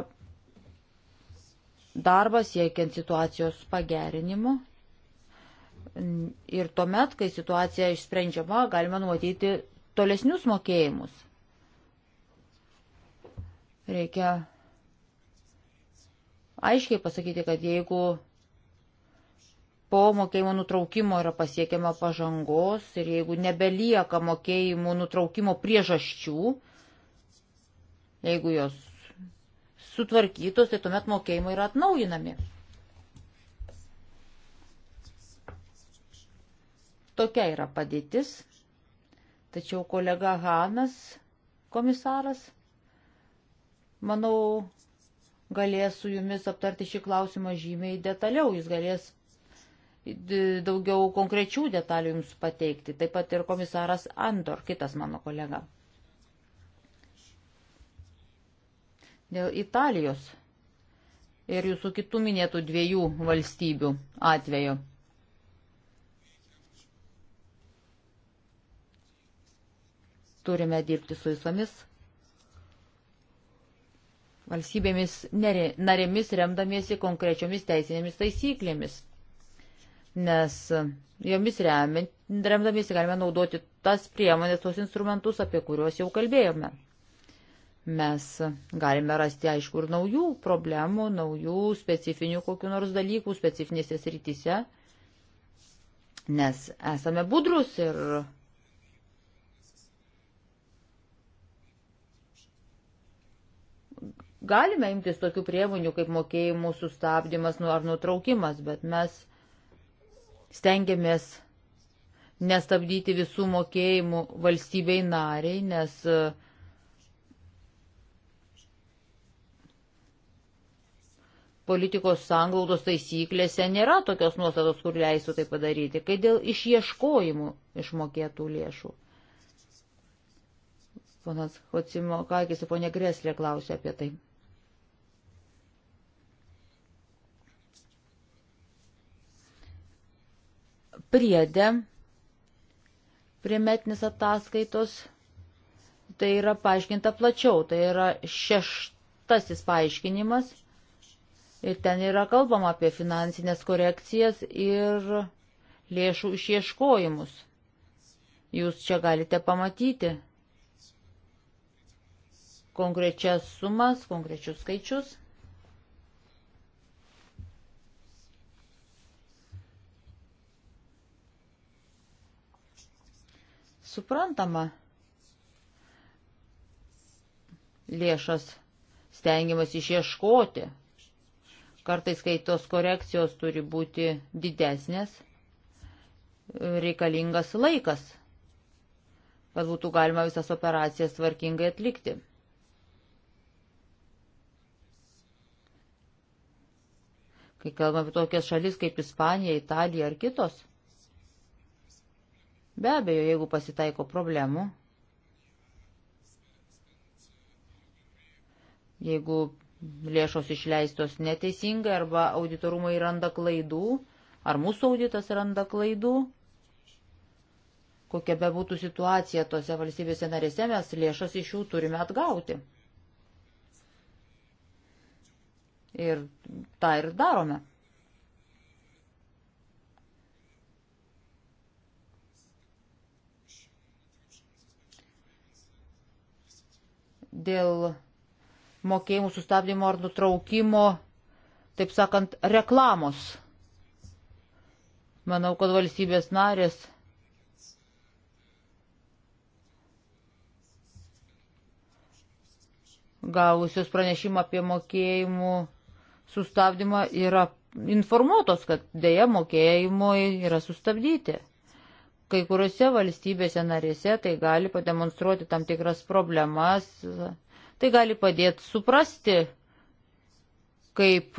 darbas siekiant situacijos pagerinimo Ir tuomet, kai situacija išsprendžiama, galima numatyti tolesnius mokėjimus. Reikia aiškiai pasakyti, kad jeigu po mokėjimo nutraukimo yra pasiekiama pažangos ir jeigu nebelieka mokėjimų nutraukimo priežasčių, jeigu jos sutvarkytos, tai tuomet mokėjimai yra atnaujinami. Tokia yra padėtis. Tačiau kolega Hanas, komisaras, manau, galės su jumis aptarti šį klausimą žymiai detaliau. Jis galės daugiau konkrečių detalių jums pateikti. Taip pat ir komisaras Andor, kitas mano kolega. Dėl Italijos ir jūsų kitų minėtų dviejų valstybių atveju. Turime dirbti su visomis valstybėmis narėmis remdamiesi konkrečiomis teisinėmis taisyklėmis, nes jomis remdamiesi galime naudoti tas priemonės, tos instrumentus, apie kuriuos jau kalbėjome. Mes galime rasti, aišku, ir naujų problemų, naujų specifinių kokiu nors dalykų specifinėse srityse, nes esame budrus ir Galime imtis tokių priemonių kaip mokėjimų sustabdymas nu, ar nutraukimas, bet mes stengiamės nestabdyti visų mokėjimų valstybei nariai, nes e, politikos sanglaudos taisyklėse nėra tokios nuostatos, kur leisų tai padaryti, kai dėl išieškojimų išmokėtų lėšų. Ponas Hocimo Kakis ir ponė Greslė klausė apie tai. priedė prie metinės ataskaitos, tai yra paaiškinta plačiau, tai yra šeštasis paaiškinimas ir ten yra kalbama apie finansinės korekcijas ir lėšų išieškojimus. Jūs čia galite pamatyti konkrečias sumas, konkrečius skaičius. Suprantama, lėšas stengiamas išieškoti. Kartais, kai tos korekcijos turi būti didesnės, reikalingas laikas, kad būtų galima visas operacijas tvarkingai atlikti. Kai kalbame apie tokias šalis kaip Ispanija, Italija ar kitos, Be abejo, jeigu pasitaiko problemų, jeigu lėšos išleistos neteisingai arba auditorumai randa klaidų, ar mūsų auditas randa klaidų, kokia be būtų situacija tose valstybėse narėse, mes lėšas iš jų turime atgauti. Ir tą ir darome. dėl mokėjimų sustabdymo ar nutraukimo, taip sakant, reklamos. Manau, kad valstybės narės gavusios pranešimą apie mokėjimų sustabdymą yra informuotos, kad dėja mokėjimai yra sustabdyti kai kuriuose valstybėse narėse tai gali pademonstruoti tam tikras problemas, tai gali padėti suprasti, kaip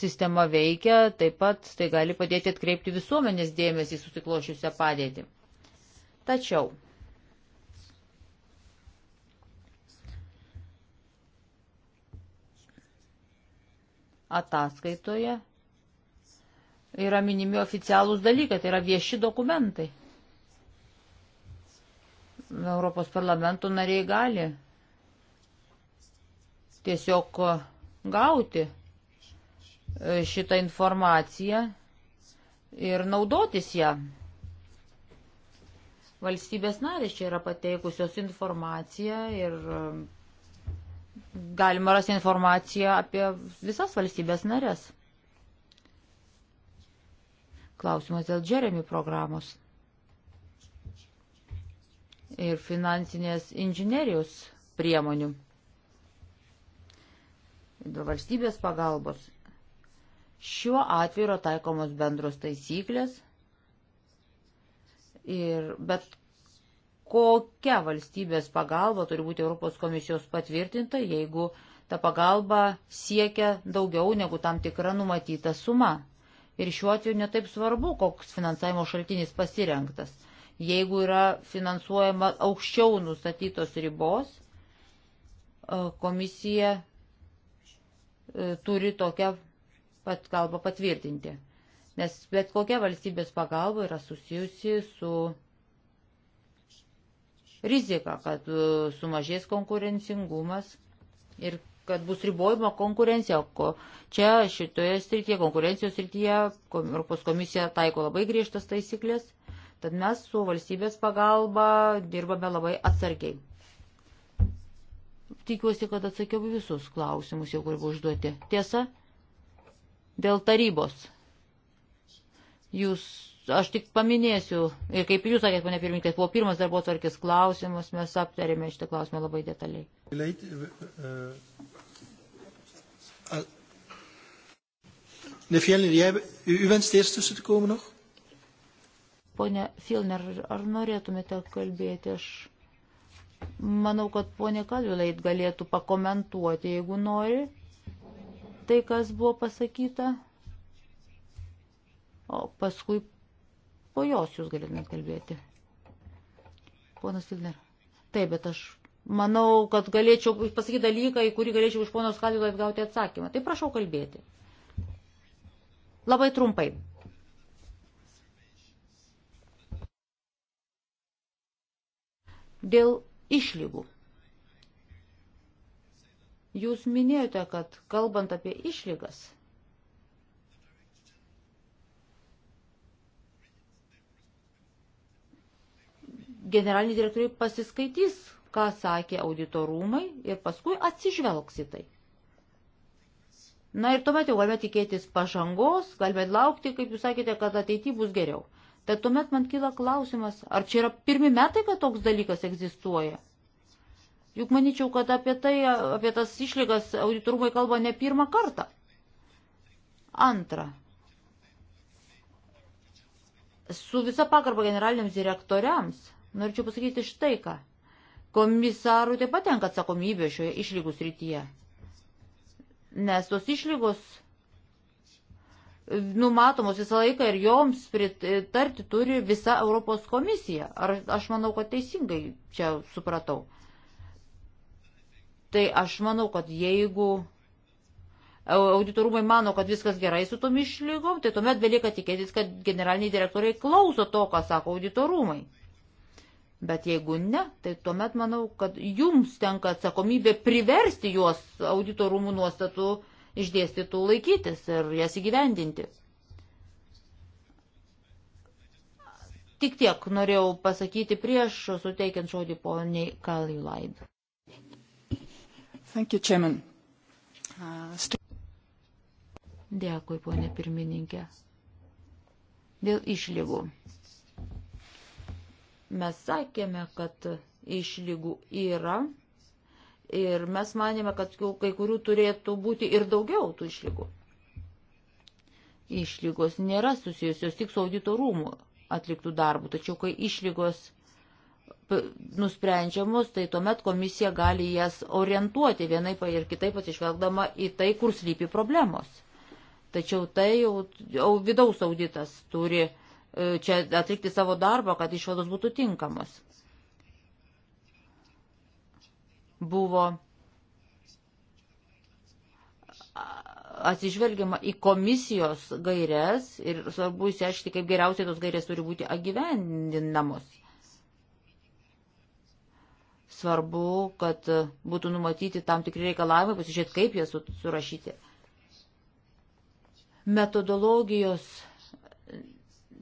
sistema veikia, taip pat tai gali padėti atkreipti visuomenės dėmesį susiklošiusią padėtį. Tačiau. Ataskaitoje yra minimi oficialūs dalykai, tai yra vieši dokumentai. Europos parlamento nariai gali tiesiog gauti e, šitą informaciją ir naudotis ją. Valstybės narės čia yra pateikusios informaciją ir e, galima rasti informaciją apie visas valstybės narės. Klausimas dėl Jeremy programos ir finansinės inžinerijos priemonių, dėl valstybės pagalbos. Šiuo atveju yra taikomos bendros taisyklės ir bet kokia valstybės pagalba turi būti Europos komisijos patvirtinta, jeigu ta pagalba siekia daugiau negu tam tikra numatyta suma. Ir šiuo atveju netaip svarbu, koks finansavimo šaltinis pasirenktas jeigu yra finansuojama aukščiau nustatytos ribos, e, komisija e, turi tokią pat kalbą patvirtinti. Nes bet kokia valstybės pagalba yra susijusi su rizika, kad e, sumažės konkurencingumas ir kad bus ribojama konkurencija. Ko čia šitoje srityje, konkurencijos srityje, Europos komisija taiko labai griežtas taisyklės Tad mes su valstybės pagalba dirbame labai atsargiai. Tikiuosi, kad atsakiau visus klausimus, jau kur buvo užduoti. Tiesa, dėl tarybos. Jūs, aš tik paminėsiu, ir kaip jūs sakėt, mane pirmininkai, buvo pirmas darbo tvarkės klausimas, mes aptarėme šitą klausimą labai detaliai. Meneer Fjellner, jij, u wenst eerst tussen te komen nog? Pone Filner, ar norėtumėte kalbėti? Aš manau, kad ponė Kalvilait galėtų pakomentuoti, jeigu nori, tai kas buvo pasakyta. O paskui po jos jūs galėtumėte kalbėti. Ponas Filner. Taip, bet aš manau, kad galėčiau pasakyti dalyką, į kurį galėčiau iš ponos Kalvilait gauti atsakymą. Tai prašau kalbėti. Labai trumpai. Dėl išlygų. Jūs minėjote, kad kalbant apie išlygas, generaliniai direktoriai pasiskaitys, ką sakė auditorumai ir paskui atsižvelgs į tai. Na ir tuomet jau galime tikėtis pažangos, galime laukti, kaip jūs sakėte, kad ateityje bus geriau. Tad tuomet man kyla klausimas, ar čia yra pirmi metai, kad toks dalykas egzistuoja? Juk manyčiau, kad apie, tai, apie tas išlygas auditorumai kalba ne pirmą kartą. Antra. Su visa pagarba generaliniams direktoriams norėčiau pasakyti štai ką. Komisarui taip pat tenka atsakomybė šioje išlygų srityje. Nes tos išlygos numatomos visą laiką ir joms pritarti turi visa Europos komisija. Ar aš manau, kad teisingai čia supratau. Tai aš manau, kad jeigu auditorumai mano, kad viskas gerai su tom išlygom, tai tuomet belieka tikėtis, kad generaliniai direktoriai klauso to, ką sako auditorumai. Bet jeigu ne, tai tuomet manau, kad jums tenka atsakomybė priversti juos auditorumų nuostatų uh, išdėstytų laikytis ir jas įgyvendinti. Tik tiek norėjau pasakyti prieš suteikiant žodį poniai Kalilaid. Dėkui, ponė pirmininkė. Dėl išlygų. Mes sakėme, kad išlygų yra Ir mes manėme, kad kai kurių turėtų būti ir daugiau tų išlygų. Išlygos nėra susijusios tik su auditorumų atliktų darbų, tačiau kai išlygos nusprendžiamos, tai tuomet komisija gali jas orientuoti vienaip ir kitaip atsižvelgdama į tai, kur slypi problemos. Tačiau tai jau, jau vidaus auditas turi e, čia atlikti savo darbą, kad išvados būtų tinkamos. buvo atsižvelgiama į komisijos gairias ir svarbu įsiaiškinti, kaip geriausiai tos gairias turi būti agyvendinamos. Svarbu, kad būtų numatyti tam tikri reikalavimai, pasižiūrėti, kaip jas surašyti. Metodologijos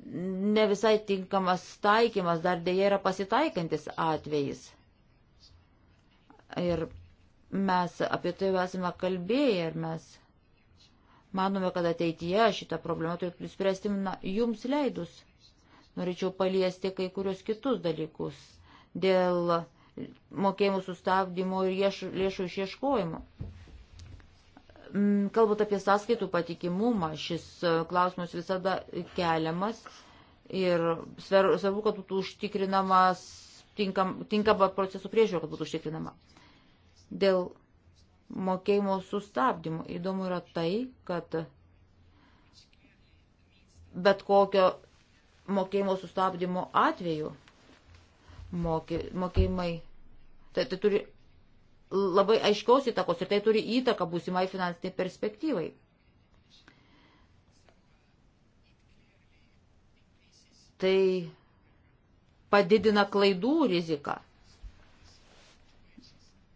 ne visai tinkamas taikymas dar dėja yra pasitaikantis atvejis. Ir mes apie tai esame kalbėję ir mes manome, kad ateityje šitą problemą turėtų spręsti jums leidus. Norėčiau paliesti kai kurios kitus dalykus dėl mokėjimų sustabdymo ir ieš, lėšų išieškojimo. Mm, kalbant apie sąskaitų patikimumą, šis e, klausimas visada keliamas ir svarbu, kad būtų užtikrinamas tinkama procesų priežiūra, kad būtų užtikrinama. Uh, Dėl mokėjimo sustabdymo įdomu yra tai, kad bet kokio mokėjimo sustabdymo atveju mokė, mokėjimai tai, tai turi labai aiškios įtakos ir tai turi įtaką būsimai finansiniai perspektyvai. Tai padidina klaidų riziką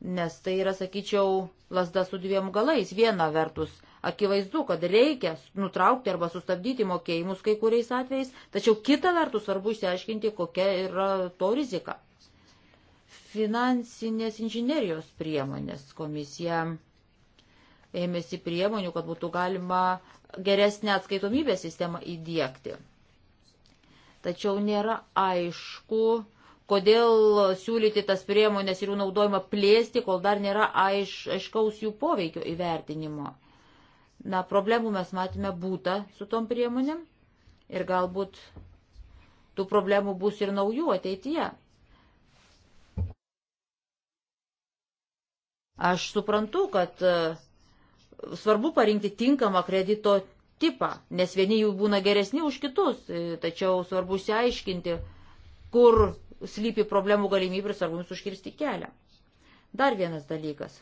nes tai yra, sakyčiau, lasda su dviem galais. Viena vertus, akivaizdu, kad reikia nutraukti arba sustabdyti mokėjimus kai kuriais atvejais, tačiau kita vertus svarbu išsiaiškinti, kokia yra to rizika. Finansinės inžinerijos priemonės komisija ėmėsi priemonių, kad būtų galima geresnę atskaitomybės sistemą įdėkti. Tačiau nėra aišku, kodėl siūlyti tas priemonės ir jų naudojimą plėsti, kol dar nėra aiš, aiškaus jų poveikio įvertinimo. Na, problemų mes matėme būtą su tom priemonėm ir galbūt tų problemų bus ir naujų ateityje. Aš suprantu, kad e, svarbu parinkti tinkamą kredito tipą, nes vieni jų būna geresni už kitus, e, tačiau svarbu išsiaiškinti, kur slypi problemų galimybių ir svarbu jums užkirsti kelią. Dar vienas dalykas.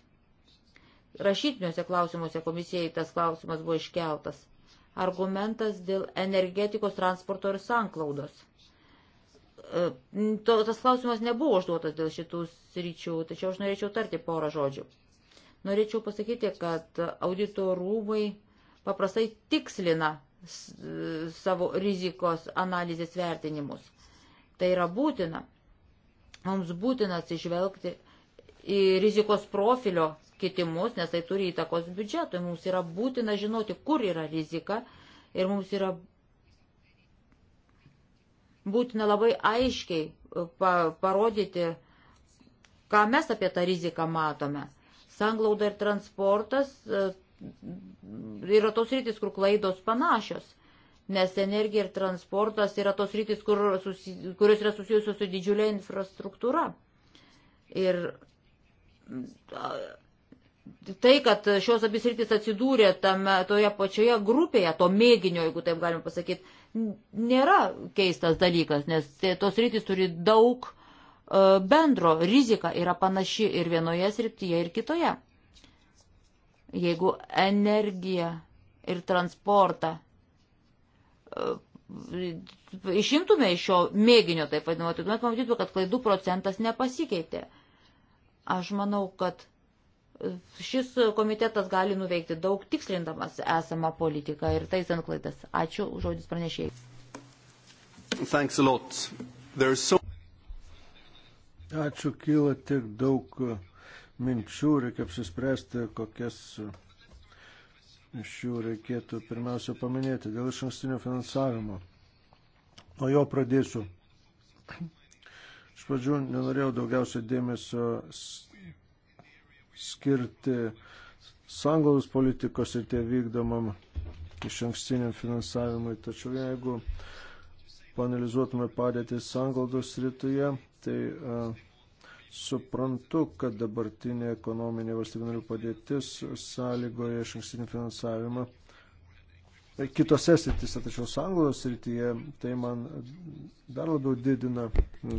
Rašytiniuose klausimuose komisijai tas klausimas buvo iškeltas. Argumentas dėl energetikos, transporto ir sanklaudos. E, to, tas klausimas nebuvo užduotas dėl šitų sričių, tačiau aš norėčiau tarti porą žodžių. Norėčiau pasakyti, kad audito rūmai paprastai tikslina savo rizikos analizės vertinimus. Tai yra būtina. Mums būtina atsižvelgti į rizikos profilio kitimus, nes tai turi įtakos biudžetui. Mums yra būtina žinoti, kur yra rizika ir mums yra būtina labai aiškiai e, pa parodyti, ką mes apie tą riziką matome. Sanglauda ir transportas e, yra tos rytis, kur klaidos panašios nes energija ir transportas yra tos rytis, kur susi, kurios yra susijusios su didžiulė infrastruktūra. Ir mm, tai, kad šios abis rytis atsidūrė tame, toje pačioje grupėje, to mėginio, jeigu taip galima pasakyti, nėra keistas dalykas, nes tos rytis turi daug e, bendro, rizika yra panaši ir vienoje srityje, ir kitoje. Jeigu energiją ir transportą E, išimtume iš šio mėginio, taip vadinamo, tai tuomet pamatytume, kad klaidų procentas nepasikeitė. Aš manau, kad šis komitetas gali nuveikti daug tikslindamas esamą politiką ir taisant klaidas. Ačiū, žodis pranešėjai. So... Ačiū, kyla tiek daug minčių, reikia apsispręsti, kokias iš jų reikėtų pirmiausia paminėti dėl iš ankstinio finansavimo. Nuo jo pradėsiu. Iš pradžių nenorėjau daugiausiai dėmesio skirti sanglaus politikos ir tie vykdomam iš ankstiniam finansavimui. Tačiau jeigu panalizuotume padėtį sanglaudos rytuje, tai uh, Suprantu, kad dabartinė ekonominė valstybinarių padėtis sąlygoja išankstinį finansavimą kitose srityse, tačiau sąnglaudos srityje tai man dar labiau didina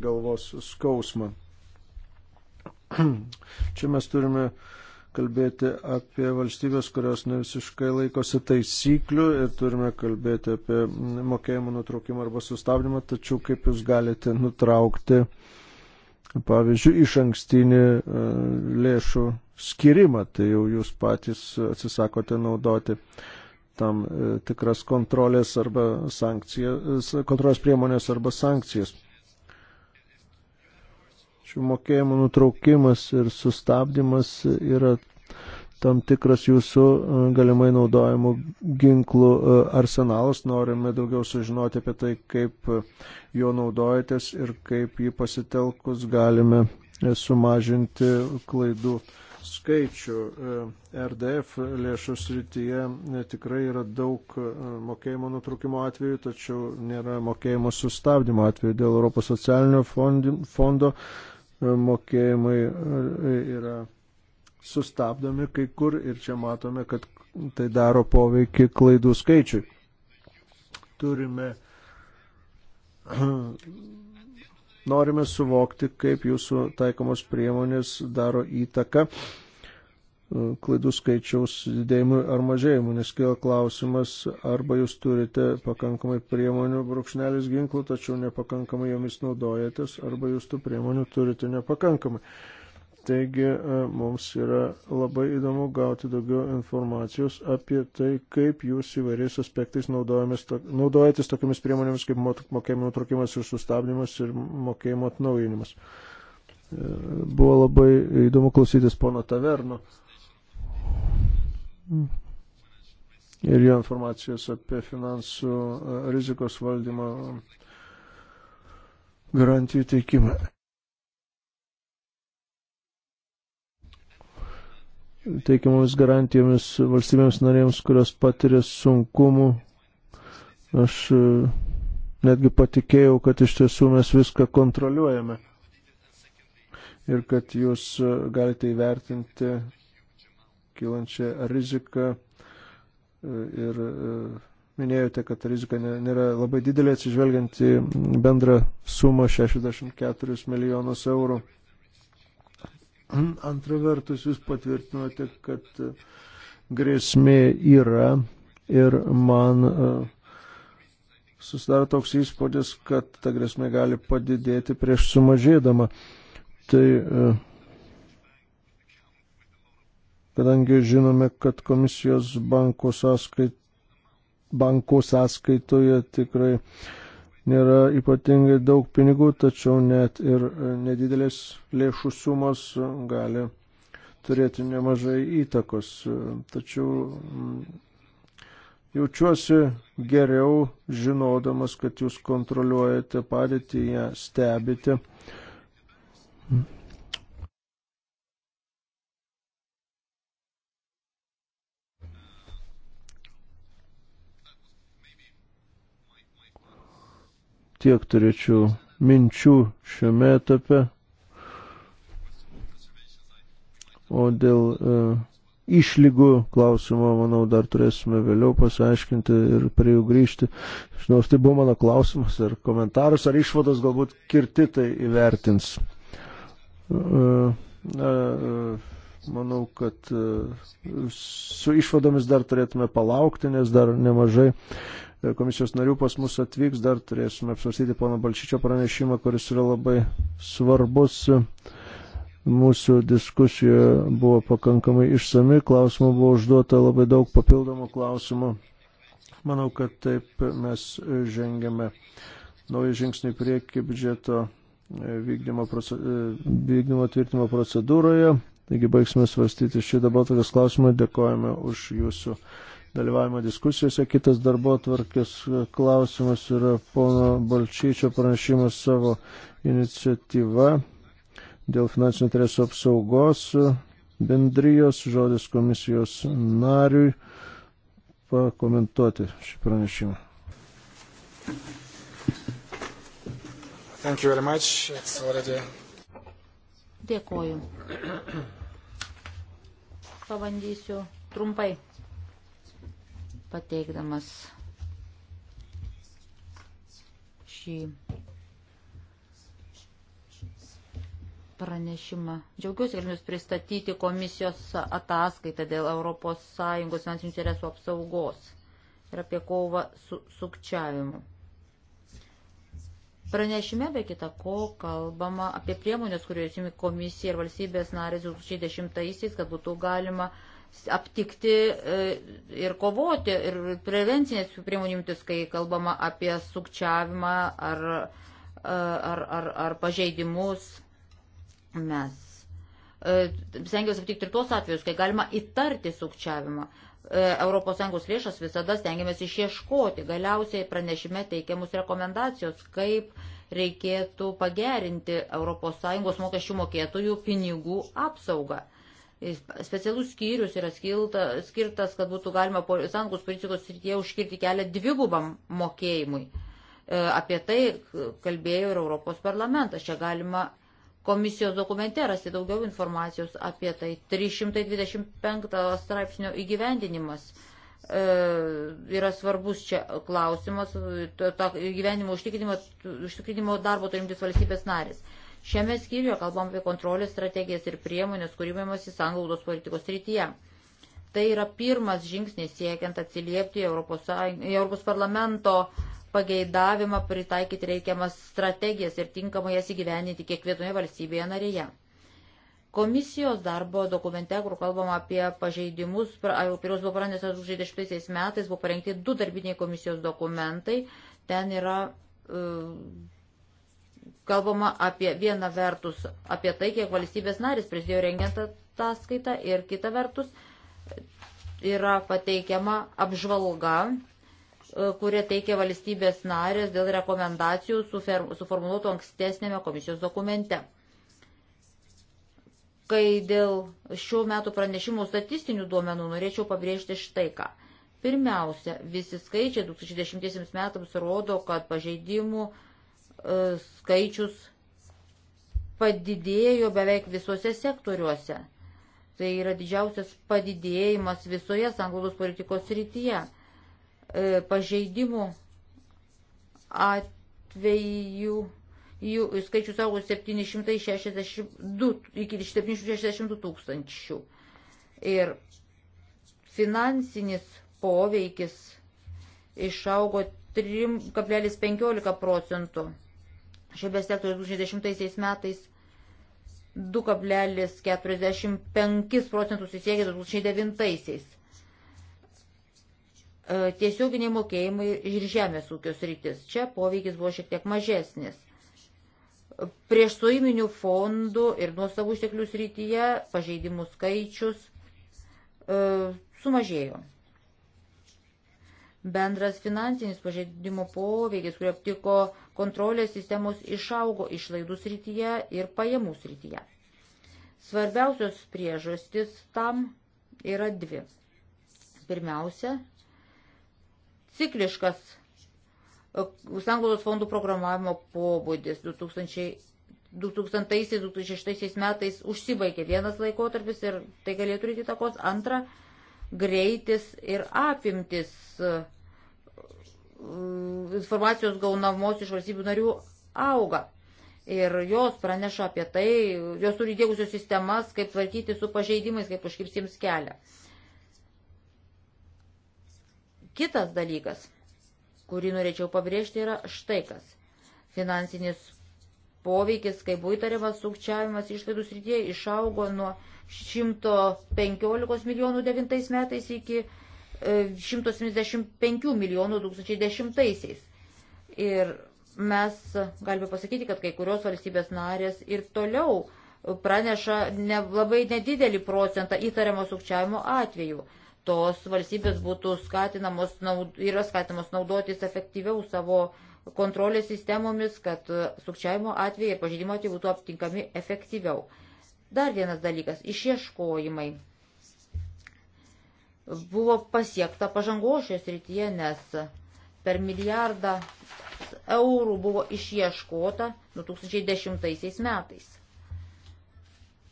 galvos skausmą. Čia mes turime kalbėti apie valstybės, kurios ne visiškai laikosi taisyklių ir turime kalbėti apie mokėjimų nutraukimą arba sustabdymą, tačiau kaip jūs galite nutraukti uh, pavyzdžiui, iš ankstinį e, lėšų skirimą, tai jau jūs patys atsisakote naudoti tam e, tikras kontrolės arba sankcijas, kontrolės priemonės arba sankcijas. Šių mokėjimų nutraukimas ir sustabdymas yra tam tikras jūsų e, galimai naudojimų ginklų e, arsenalas. Norime daugiau sužinoti apie tai, kaip e, jo naudojatės ir kaip jį pasitelkus galime sumažinti klaidų skaičių. RDF lėšų srityje tikrai yra daug mokėjimo nutrukimo atvejų, tačiau nėra mokėjimo sustabdymo atvejų dėl Europos socialinio fondo mokėjimai yra sustabdomi kai kur ir čia matome, kad tai daro poveikį klaidų skaičiui. Turime, norime suvokti, kaip jūsų taikomos priemonės daro įtaką e, klaidų skaičiaus didėjimui ar mažėjimui, nes kilo klausimas, arba jūs turite pakankamai priemonių brūkšnelis ginklų, tačiau nepakankamai jomis naudojatės, arba jūs tų priemonių turite nepakankamai. Taigi e, mums yra labai įdomu gauti daugiau informacijos apie tai, kaip jūs įvairiais aspektais naudojatės tokiamis priemonėmis kaip mokėjimo nutraukimas ir sustabdymas ir mokėjimo atnaujinimas. E, buvo labai įdomu klausytis pono Taverno ir jo informacijos apie finansų e, rizikos valdymo garantijų teikimą. teikiamomis garantijomis valstybėms narėms, kurios patiria sunkumų. Aš e, netgi patikėjau, kad iš tiesų mes viską kontroliuojame ir kad jūs e, galite įvertinti kylančią riziką e, ir minėjote, kad rizika nėra labai didelė atsižvelgiant į bendrą sumą 64 milijonus eurų. Antra vertus, jūs patvirtinote, kad e, grėsmė yra ir man e, susidaro toks įspūdis, kad ta grėsmė gali padidėti prieš sumažėdama. Tai e, kadangi žinome, kad komisijos bankų, sąskait, bankų sąskaitoje tikrai uh, nėra ypatingai daug pinigų, tačiau net ir e, nedidelės lėšų sumos e, gali turėti nemažai įtakos. E, tačiau jaučiuosi geriau žinodamas, kad jūs kontroliuojate padėtį, ją stebite. tiek turėčiau minčių šiame etape. O dėl e, išlygų klausimo, manau, dar turėsime vėliau pasiaiškinti ir prie jų grįžti. Žinau, tai buvo mano klausimas ar komentaras, ar išvados galbūt kirti tai įvertins. E, e, manau, kad e, su išvadomis dar turėtume palaukti, nes dar nemažai E, komisijos narių pas mus atvyks, dar turėsime apsvarstyti pono Balčyčio pranešimą, kuris yra labai svarbus. Mūsų diskusija buvo pakankamai išsami, klausimų buvo užduota labai daug papildomų klausimų. Manau, kad taip mes žengėme naują žingsnį priekį biudžeto e, vykdymo, e, vykdymo tvirtimo procedūroje. Taigi baigsime svarstyti šį dabar tokias klausimą. Dėkojame už jūsų dalyvavimą diskusijose. Kitas darbo tvarkės klausimas yra pono Balčyčio pranešimas savo iniciatyva dėl finansinio interesų apsaugos bendrijos žodis komisijos nariui pakomentuoti šį pranešimą. Thank you very much. It's already... Dėkoju. Pabandysiu trumpai pateikdamas šį pranešimą. Džiaugiuosi ir jums pristatyti komisijos ataskaitą dėl ES finansinių interesų apsaugos ir apie kovą su sukčiavimu. Pranešime be kita ko kalbama apie priemonės, kuriuos įsimi komisija ir valstybės narės 2010-aisiais, kad būtų galima uh, aptikti e, ir kovoti ir prevencinės priemonimtis, kai kalbama apie sukčiavimą ar, e, ar, ar, ar pažeidimus. Mes e, stengiamės aptikti ir tuos atvejus, kai galima įtarti sukčiavimą. ES lėšas visada stengiamės išieškoti. Galiausiai pranešime teikiamus rekomendacijos, kaip reikėtų pagerinti ES mokesčių mokėtojų pinigų apsaugą Specialus skyrius yra skilta, skirtas, kad būtų galima sąjungos politikos srityje užkirti kelią dvigubam mokėjimui. E, apie tai kalbėjo ir Europos parlamentas. Čia galima komisijos dokumente rasti daugiau informacijos apie tai. 325 straipsnio įgyvendinimas e, yra svarbus čia klausimas, to, to įgyvendinimo užtikrinimo darbo turimtis valstybės narės. Šiame skyriuje kalbam apie kontrolės strategijas ir priemonės kūrimamas į sanglaudos politikos rytyje. Tai yra pirmas žingsnis siekiant atsiliepti į Europos, į Europos parlamento pageidavimą pritaikyti reikiamas strategijas ir tinkamai jas įgyveninti kiekvienoje valstybėje narėje. Komisijos darbo dokumente, kur kalbama apie pažeidimus, kurios buvo praneštas 2016 metais, buvo parengti du darbiniai komisijos dokumentai. Ten yra uh, kalbama apie vieną vertus, apie tai, kiek valstybės narys prisidėjo rengiant tą skaitą ir kita vertus yra pateikiama apžvalga, e, kurie teikia valstybės narės dėl rekomendacijų suformuoluotų ankstesnėme komisijos dokumente. Kai dėl šių metų pranešimų statistinių duomenų norėčiau pabrėžti štai ką. Pirmiausia, visi skaičiai 2010 metams rodo, kad pažeidimų uh, E, skaičius padidėjo beveik visuose sektoriuose. Tai yra didžiausias padidėjimas visoje sanglaudos politikos rytyje. E, pažeidimų atvejų jų skaičius augo 762 iki 762 tūkstančių. Ir finansinis poveikis išaugo 3,15 procentų šiame sektoriuje 2010 metais 2,45 procentus įsiekė 2009-aisiais. E, tiesioginiai mokėjimai ir žemės ūkio sritis. Čia poveikis buvo šiek tiek mažesnis. Prieš suiminių fondų ir nuosavų išteklių srityje pažeidimų skaičius e, sumažėjo. Bendras finansinis pažeidimo poveikis, kurio aptiko kontrolės sistemos, išaugo išlaidų srityje ir pajamų srityje. Svarbiausios priežastis tam yra dvi. Pirmiausia, cikliškas e, Sanglaudos fondų programavimo pobūdis 2000-2006 metais užsibaigė vienas laikotarpis ir tai galėtų turėti takos antrą greitis ir apimtis e, Mm, informacijos gaunamos iš valstybių narių auga. Ir jos praneša apie tai, jos turi dėgusios sistemas, kaip tvarkyti su pažeidimais, kaip užkirsiems kelią. Kitas dalykas, kurį norėčiau pabrėžti, yra štai kas. Finansinis poveikis, kaip buvo įtariamas, sukčiavimas išlaidų srityje išaugo nuo 115 milijonų 9 metais iki 1,5 175 milijonų 2010-aisiais. Ir mes galime pasakyti, kad kai kurios valstybės narės ir toliau praneša ne, labai nedidelį procentą įtariamo sukčiavimo atveju. Tos valstybės būtų skatinamos, naud, yra skatinamos naudotis efektyviau savo kontrolės sistemomis, kad sukčiavimo atvejai ir pažydimo atvejai būtų aptinkami efektyviau. Dar vienas dalykas - išieškojimai buvo pasiekta pažangos šios rytyje, nes per milijardą eurų buvo išieškota 2010 metais.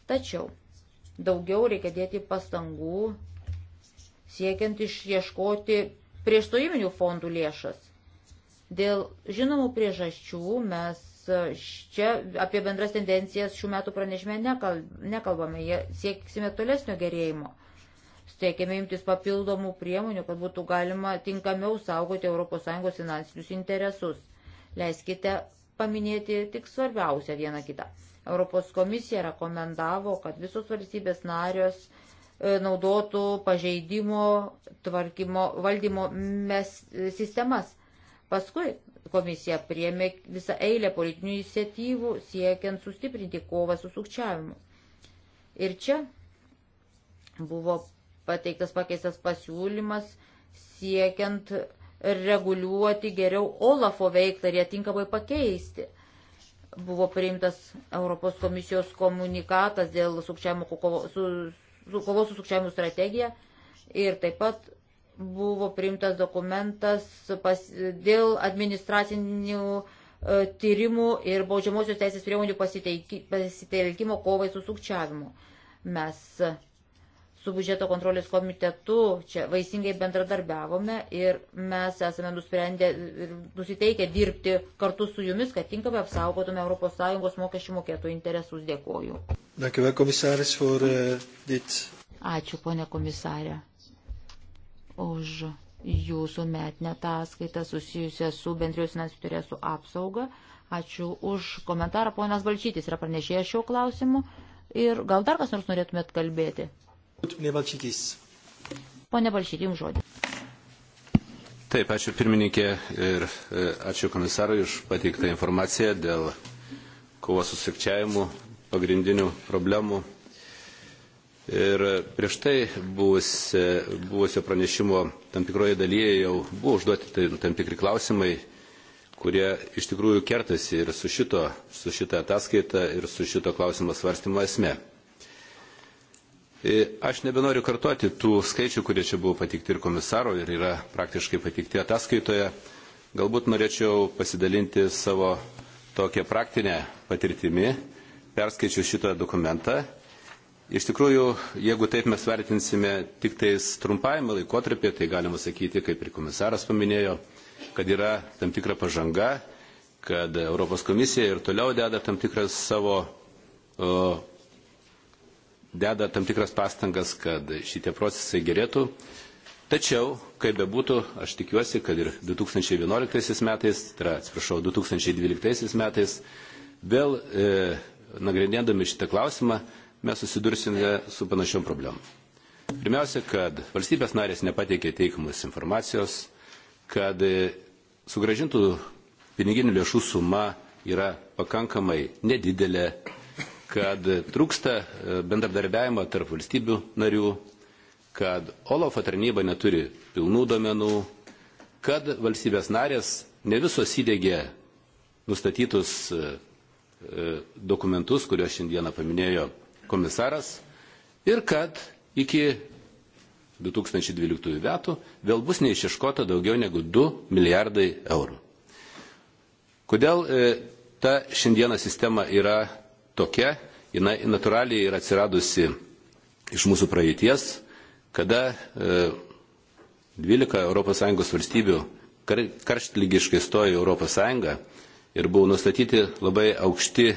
Tačiau daugiau reikia dėti pastangų siekiant išieškoti priešstojiminių fondų lėšas. Dėl žinomų priežasčių mes čia apie bendras tendencijas šių metų pranešime nekalbame, jie sieksime tolesnio gerėjimo siekiame imtis papildomų priemonių, kad būtų galima tinkamiau saugoti ES finansinius interesus. Leiskite paminėti tik svarbiausią vieną kitą. Europos komisija rekomendavo, kad visos valstybės narios e, naudotų pažeidimo tvarkymo valdymo mes, e, sistemas. Paskui komisija priemė visą eilę politinių iniciatyvų siekiant sustiprinti kovą su sukčiavimu. Ir čia buvo pateiktas pakeistas pasiūlymas siekiant reguliuoti geriau Olafo veiklą ir ją tinkamai pakeisti. Buvo priimtas Europos komisijos komunikatas dėl kovos su, su, kovo su sukčiavimu strategija ir taip pat buvo priimtas dokumentas pas, dėl administracinių e, tyrimų ir baudžiamosios teisės priemonių pasitelkimo kovai su sukčiavimu. Mes su biudžeto kontrolės komitetu čia vaisingai bendradarbiavome ir mes esame nusprendę ir nusiteikę dirbti kartu su jumis, kad tinkamai apsaugotume ES mokesčių mokėtų interesus. Dėkoju. Uh, Ačiū, ponė komisarė, už jūsų metinę ataskaitą susijusią su bendrijos finansų interesų apsauga. Ačiū už komentarą. Ponas Balčytis yra pranešėjęs šiuo klausimu. Ir gal dar kas nors norėtumėt kalbėti? Pone Balšytį, jums žodį. Taip, ačiū pirmininkė ir e, ačiū komisarui už pateiktą informaciją dėl kovos su sukčiavimu pagrindinių problemų. Ir prieš tai buvusio pranešimo tam tikroje dalyje jau buvo užduoti tai tam tikri klausimai, kurie iš tikrųjų kertasi ir su, šito, su šita ataskaita, ir su šito klausimo svarstymo esme. E, aš nebenoriu kartuoti tų skaičių, kurie čia buvo patikti ir komisaro, ir yra praktiškai patikti ataskaitoje. Galbūt norėčiau pasidalinti savo tokią praktinę patirtimį, perskaičiu šitą dokumentą. Iš tikrųjų, jeigu taip mes vertinsime tik tais trumpajame laikotarpį, tai galima sakyti, kaip ir komisaras paminėjo, kad yra tam tikra pažanga, kad Europos komisija ir toliau deda tam tikras savo o, deda tam tikras pastangas, kad šitie procesai gerėtų. Tačiau, kaip bebūtų, aš tikiuosi, kad ir 2011 metais, tai yra, atsiprašau, 2012 metais, vėl e, nagrinėdami šitą klausimą, mes susidursime su panašiom problemom. Pirmiausia, kad valstybės narės nepateikė teikimus informacijos, kad e, sugražintų piniginių lėšų suma yra pakankamai nedidelė, kad trūksta e, bendradarbiavimo tarp valstybių narių, kad OLAFO tarnyba neturi pilnų domenų, kad valstybės narės ne visos įdėgė nustatytus e, e, dokumentus, kuriuos šiandieną paminėjo komisaras, ir kad iki 2012 metų vėl bus neišiškota daugiau negu 2 milijardai eurų. Kodėl ta šiandieną sistema yra tokia, jinai natūraliai yra atsiradusi iš mūsų praeities, kada 12 e, ES valstybių karštlygiškai stojo ES ir buvo nustatyti labai aukšti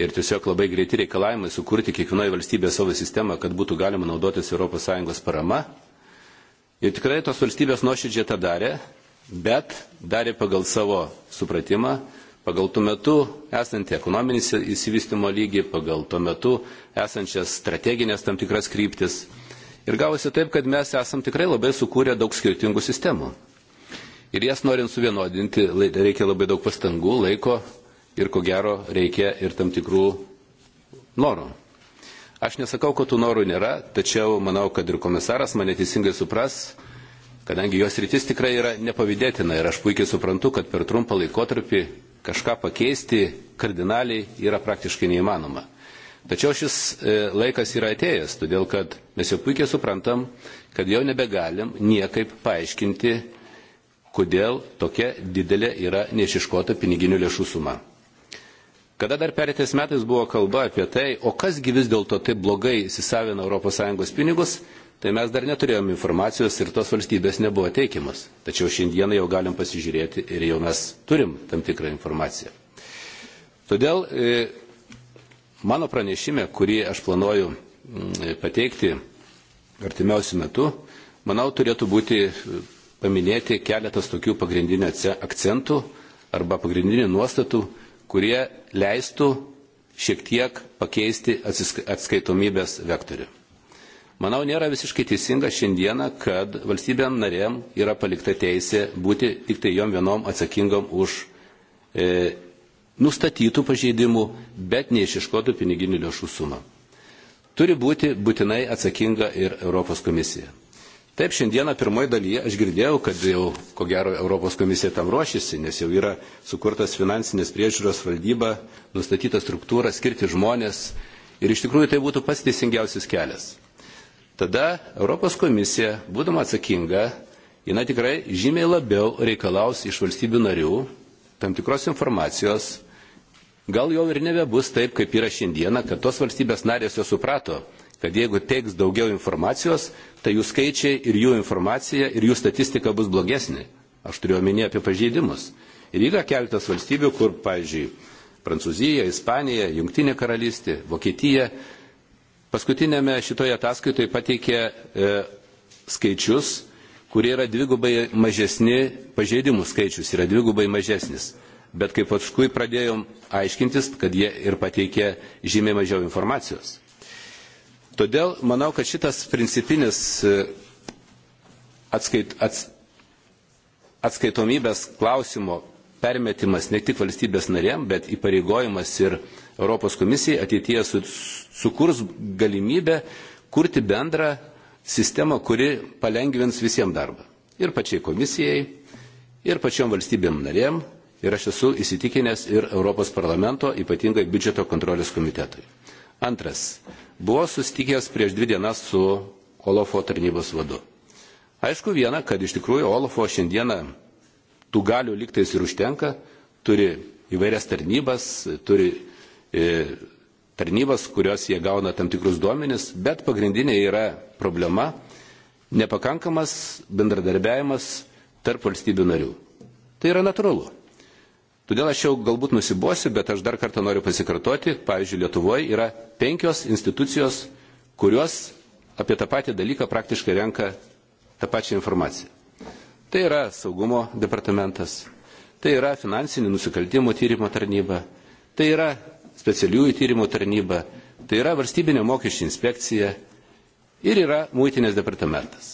ir tiesiog labai greiti reikalavimai sukurti kiekvienoje valstybėje savo sistemą, kad būtų galima naudotis ES parama. Ir tikrai tos valstybės nuoširdžiai tą darė, bet darė pagal savo supratimą, pagal tuo metu esantį ekonominį įsivystimo lygį, pagal tuo metu esančias strateginės tam tikras kryptis. Ir gavosi taip, kad mes esam tikrai labai sukūrę daug skirtingų sistemų. Ir jas norint suvienodinti, reikia labai daug pastangų, laiko ir ko gero reikia ir tam tikrų norų. Aš nesakau, kad tų norų nėra, tačiau manau, kad ir komisaras mane teisingai supras, kadangi jos rytis tikrai yra nepavydėtina ir aš puikiai suprantu, kad per trumpą laikotarpį kažką pakeisti kardinaliai yra praktiškai neįmanoma. Tačiau šis e, laikas yra atėjęs, todėl kad mes jau puikiai suprantam, kad jau nebegalim niekaip paaiškinti, kodėl tokia didelė yra neišiškota piniginių lėšų suma. Kada dar perėtais metais buvo kalba apie tai, o kasgi vis dėlto taip blogai įsisavina ES pinigus, tai mes dar neturėjom informacijos ir tos valstybės nebuvo teikiamas. Tačiau šiandieną jau galim pasižiūrėti ir jau mes turim tam tikrą informaciją. Todėl e, mano pranešime, kurį aš planuoju mm, e, pateikti artimiausių metų, manau, turėtų būti e, paminėti keletas tokių pagrindinių akcentų arba pagrindinių nuostatų, kurie leistų šiek tiek pakeisti atskaitomybės vektorių. Manau, nėra visiškai teisinga šiandieną, kad valstybėm narėm yra palikta teisė būti tik tai jom vienom atsakingom už e, nustatytų pažeidimų, bet neišiškotų piniginių lėšų sumą. Turi būti būtinai atsakinga ir Europos komisija. Taip, šiandieną pirmoji dalyje aš girdėjau, kad jau ko gero Europos komisija tam ruošiasi, nes jau yra sukurtas finansinės priežiūros valdyba, nustatyta struktūra, skirti žmonės ir iš tikrųjų tai būtų pats teisingiausias kelias tada Europos komisija, būdama atsakinga, jinai tikrai žymiai labiau reikalaus iš valstybių narių tam tikros informacijos. Gal jau ir nebebus taip, kaip yra šiandieną, kad tos valstybės narės jau suprato, kad jeigu teiks daugiau informacijos, tai jų skaičiai ir jų informacija ir jų statistika bus blogesnė. Aš turiu omenyje apie pažeidimus. Ir yra keltas valstybių, kur, pavyzdžiui, Prancūzija, Ispanija, Junktinė karalystė, Vokietija Paskutinėme šitoje ataskaitoje pateikė e, skaičius, kurie yra dvigubai mažesni, pažeidimų skaičius yra dvigubai mažesnis. Bet kaip paskui pradėjom aiškintis, kad jie ir pateikė žymiai mažiau informacijos. Todėl manau, kad šitas principinis e, atskait, ats, atskaitomybės klausimo permetimas ne tik valstybės narėm, bet įpareigojimas ir Europos komisijai ateityje su, sukurs galimybę kurti bendrą sistemą, kuri palengvins visiems darbą. Ir pačiai komisijai, ir pačiom valstybėm narėm, ir aš esu įsitikinęs ir Europos parlamento, ypatingai biudžeto kontrolės komitetui. Antras. Buvo susitikęs prieš dvi dienas su Olofo tarnybos vadu. Aišku viena, kad iš tikrųjų Olofo šiandieną tų galių liktais ir užtenka, turi įvairias tarnybas, turi e, tarnybas, kurios jie gauna tam tikrus duomenis, bet pagrindinė yra problema - nepakankamas bendradarbiavimas tarp valstybių narių. Tai yra natūralu. Todėl aš jau galbūt nusibosiu, bet aš dar kartą noriu pasikartoti. Pavyzdžiui, Lietuvoje yra penkios institucijos, kurios apie tą patį dalyką praktiškai renka tą pačią informaciją. Tai yra saugumo departamentas, tai yra finansinių nusikaltimų tyrimo tarnyba, tai yra specialiųjų tyrimų tarnyba, tai yra valstybinė mokesčių inspekcija ir yra muitinės departamentas.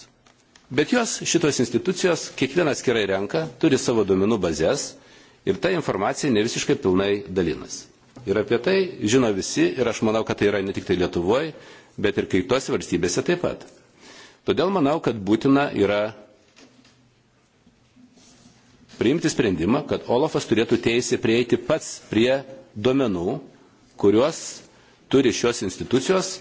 Bet jos šitos institucijos kiekvienas skirai renka, turi savo duomenų bazės ir ta informacija ne visiškai pilnai dalinas. Ir apie tai žino visi ir aš manau, kad tai yra ne tik tai Lietuvoje, bet ir kai tose valstybėse taip pat. Todėl manau, kad būtina yra priimti sprendimą, kad Olafas turėtų teisę prieiti pats prie duomenų, kuriuos turi šios institucijos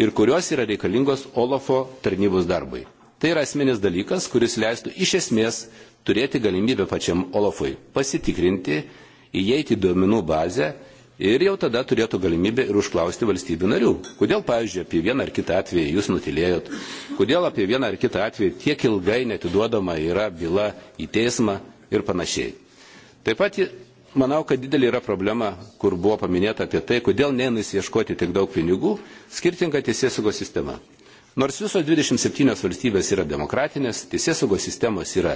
ir kurios yra reikalingos Olafo tarnybos darbui. Tai yra esminis dalykas, kuris leistų iš esmės turėti galimybę pačiam Olafui pasitikrinti, įeiti į duomenų bazę ir jau tada turėtų galimybę ir užklausti valstybių narių. Kodėl, pavyzdžiui, apie vieną ar kitą atvejį jūs nutilėjot, kodėl apie vieną ar kitą atvejį tiek ilgai netiduodama yra byla į teismą, ir panašiai. Taip pat manau, kad didelė yra problema, kur buvo paminėta apie tai, kodėl neįnais ieškoti tik daug pinigų, skirtinga teisėsaugos sistema. Nors visos 27 valstybės yra demokratinės, teisėsaugos sistemos yra,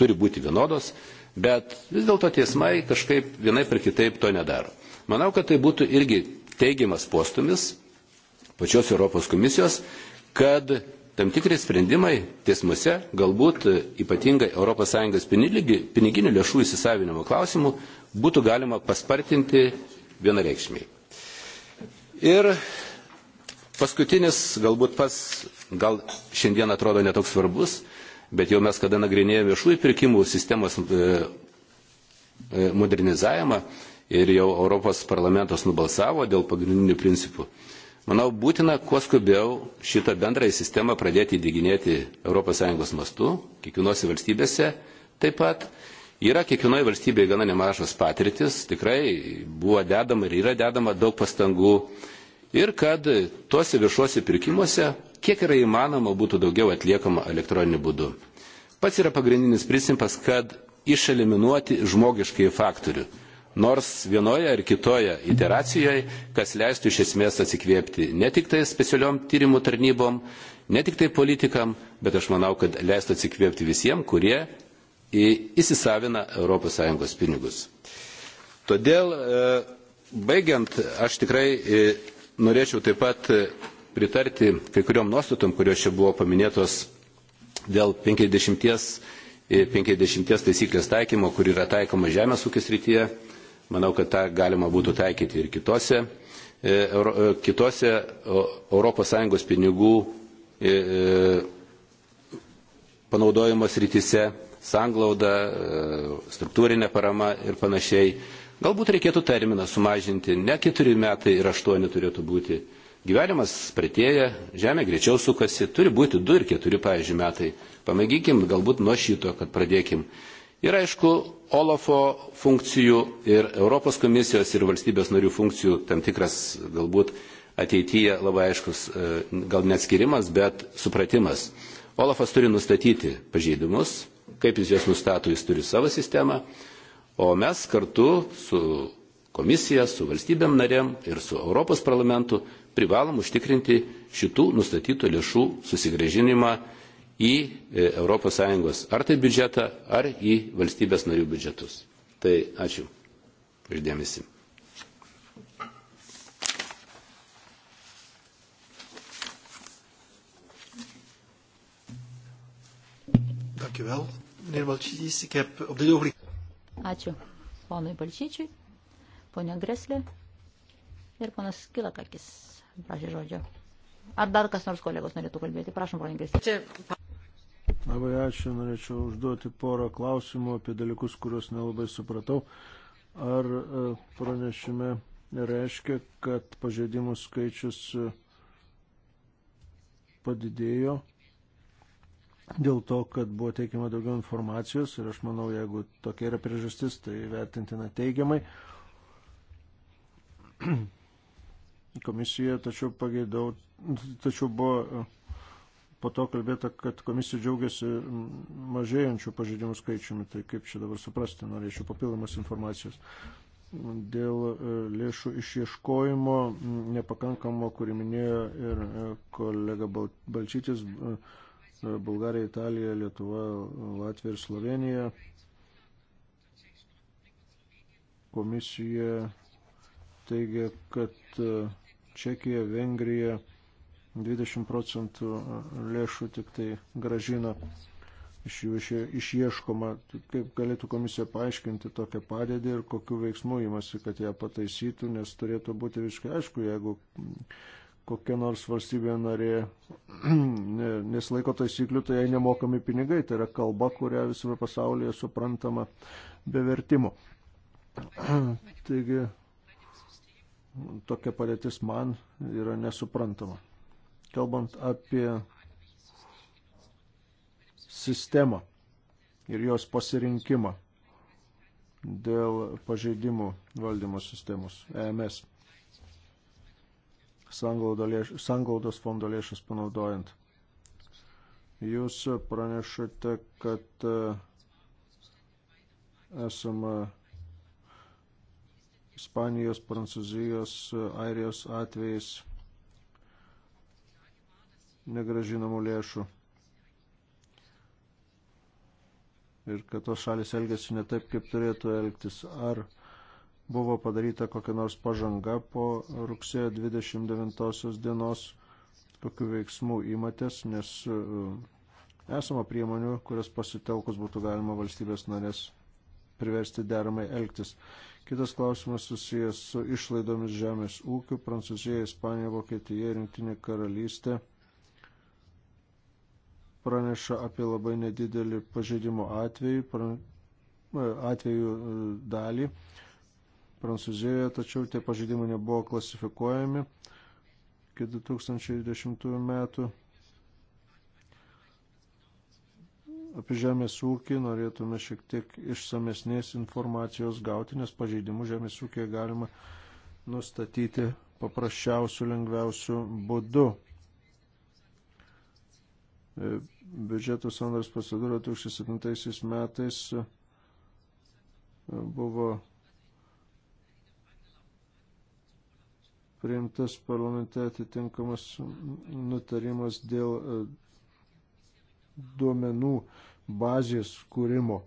turi būti vienodos, bet vis dėlto teismai kažkaip vienai per kitaip to nedaro. Manau, kad tai būtų irgi teigiamas postumis pačios Europos komisijos, kad tam tikri sprendimai teismuose, galbūt e, ypatingai ES piniginių lėšų įsisavinimo klausimų, būtų galima paspartinti vienareikšmiai. Ir paskutinis, galbūt pas, gal šiandien atrodo netoks svarbus, bet jau mes kada nagrinėjome viešųjų pirkimų sistemos e, e, modernizavimą ir jau Europos parlamentas nubalsavo dėl pagrindinių principų. Manau, būtina kuo skubiau šitą bendrąją sistemą pradėti įdėginėti ES mastu, kiekvienose valstybėse taip pat. Yra kiekvienoje valstybėje gana nemažas patirtis, tikrai buvo dedama ir yra dedama daug pastangų. Ir kad tuose viešuose pirkimuose, kiek yra įmanoma, būtų daugiau atliekama elektroniniu būdu. Pats yra pagrindinis principas, kad išeliminuoti žmogiškai faktorių nors vienoje ar kitoje iteracijoje, kas leistų iš esmės atsikvėpti ne tik tai specialiom tyrimų tarnybom, ne tik tai politikam, bet aš manau, kad leistų atsikvėpti visiems, kurie įsisavina ES pinigus. Todėl, e, baigiant, aš tikrai e, norėčiau taip pat e, pritarti kai kuriuom nuostatom, kurios čia buvo paminėtos dėl 50, 50 taisyklės taikymo, kur yra taikoma žemės ūkis rytyje Manau, kad tą galima būtų taikyti ir kitose, e, e, kitose ES pinigų e, panaudojimo srityse, sanglauda, struktūrinė parama ir panašiai. Galbūt reikėtų terminą sumažinti, ne keturi metai ir aštuoni turėtų būti. Gyvenimas spartėja, žemė greičiau sukasi, turi būti du ir keturi, pavyzdžiui, metai. Pamėginkim galbūt nuo šito, kad pradėkim. Ir aišku, Olafo funkcijų ir Europos komisijos ir valstybės narių funkcijų tam tikras galbūt ateityje labai aiškus, e, gal neatskirimas, bet supratimas. Olafas turi nustatyti pažeidimus, kaip jis juos nustato, jis turi savo sistemą, o mes kartu su komisija, su valstybėm narėm ir su Europos parlamentu privalom užtikrinti šitų nustatytų lėšų susigražinimą į ES ar tai biudžetą, ar į valstybės narių biudžetus. Tai ačiū išdėmesi. Dank u wel. Meneer Balčičius, ik heb op dit ogenblik... Ačiū ponui Balčičiui, ponia Greslė ir ponas Kilakakis prašė žodžio. Ar dar kas nors kolegos norėtų kalbėti? Prašom, ponia Greslė. Labai ačiū, norėčiau užduoti porą klausimų apie dalykus, kuriuos nelabai supratau. Ar e, pranešime reiškia, kad pažeidimų skaičius e, padidėjo dėl to, kad buvo teikiama daugiau informacijos ir aš manau, jeigu tokia yra priežastis, tai vertintina teigiamai. Komisija tačiau pageidau, tačiau buvo e, po to kalbėta, kad komisija džiaugiasi mažėjančių pažeidimų skaičiumi, tai kaip čia dabar suprasti, norėčiau papildomas informacijos. Dėl e, lėšų išieškojimo nepakankamo, kurį minėjo ir e, kolega Balčytis, e, Bulgarija, Italija, Lietuva, Latvija ir Slovenija. Komisija teigia, kad Čekija, Vengrija, 20 procentų lėšų tik tai gražina iš jų išieškoma. Tai kaip galėtų komisija paaiškinti tokią padėdį ir kokiu veiksmu įmasi, kad ją pataisytų, nes turėtų būti visiškai aišku, jeigu kokia nors valstybė narė nesilaiko taisyklių, tai jai nemokami pinigai, tai yra kalba, kurią visame pasaulyje suprantama be vertimo. Taigi tokia padėtis man yra nesuprantama kalbant apie sistemą ir jos pasirinkimą dėl pažeidimų valdymo sistemos EMS sanglaudos fondo lėšas panaudojant. Jūs pranešate, kad e, esama Ispanijos, Prancūzijos, Airijos atvejais negražinamų lėšų. Ir kad tos šalis elgesi ne taip, kaip turėtų elgtis. Ar buvo padaryta kokia nors pažanga po rugsėjo 29 dienos, kokiu veiksmu įmatės, nes e, esama priemonių, kurias pasitelkus būtų galima valstybės narės priversti deramai elgtis. Kitas klausimas susijęs su išlaidomis žemės ūkiu. Prancūzija, Ispanija, Vokietija ir Rinktinė karalystė praneša apie labai nedidelį pažeidimo e, atvejų, pra, e, atvejų dalį Prancūzijoje, tačiau tie pažeidimai nebuvo klasifikuojami iki 2010 metų. Apie žemės ūkį norėtume šiek tiek išsamesnės informacijos gauti, nes pažeidimų žemės ūkėje galima nustatyti paprasčiausių, lengviausių būdų biudžeto sandaros procedūra 2007 metais e, buvo priimtas parlamente atitinkamas nutarimas dėl e, duomenų bazės kūrimo.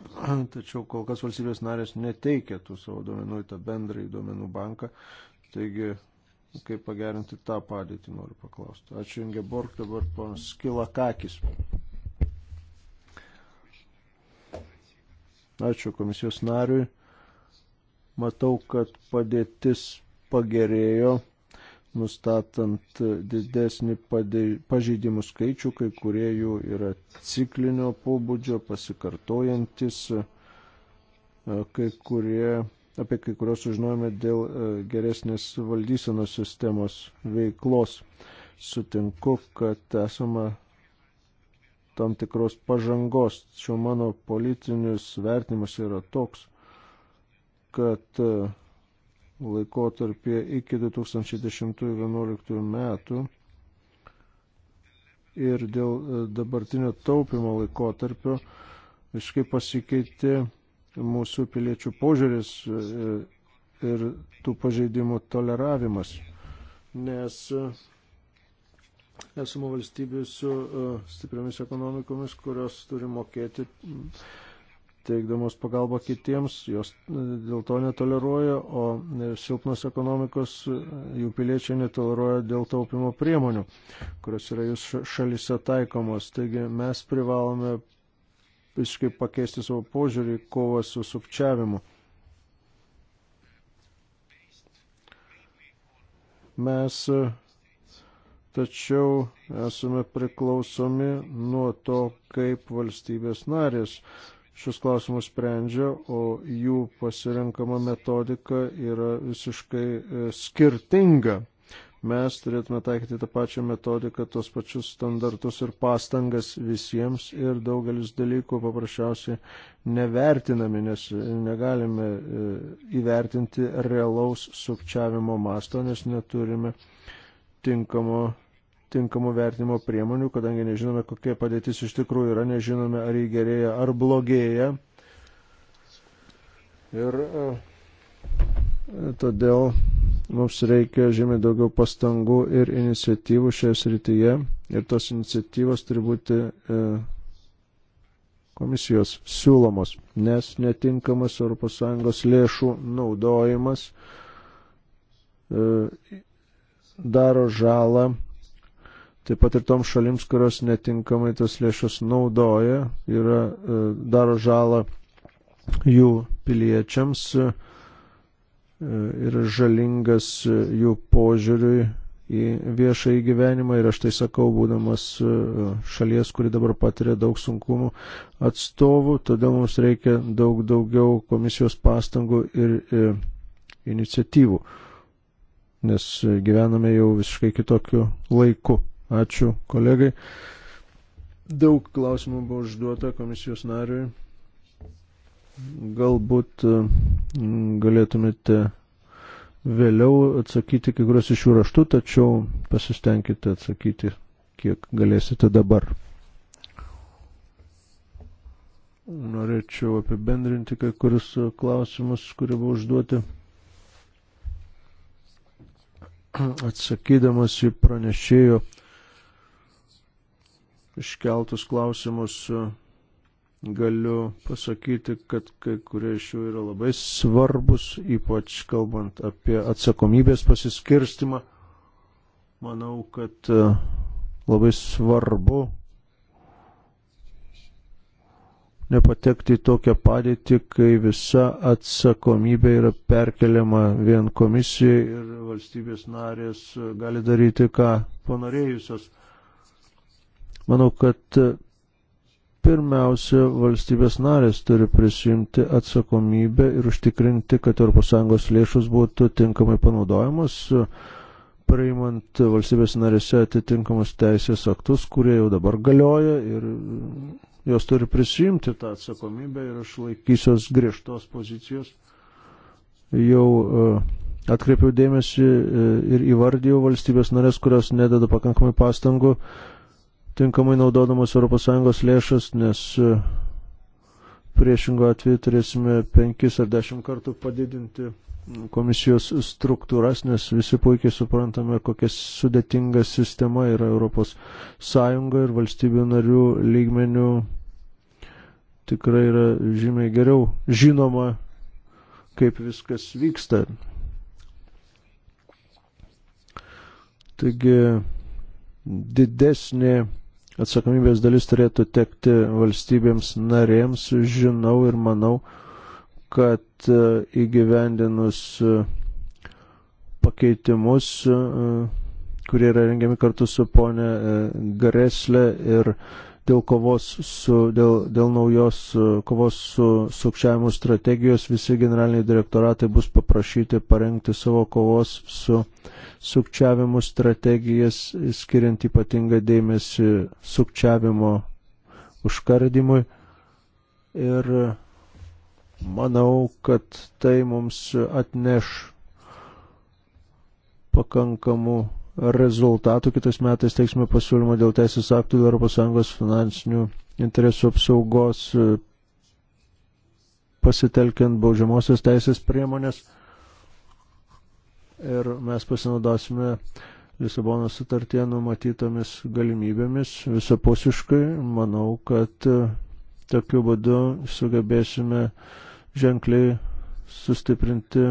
Tačiau kol kas valstybės narės neteikia tų savo duomenų į tą bendrąjį duomenų banką. Taigi kaip pagerinti tą padėtį, noriu paklausti. Ačiū Ingeborg, dabar ponas Kilakakis. Ačiū komisijos nariui. Matau, kad padėtis pagerėjo, nustatant didesnį padė... pažeidimų skaičių, kai kurie jų yra ciklinio pobūdžio, pasikartojantis, e, kai kurie apie kai kurios sužinojome dėl e, geresnės valdysenos sistemos veiklos. Sutinku, kad esama tam tikros pažangos. Tačiau mano politinis vertinimas yra toks, kad e, laikotarpė iki 2010-2011 metų ir dėl e, dabartinio taupimo laikotarpio visiškai pasikeitė mūsų piliečių požiūris e, ir tų pažeidimų toleravimas. Nes e, esame valstybių su e, stipriamis ekonomikomis, kurios turi mokėti teikdamos pagalbą kitiems, jos dėl to netoleruoja, o silpnos ekonomikos jų piliečiai netoleruoja dėl taupimo priemonių, kurios yra jūs šalise taikomos. Taigi mes privalome visiškai pakeisti savo požiūrį į kovą su sukčiavimu. Mes tačiau esame priklausomi nuo to, kaip valstybės narės šios klausimus sprendžia, o jų pasirinkama metodika yra visiškai e, skirtinga mes turėtume taikyti tą pačią metodiką, tos pačius standartus ir pastangas visiems ir daugelis dalykų paprasčiausiai nevertinami, nes e, negalime e, įvertinti realaus sukčiavimo masto, nes neturime tinkamo tinkamų vertinimo priemonių, kadangi nežinome, kokia padėtis iš tikrųjų yra, nežinome, ar jį gerėja, ar blogėja. Ir e, Todėl mums reikia žymiai daugiau pastangų ir iniciatyvų šioje srityje ir tos iniciatyvos turi būti e, komisijos siūlomos, nes netinkamas ES lėšų naudojimas e, daro žalą taip pat ir toms šalims, kurios netinkamai tas lėšas naudoja, yra, e, daro žalą jų piliečiams. E, ir žalingas jų požiūriui į viešą įgyvenimą ir aš tai sakau, būdamas e, šalies, kuri dabar patiria daug sunkumų atstovų, todėl mums reikia daug daugiau komisijos pastangų ir e, iniciatyvų, nes gyvename jau visiškai kitokiu laiku. Ačiū kolegai. Daug klausimų buvo užduota komisijos nariui. Galbūt e, galėtumėte vėliau atsakyti kai kurios iš jų raštų, tačiau pasistengkite atsakyti, kiek galėsite dabar. Norėčiau apibendrinti kai kurius klausimus, kurie buvo užduoti. Atsakydamas į pranešėjo iškeltus klausimus galiu pasakyti, kad kai kurie iš jų yra labai svarbus, ypač kalbant apie atsakomybės pasiskirstimą. Manau, kad e, labai svarbu nepatekti į tokią padėtį, kai visa atsakomybė yra perkeliama vien komisijai ir valstybės narės gali daryti, ką panorėjusios. Manau, kad Pirmiausia, valstybės narės turi prisimti atsakomybę ir užtikrinti, kad ES lėšus būtų tinkamai panaudojamos, priimant valstybės narėse atitinkamus teisės aktus, kurie jau dabar galioja ir jos turi prisimti tą atsakomybę ir aš laikysiuos griežtos pozicijos. Jau e, atkreipiau dėmesį e, ir įvardėjau valstybės narės, kurios nededa pakankamai pastangų tinkamai naudodamas ES lėšas, nes e, priešingo atveju turėsime penkis ar dešimt kartų padidinti komisijos struktūras, nes visi puikiai suprantame, kokia sudėtinga sistema yra Europos Sąjunga ir valstybių narių lygmenių tikrai yra žymiai geriau žinoma, kaip viskas vyksta. Taigi didesnė atsakomybės dalis turėtų tekti valstybėms narėms. Žinau ir manau, kad e, įgyvendinus e, pakeitimus, e, kurie yra rengiami kartu su ponė Gareslė ir dėl kovos su, dėl, dėl naujos kovos su sukčiavimu strategijos visi generaliniai direktoratai bus paprašyti parengti savo kovos su uh, sukčiavimo strategijas, skiriant ypatingą dėmesį sukčiavimo užkardimui. Ir manau, kad tai mums atneš pakankamų rezultatų. Kitais metais teiksime pasiūlymą dėl teisės aktų dėl ES finansinių interesų apsaugos pasitelkiant baudžiamosios teisės priemonės ir mes pasinaudosime Lisabonos sutartie numatytomis galimybėmis visapusiškai. Manau, kad e, tokiu būdu sugebėsime ženkliai sustiprinti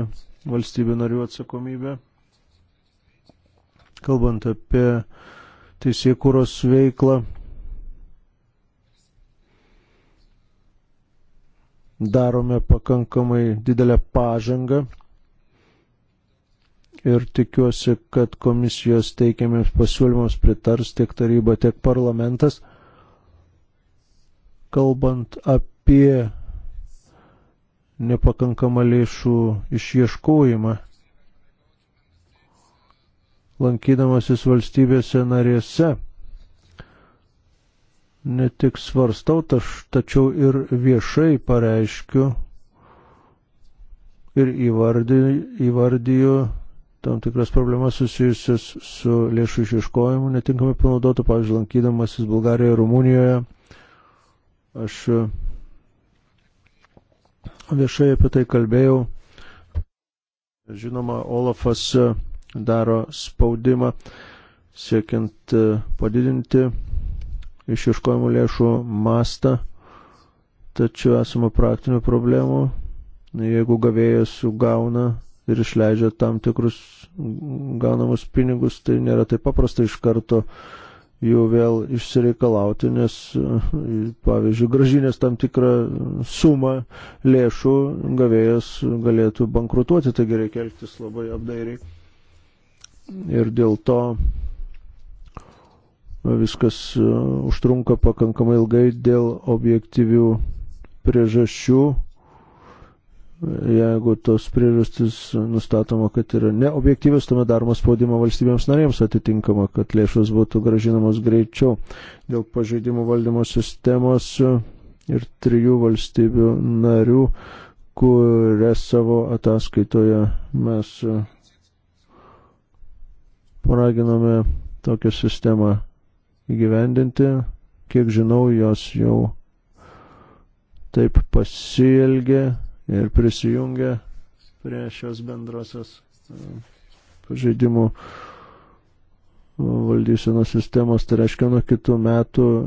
valstybių narių atsakomybę. Kalbant apie teisėkūros veiklą, darome pakankamai didelę pažangą ir tikiuosi, kad komisijos teikiamiems pasiūlymams pritars tiek taryba, tiek parlamentas. Kalbant apie nepakankamą lėšų išieškojimą, lankydamasis valstybėse narėse, ne tik svarstau, taš, tačiau ir viešai pareiškiu ir įvardyju tam tikras problemas susijusias su lėšų išieškojimu netinkamai panaudotų, pavyzdžiui, lankydamasis Bulgarijoje, Rumunijoje. Aš e, viešai apie tai kalbėjau. Žinoma, Olafas e, daro spaudimą siekiant e, padidinti išieškojimų lėšų mastą, tačiau esama praktinių problemų. Jeigu gavėjas sugauna ir išleidžia tam tikrus gaunamus pinigus, tai nėra taip paprasta iš karto jų vėl išsireikalauti, nes, e, pavyzdžiui, gražinės tam tikrą sumą lėšų gavėjas galėtų bankrutuoti, taigi reikia elgtis labai apdairiai. Ir dėl to viskas e, užtrunka pakankamai ilgai dėl objektyvių priežasčių, jeigu tos priežastys nustatoma, kad yra neobjektyvios, tuomet daroma spaudimo valstybėms narėms atitinkama, kad lėšos būtų gražinamos greičiau dėl pažeidimų valdymo sistemos ir trijų valstybių narių, kurias savo ataskaitoje mes paraginome tokią sistemą įgyvendinti. Kiek žinau, jos jau taip pasielgė ir prisijungia prie šios bendrosios e, pažeidimų e, valdysenos sistemos, tai reiškia nuo kitų metų e,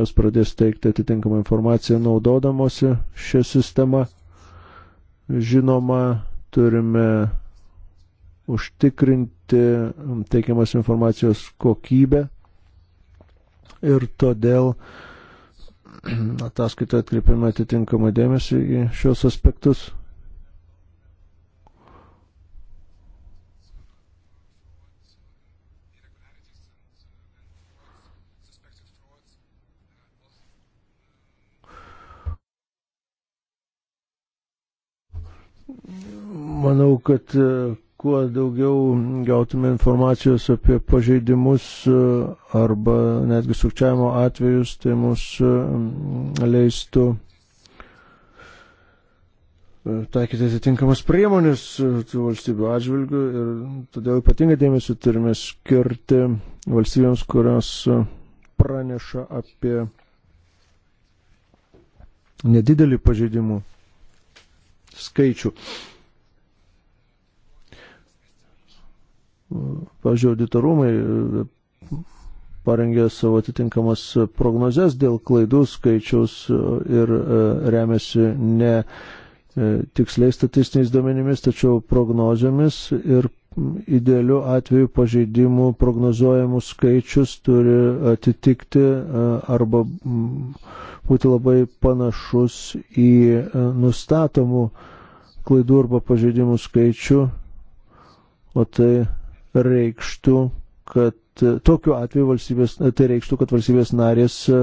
jos pradės teikti atitinkamą informaciją naudodamosi šią sistemą. Žinoma, turime užtikrinti teikiamas informacijos kokybę ir todėl uh, ataskaitoje atkreipiame atitinkamą dėmesį į šios aspektus. Manau, kad kuo daugiau gautume informacijos apie pažeidimus e, arba netgi sukčiavimo atvejus, tai mus e, leistų e, taikyti atitinkamas priemonės tų valstybių atžvilgių ir todėl ypatingą dėmesį turime skirti valstybėms, kurios praneša apie nedidelį pažeidimų skaičių. Pavyzdžiui, auditorumai e, parengė savo atitinkamas prognozes dėl klaidų skaičiaus e, ir e, remiasi ne tiksliai statistiniais duomenimis, tačiau prognozėmis ir idealiu atveju pažeidimų prognozuojamų skaičius turi atitikti arba būti labai panašus į nustatomų klaidų arba pažeidimų skaičių, o tai reikštų, kad tokiu atveju valstybės, tai reikštų, kad valstybės narės e,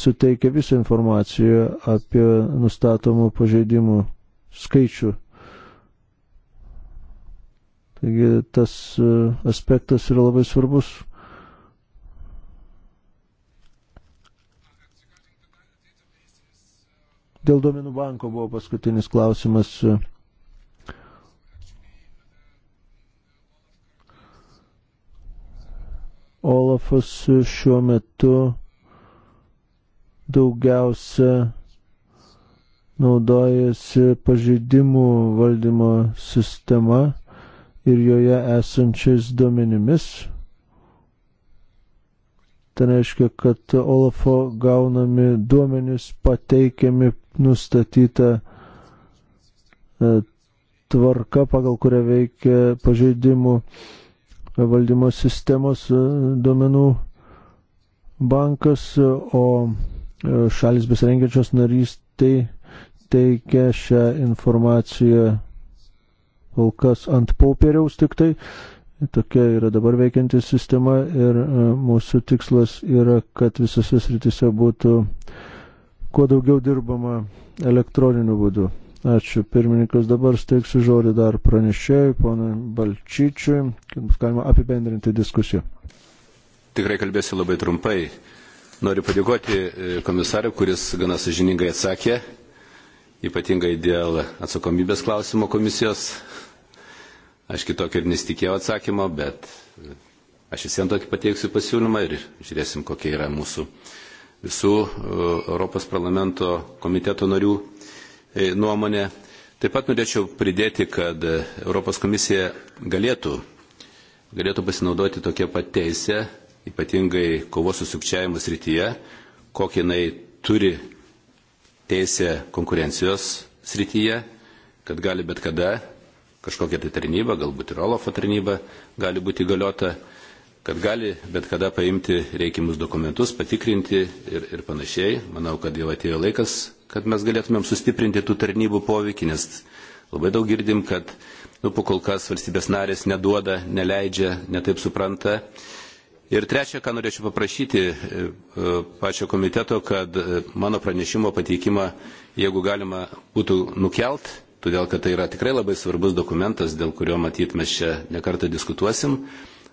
suteikia visą informaciją apie nustatomų pažeidimų skaičių. Taigi tas e, aspektas yra labai svarbus. Dėl duomenų banko buvo paskutinis klausimas. E, Olafas šiuo metu daugiausia naudojasi pažeidimų valdymo sistema ir joje esančiais duomenimis. Tai reiškia, kad Olafo gaunami duomenys pateikiami nustatytą e, tvarka, pagal kurią veikia pažeidimų valdymo sistemos e, duomenų bankas, e, o e, šalis besirengiančios narystai teikia šią informaciją kol kas ant popieriaus tik tai. Tokia yra dabar veikianti sistema ir mūsų tikslas yra, kad visose sritise būtų kuo daugiau dirbama elektroniniu būdu. Ačiū pirmininkas, dabar steiksiu žodį dar pranešėjui, ponui Balčyčiui, kad bus galima apibendrinti diskusiją. Tikrai kalbėsiu labai trumpai. Noriu padėkoti e, komisarui, kuris gana sažiningai atsakė, ypatingai dėl atsakomybės klausimo komisijos. Aš kitokio ir nesitikėjau atsakymo, bet e, aš visiems tokį pateiksiu pasiūlymą ir žiūrėsim, kokia yra mūsų visų e, Europos parlamento komiteto narių E, nuomonę. Taip pat norėčiau pridėti, kad e, Europos komisija galėtų, galėtų pasinaudoti tokią pat teisę, ypatingai kovos su sukčiavimu srityje, kokią jinai turi teisę konkurencijos srityje, kad gali bet kada kažkokia tai tarnyba, galbūt ir Olafo tarnyba gali būti įgaliota, kad gali bet kada paimti reikiamus dokumentus, patikrinti ir, ir panašiai. Manau, kad jau atėjo laikas kad mes galėtumėm sustiprinti tų tarnybų poveikį, nes labai daug girdim, kad nu, po kol kas valstybės narės neduoda, neleidžia, netaip supranta. Ir trečia, ką norėčiau paprašyti e, pačio komiteto, kad e, mano pranešimo pateikimą, jeigu galima, būtų nukelt, todėl kad tai yra tikrai labai svarbus dokumentas, dėl kurio matyt mes čia nekartą diskutuosim.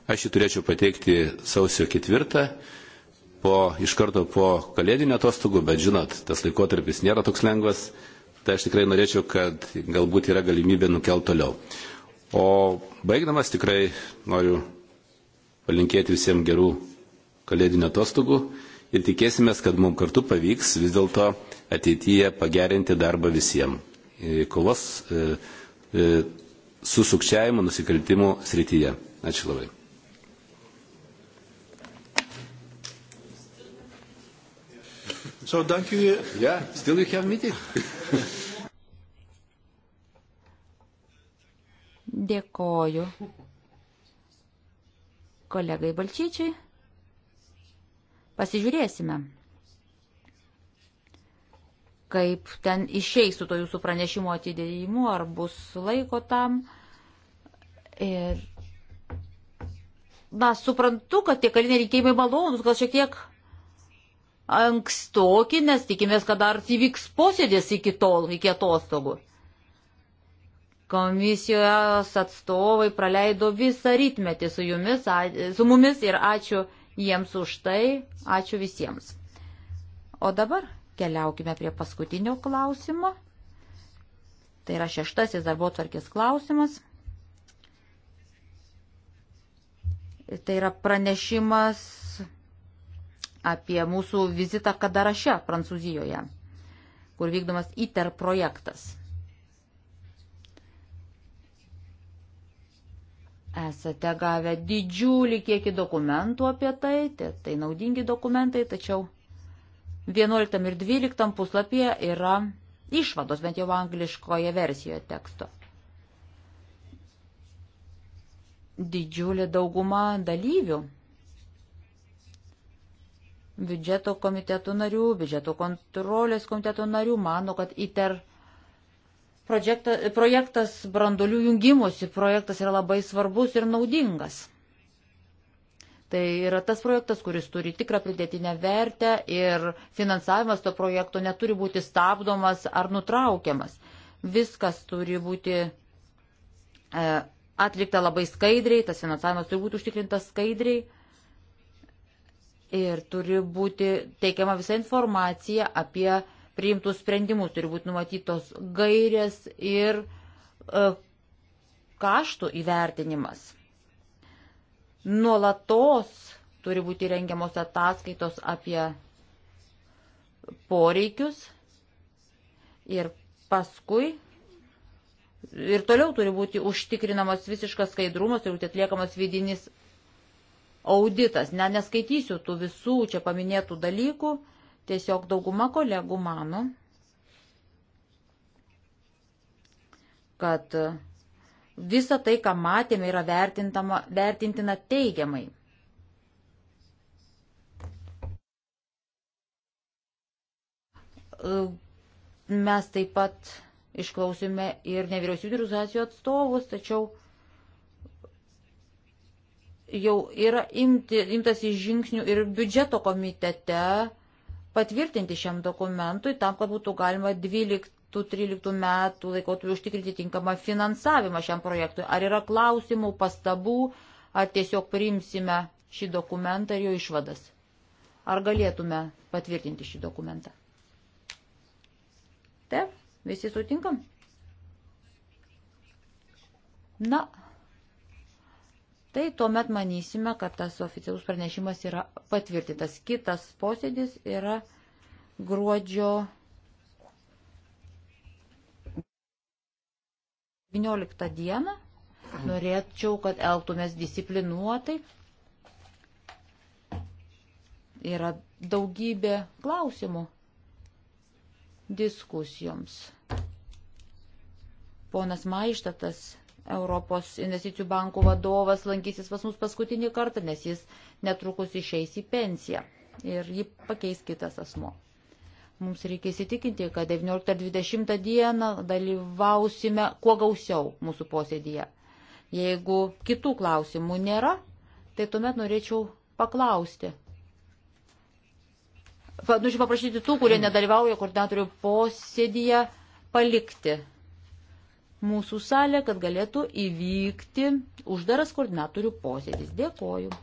Aš jį turėčiau pateikti sausio ketvirtą po, iš karto po kalėdinio atostogų, bet žinot, tas laikotarpis nėra toks lengvas, tai aš tikrai norėčiau, kad galbūt yra galimybė nukelt toliau. O baigdamas tikrai noriu palinkėti visiems gerų kalėdinio atostogų ir tikėsime, kad mums kartu pavyks vis dėlto ateityje pagerinti darbą visiems. Kovos e, e, su sukčiavimu nusikaltimu srityje. Ačiū labai. So thank you. Yeah, still you have meeting. Dėkoju kolegai Balčyčiai. Pasižiūrėsime, kaip ten išeis su to jūsų pranešimo atidėjimu, ar bus laiko tam. Ir, na, suprantu, kad tie kaliniai reikėjimai malonus, gal šiek tiek ankstoki, nes tikimės, kad dar įvyks posėdės iki tol, iki atostogų. Komisijos atstovai praleido visą rytmetį su, jumis, su mumis ir ačiū jiems už tai, ačiū visiems. O dabar keliaukime prie paskutinio klausimo. Tai yra šeštasis darbo tvarkės klausimas. Tai yra pranešimas apie mūsų vizitą Kadaraše, Prancūzijoje, kur vykdomas ITER projektas. Esate gavę didžiulį kiekį dokumentų apie tai, tai, tai naudingi dokumentai, tačiau 11 ir 12 puslapyje yra išvados, bent jau angliškoje versijoje teksto. Didžiulė dauguma dalyvių biudžeto komiteto narių, biudžeto kontrolės komiteto narių mano, kad ITER projektas brandolių jungimusi projektas yra labai svarbus ir naudingas. Tai yra tas projektas, kuris turi tikrą pridėtinę vertę ir finansavimas to projekto neturi būti stabdomas ar nutraukiamas. Viskas turi būti e, atlikta labai skaidriai, tas finansavimas turi būti užtikrintas skaidriai ir turi būti teikiama visa informacija apie priimtus sprendimus, turi būti numatytos gairės ir e, kaštų įvertinimas. Nuolatos turi būti rengiamos ataskaitos apie poreikius ir paskui ir toliau turi būti užtikrinamas visiškas skaidrumas, turi būti atliekamas vidinis auditas. Ne, neskaitysiu tų visų čia paminėtų dalykų, tiesiog dauguma kolegų mano, kad visa tai, ką matėme, yra vertintina teigiamai. E, mes taip pat išklausime ir nevyriausybinių organizacijų atstovus, tačiau jau yra imti, imtas iš žingsnių ir biudžeto komitete patvirtinti šiam dokumentui, tam, kad būtų galima 12-13 metų laikotarpiu užtikrinti tinkamą finansavimą šiam projektui. Ar yra klausimų, pastabų, ar tiesiog priimsime šį dokumentą ir jo išvadas? Ar galėtume patvirtinti šį dokumentą? Taip, visi sutinkam? Na, tai tuomet manysime, kad tas oficialus pranešimas yra patvirtintas. Kitas posėdis yra gruodžio 19 dieną. Norėčiau, kad elgtumės disciplinuotai. Yra daugybė klausimų diskusijoms. Ponas Maištatas Europos investicijų bankų vadovas lankysis pas mus paskutinį kartą, nes jis netrukus išeis į pensiją ir jį pakeis kitas asmo. Mums reikia įsitikinti, kad 19-20 dieną dalyvausime kuo gausiau mūsų posėdėje. Jeigu kitų klausimų nėra, tai tuomet norėčiau paklausti. Norėčiau paprašyti tų, kurie nedalyvauja koordinatorių posėdėje, palikti mūsų salę, kad galėtų įvykti uždaras koordinatorių posėdis. Dėkoju.